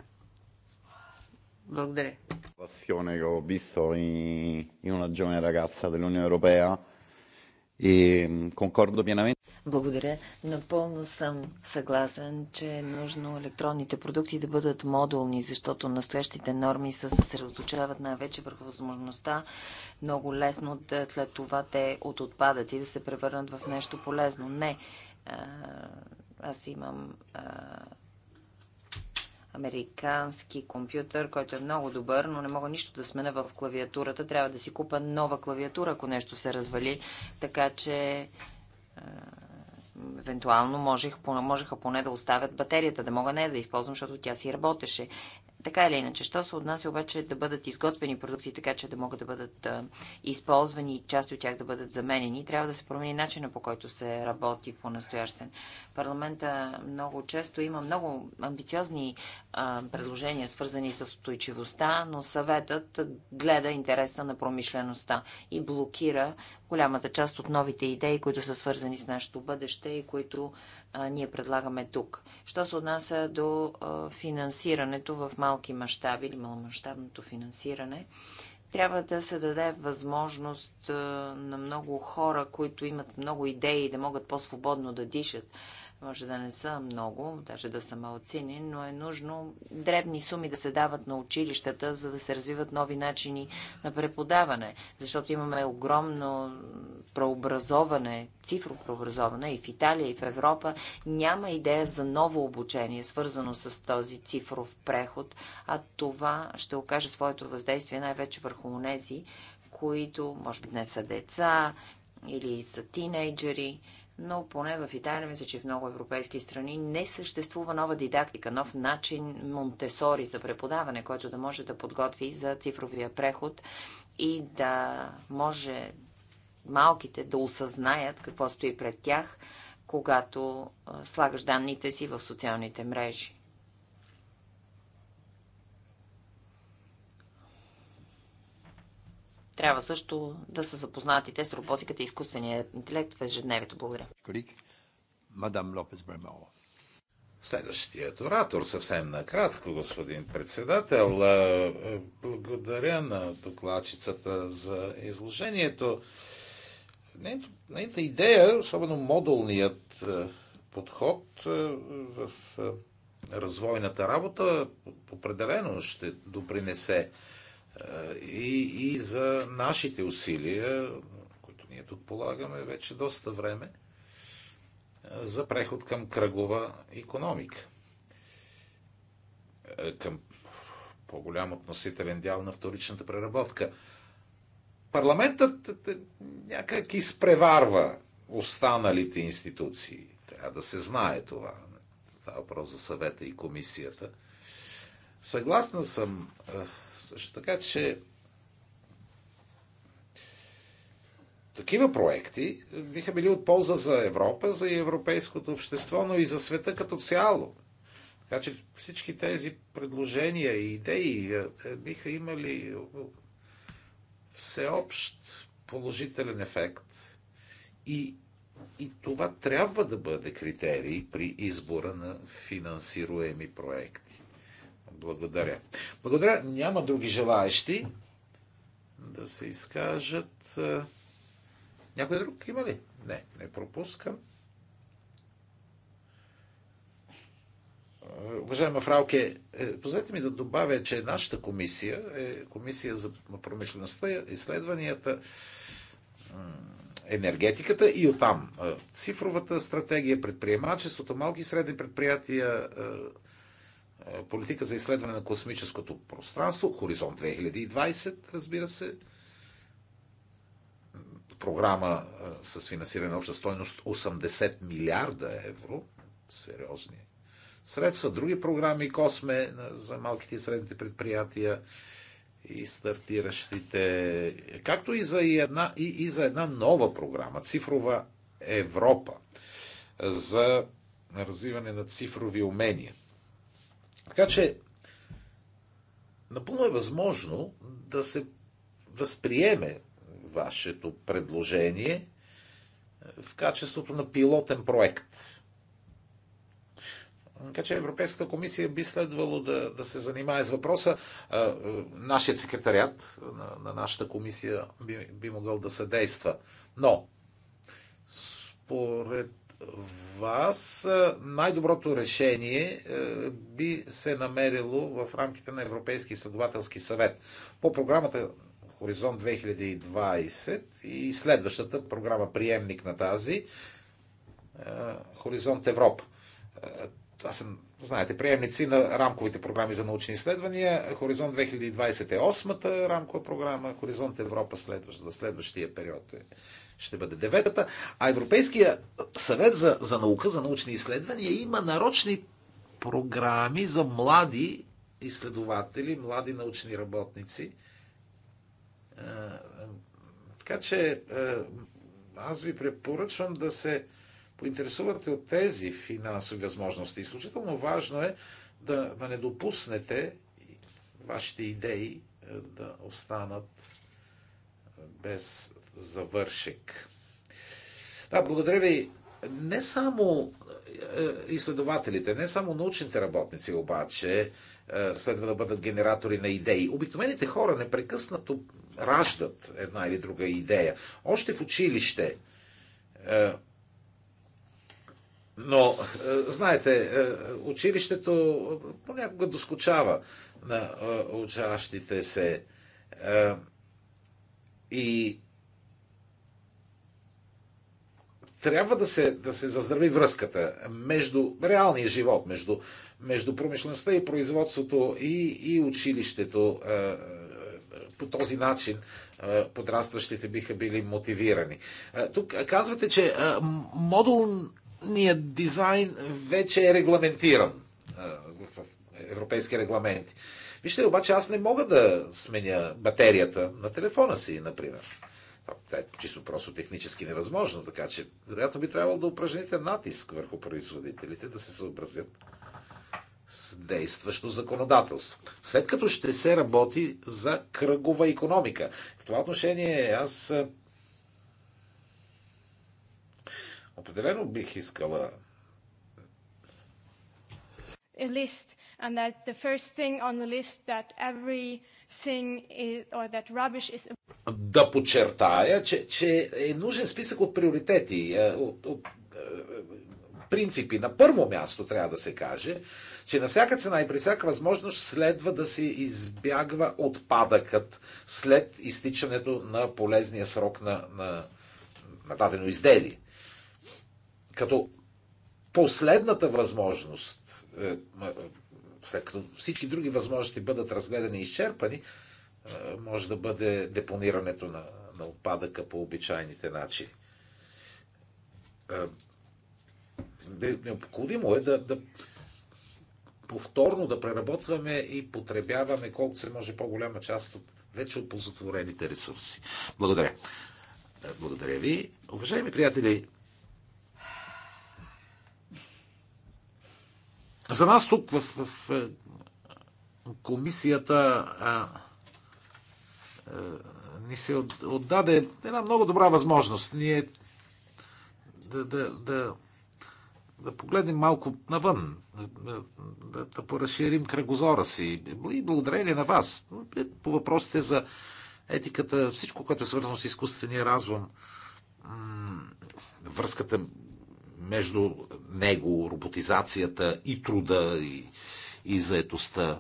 Благодаря. Passione che ho visto in, una giovane ragazza dell'Unione Europea e, mm, Благодаря. Напълно съм съгласен, че е нужно електронните продукти да бъдат модулни, защото настоящите норми се съсредоточават най-вече върху възможността много лесно да, след това те от отпадъци да се превърнат в нещо полезно. Не. Аз имам американски компютър, който е много добър, но не мога нищо да смена в клавиатурата. Трябва да си купа нова клавиатура, ако нещо се развали. Така че е, евентуално можех, можеха поне да оставят батерията, да мога не да използвам, защото тя си работеше. Така или иначе, що се отнася обаче да бъдат изготвени продукти така, че да могат да бъдат използвани и части от тях да бъдат заменени, трябва да се промени начина по който се работи по-настоящен. Парламента много често има много амбициозни а, предложения, свързани с устойчивостта, но съветът гледа интереса на промишлеността и блокира голямата част от новите идеи, които са свързани с нашето бъдеще и които а, ние предлагаме тук. Що се отнася до а, финансирането в малки мащаби или маломащабното финансиране, трябва да се даде възможност а, на много хора, които имат много идеи да могат по-свободно да дишат, може да не са много, даже да са малцини, но е нужно дребни суми да се дават на училищата, за да се развиват нови начини на преподаване. Защото имаме огромно преобразоване, цифро преобразоване и в Италия, и в Европа. Няма идея за ново обучение, свързано с този цифров преход, а това ще окаже своето въздействие най-вече върху нези, които, може би, не са деца или са тинейджери, но поне в Италия, мисля, че в много европейски страни не съществува нова дидактика, нов начин Монтесори за преподаване, който да може да подготви за цифровия преход и да може малките да осъзнаят какво стои пред тях, когато слагаш данните си в социалните мрежи. Трябва също да са запознати те с роботиката и изкуствения интелект в ежедневието. Благодаря. Мадам Лопес Бремало. Следващият оратор, съвсем накратко, господин председател. Благодаря на докладчицата за изложението. Нейната идея, особено модулният подход в развойната работа, определено ще допринесе е, и, и за нашите усилия, които ние тук полагаме вече доста време, е, за преход към кръгова економика. Е, към по-голям относителен дял на вторичната преработка. Парламентът някак изпреварва останалите институции. Трябва да се знае това. Става въпрос за съвета и комисията. Съгласна съм също така, че такива проекти биха били от полза за Европа, за европейското общество, но и за света като цяло. Така че всички тези предложения и идеи е, е, биха имали всеобщ положителен ефект. И, и това трябва да бъде критерий при избора на финансируеми проекти. Благодаря. Благодаря. Няма други желаещи да се изкажат. Е, някой друг има ли? Не, не пропускам. Е, уважаема Фралке, е, позволете ми да добавя, че нашата комисия е комисия за промишлеността, изследванията, енергетиката и оттам. Цифровата стратегия, предприемачеството, малки и средни предприятия, политика за изследване на космическото пространство, Хоризонт 2020, разбира се, програма с финансиране на обща стойност 80 милиарда евро, сериозни средства, други програми, Косме за малките и средните предприятия и стартиращите, както и за една, и, и за една нова програма, Цифрова Европа, за развиване на цифрови умения. Така че напълно е възможно да се възприеме вашето предложение е, в качеството на пилотен проект. Така че Европейската комисия би следвало да, да се занимае с въпроса. Е, е, нашият секретарят на, на нашата комисия би, би могъл да съдейства. Но, според вас, най-доброто решение е, би се намерило в рамките на Европейски изследователски съвет по програмата Хоризонт 2020 и следващата програма, приемник на тази, е, Хоризонт Европа. Е, аз съм, знаете, приемници на рамковите програми за научни изследвания. Хоризонт 2020 е осмата рамкова програма, Хоризонт Европа следващ, за следващия период е ще бъде деветата. А Европейския съвет за, за наука, за научни изследвания има нарочни програми за млади изследователи, млади научни работници. Така че аз ви препоръчвам да се поинтересувате от тези финансови възможности. Изключително важно е да, да не допуснете вашите идеи да останат без завършек. Да, благодаря ви. Не само е, е, изследователите, не само научните работници обаче е, следва да бъдат генератори на идеи. Обикновените хора непрекъснато раждат една или друга идея. Още в училище. Но, знаете, училището понякога доскочава на учащите се. И трябва да се, да се заздрави връзката между реалния живот, между, между промишлеността и производството и, и училището. Е, е, по този начин е, подрастващите биха били мотивирани. Тук казвате, че модулният дизайн вече е регламентиран в европейски регламенти. Вижте, обаче аз не мога да сменя батерията на телефона си, например. Това е чисто просто технически невъзможно, така че вероятно би трябвало да упражните натиск върху производителите да се съобразят с действащо законодателство. След като ще се работи за кръгова економика. В това отношение аз е, определено бих искала. A list and that the first thing on the list that thing is, or that rubbish is... Да подчертая, че, че е нужен списък от приоритети, е, от, от е, принципи. На първо място трябва да се каже, че на всяка цена и при всяка възможност следва да се избягва отпадъкът след изтичането на полезния срок на, на, на дадено изделие. Като последната възможност е, след като всички други възможности бъдат разгледани и изчерпани, е, може да бъде депонирането на, на отпадъка по обичайните начини. Е, необходимо е да, да повторно да преработваме и потребяваме колкото се може по-голяма част от вече от ресурси. Благодаря. Е, благодаря ви. Уважаеми приятели, За нас тук в, в е, комисията а, а, е, ни се отдаде една много добра възможност. Ние да, да, да, да погледнем малко навън, да, да, да поразширим кръгозора си. И благодарение на вас е, по въпросите за етиката, всичко, което е свързано с изкуствения разум, връзката между него, роботизацията и труда и, и заетостта.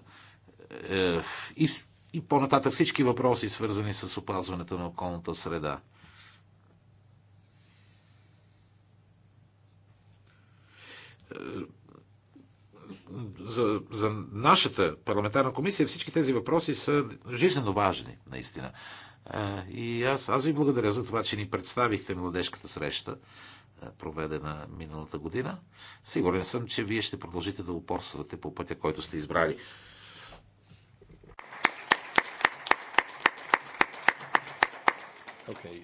Е, и, и по-нататък всички въпроси, свързани с опазването на околната среда. Е, за, за нашата парламентарна комисия всички тези въпроси са жизненно важни, наистина. Е, и аз, аз ви благодаря за това, че ни представихте младежката среща проведена миналата година. Сигурен съм, че вие ще продължите да упорствате по пътя, който сте избрали. Okay.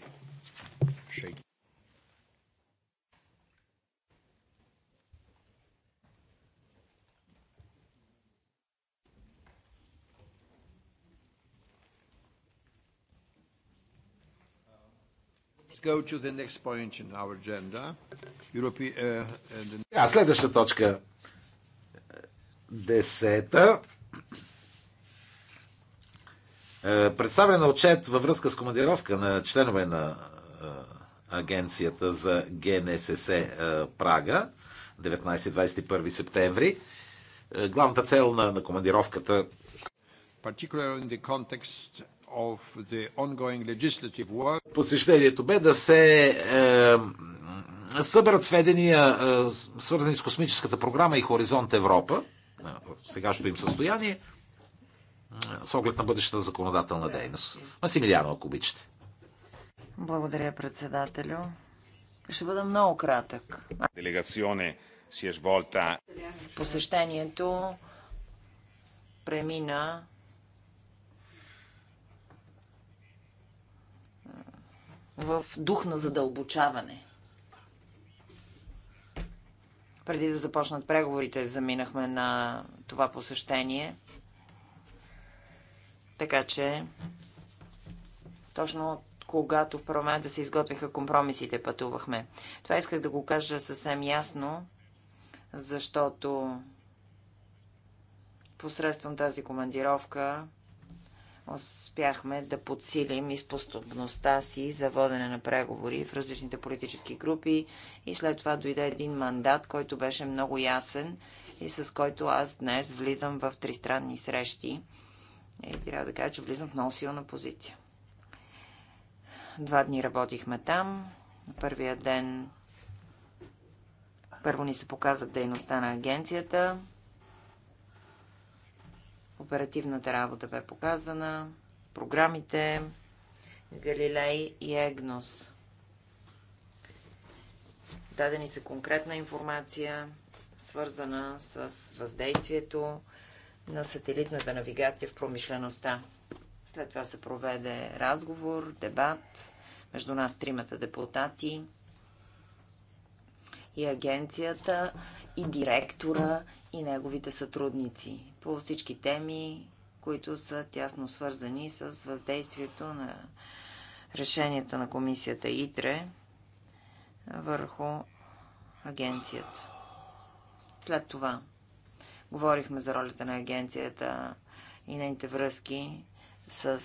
go to the next point in our agenda. uh, the... А следваща точка. Десета. Е, представен отчет във връзка с командировка на членове на е, агенцията за ГНСС е, Прага 19-21 септември. Главната цел на, на командировката Посещението бе да се е, съберат сведения, е, свързани с космическата програма и Хоризонт Европа, е, в сегашното им състояние, е, с оглед на бъдещата законодателна дейност. Масимилиано, ако обичате. Благодаря, председателю. Ще бъда много кратък. Делегационе си е сволта. Посещението премина в дух на задълбочаване. Преди да започнат преговорите, заминахме на това посещение. Така че, точно когато в парламента се изготвиха компромисите, пътувахме. Това исках да го кажа съвсем ясно, защото посредством тази командировка успяхме да подсилим и способността си за водене на преговори в различните политически групи и след това дойде един мандат, който беше много ясен и с който аз днес влизам в тристранни срещи и трябва да кажа, че влизам в много силна позиция. Два дни работихме там. На първия ден първо ни се показа дейността на агенцията, Оперативната работа бе показана, програмите Галилей и Егнос. Дадени са конкретна информация, свързана с въздействието на сателитната навигация в промишлеността. След това се проведе разговор, дебат между нас тримата депутати – и агенцията, и директора, и неговите сътрудници по всички теми, които са тясно свързани с въздействието на решението на комисията ИТРЕ върху агенцията. След това говорихме за ролята на агенцията и нейните връзки с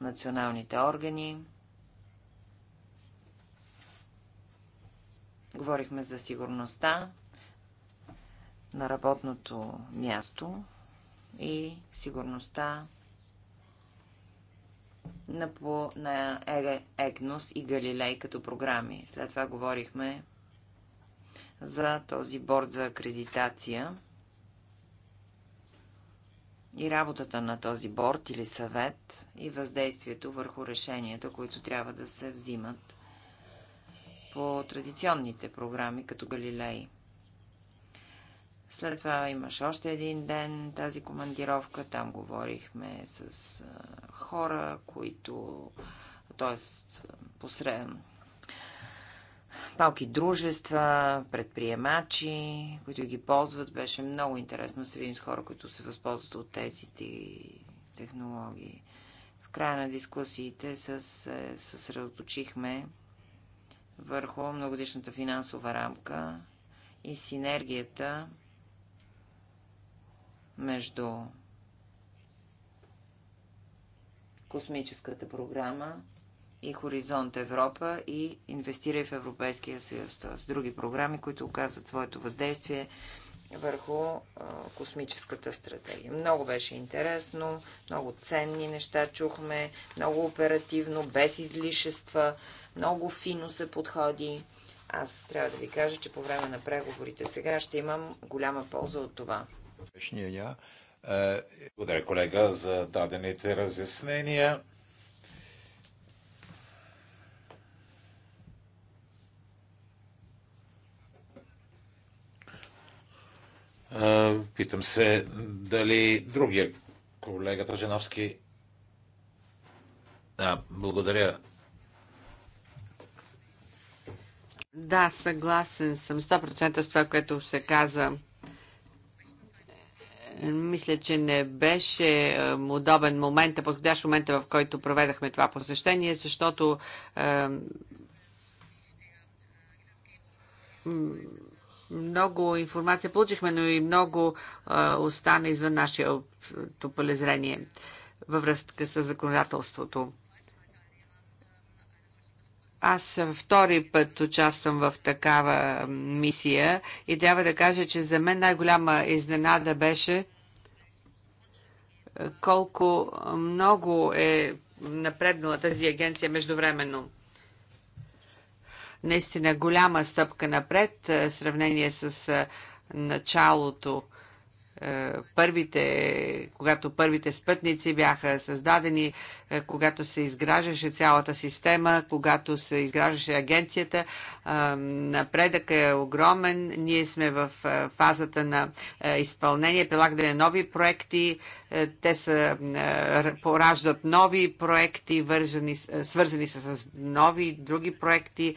националните органи, Говорихме за сигурността на работното място и сигурността на, по, на ЕГНОС и Галилей като програми. След това говорихме за този борт за акредитация и работата на този борт или съвет и въздействието върху решенията, които трябва да се взимат по традиционните програми, като Галилей. След това имаше още един ден тази командировка. Там говорихме с хора, които, т.е. посред малки дружества, предприемачи, които ги ползват. Беше много интересно да се видим с хора, които се възползват от тези технологии. В края на дискусиите се съсредоточихме върху многодишната финансова рамка и синергията между космическата програма и Хоризонт Европа и Инвестирай в Европейския съюз, т.е. други програми, които оказват своето въздействие върху а, космическата стратегия. Много беше интересно, много ценни неща чухме, много оперативно, без излишества. Много фино се подходи. Аз трябва да ви кажа, че по време на преговорите сега ще имам голяма полза от това. Е, благодаря, колега, за дадените разяснения. Е, питам се дали другия колегата Женовски. А, благодаря, Да, съгласен съм 100% с това, което се каза. Мисля, че не беше е, удобен момент, подходящ момент, в който проведахме това посещение, защото е, много информация получихме, но и много е, остана извън нашето полезрение във връзка с законодателството. Аз втори път участвам в такава мисия и трябва да кажа, че за мен най-голяма изненада беше е, колко много е напреднала тази агенция междувременно. Наистина голяма стъпка напред е, в сравнение с е, началото е, първите, когато първите спътници бяха създадени, е, когато се изграждаше цялата система, когато се изграждаше агенцията. Е, напредък е огромен. Ние сме в фазата на изпълнение, прилагане на нови проекти, е, те са, е, пораждат нови проекти, вържени, е, свързани са с нови други проекти.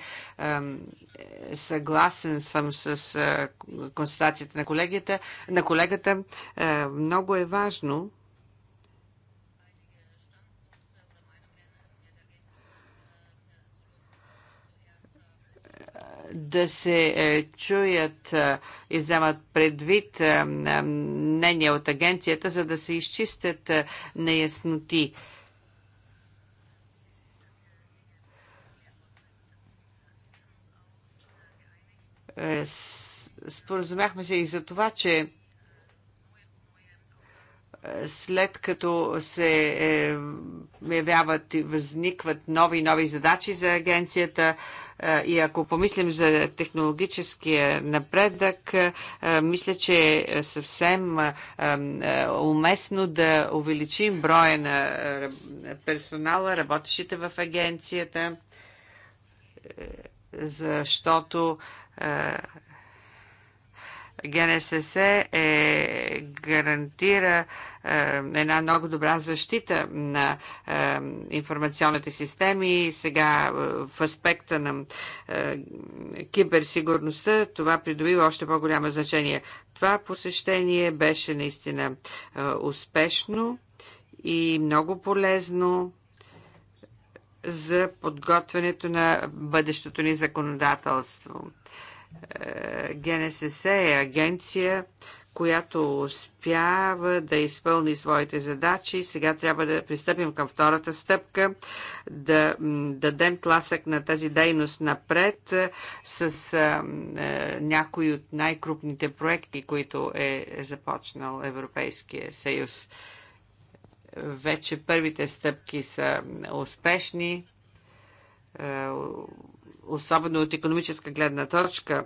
Съгласен съм с констатацията на колегата. На колегата много е важно да се е, чуят е, и вземат предвид е, мнения от агенцията, за да се изчистят неясноти. Споразумяхме се и за това, че след като се е, явяват и възникват нови и нови задачи за агенцията е, и ако помислим за технологическия напредък, е, мисля, че е съвсем уместно да увеличим броя на персонала, работещите в агенцията, защото ГНСС е, гарантира е, една много добра защита на е, информационните системи. Сега е, в аспекта на е, киберсигурността това придобива още по-голямо значение. Това посещение беше наистина е, успешно и много полезно за подготвянето на бъдещото ни законодателство. ГНСС е агенция, която успява да изпълни своите задачи. Сега трябва да пристъпим към втората стъпка, да дадем тласък на тази дейност напред с а, някои от най-крупните проекти, които е започнал Европейския съюз. Вече първите стъпки са успешни особено от економическа гледна точка.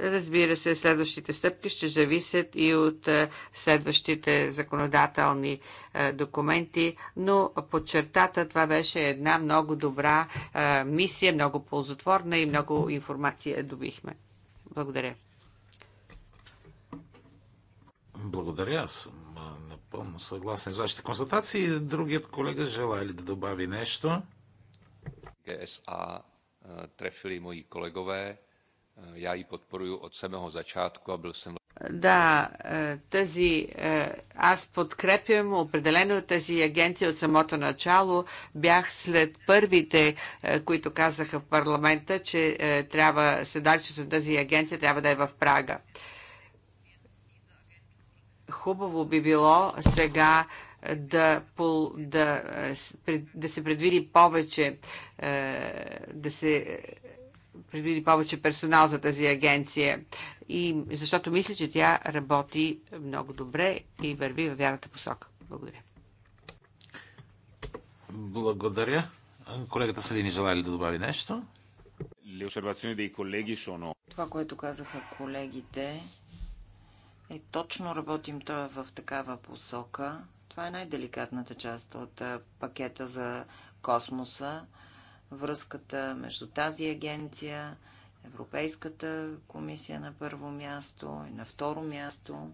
Разбира се, следващите стъпки ще зависят и от е, следващите законодателни е, документи, но подчертата това беше една много добра е, мисия, много ползотворна и много информация добихме. Благодаря. Благодаря. Аз съм напълно съгласен с вашите констатации. Другият колега желая ли да добави нещо? ГСА е, трефили мои колегове. Е, я и подпорую от самого зачатку, а бил съм... Да, е, тази, аз подкрепям определено тези агенции от самото начало. Бях след първите, които казаха в парламента, че трябва седалището на тази агенция трябва да е в Прага. Хубаво би било сега е, да, да, е, да се предвиди повече е, да се предвиди повече персонал за тази агенция. И защото мисля, че тя работи много добре и върви във вярната посока. Благодаря. Благодаря. Колегата Салини желая ли да добави нещо? Това, което казаха колегите, и точно работим в такава посока. Това е най-деликатната част от пакета за космоса. Връзката между тази агенция, Европейската комисия на първо място и на второ място,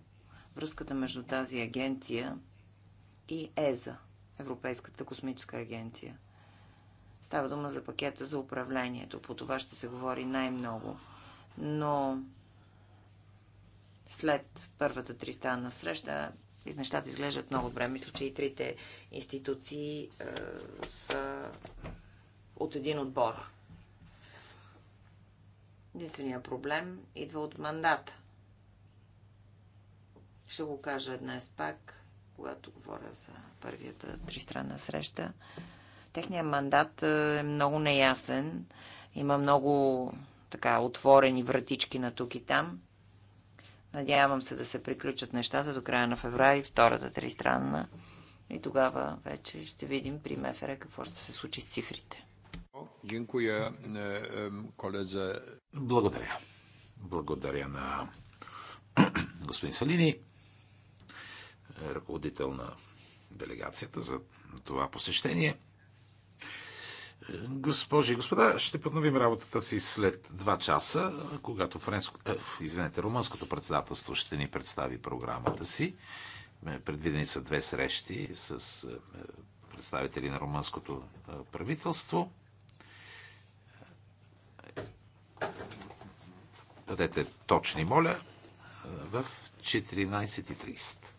връзката между тази агенция и ЕЗА, Европейската космическа агенция. Става дума за пакета за управлението. По това ще се говори най-много. Но след първата тристранна среща и нещата изглеждат много добре. Мисля, че и трите институции е, са от един отбор. Единственият проблем идва от мандата. Ще го кажа днес пак, когато говоря за първията тристранна среща. Техният мандат е, е много неясен. Има много така отворени вратички на тук и там. Надявам се да се приключат нещата до края на феврари, втората тристранна. И тогава вече ще видим при МФР какво ще се случи с цифрите. Е, е, Благодаря. Благодаря на господин Салини, е, ръководител на делегацията за това посещение. Госпожи и господа, ще подновим работата си след два часа, когато френско... Э, извинете, румънското председателство ще ни представи програмата си. Е, предвидени са две срещи с е, представители на румънското правителство. Бъдете точни, моля, в 14.30.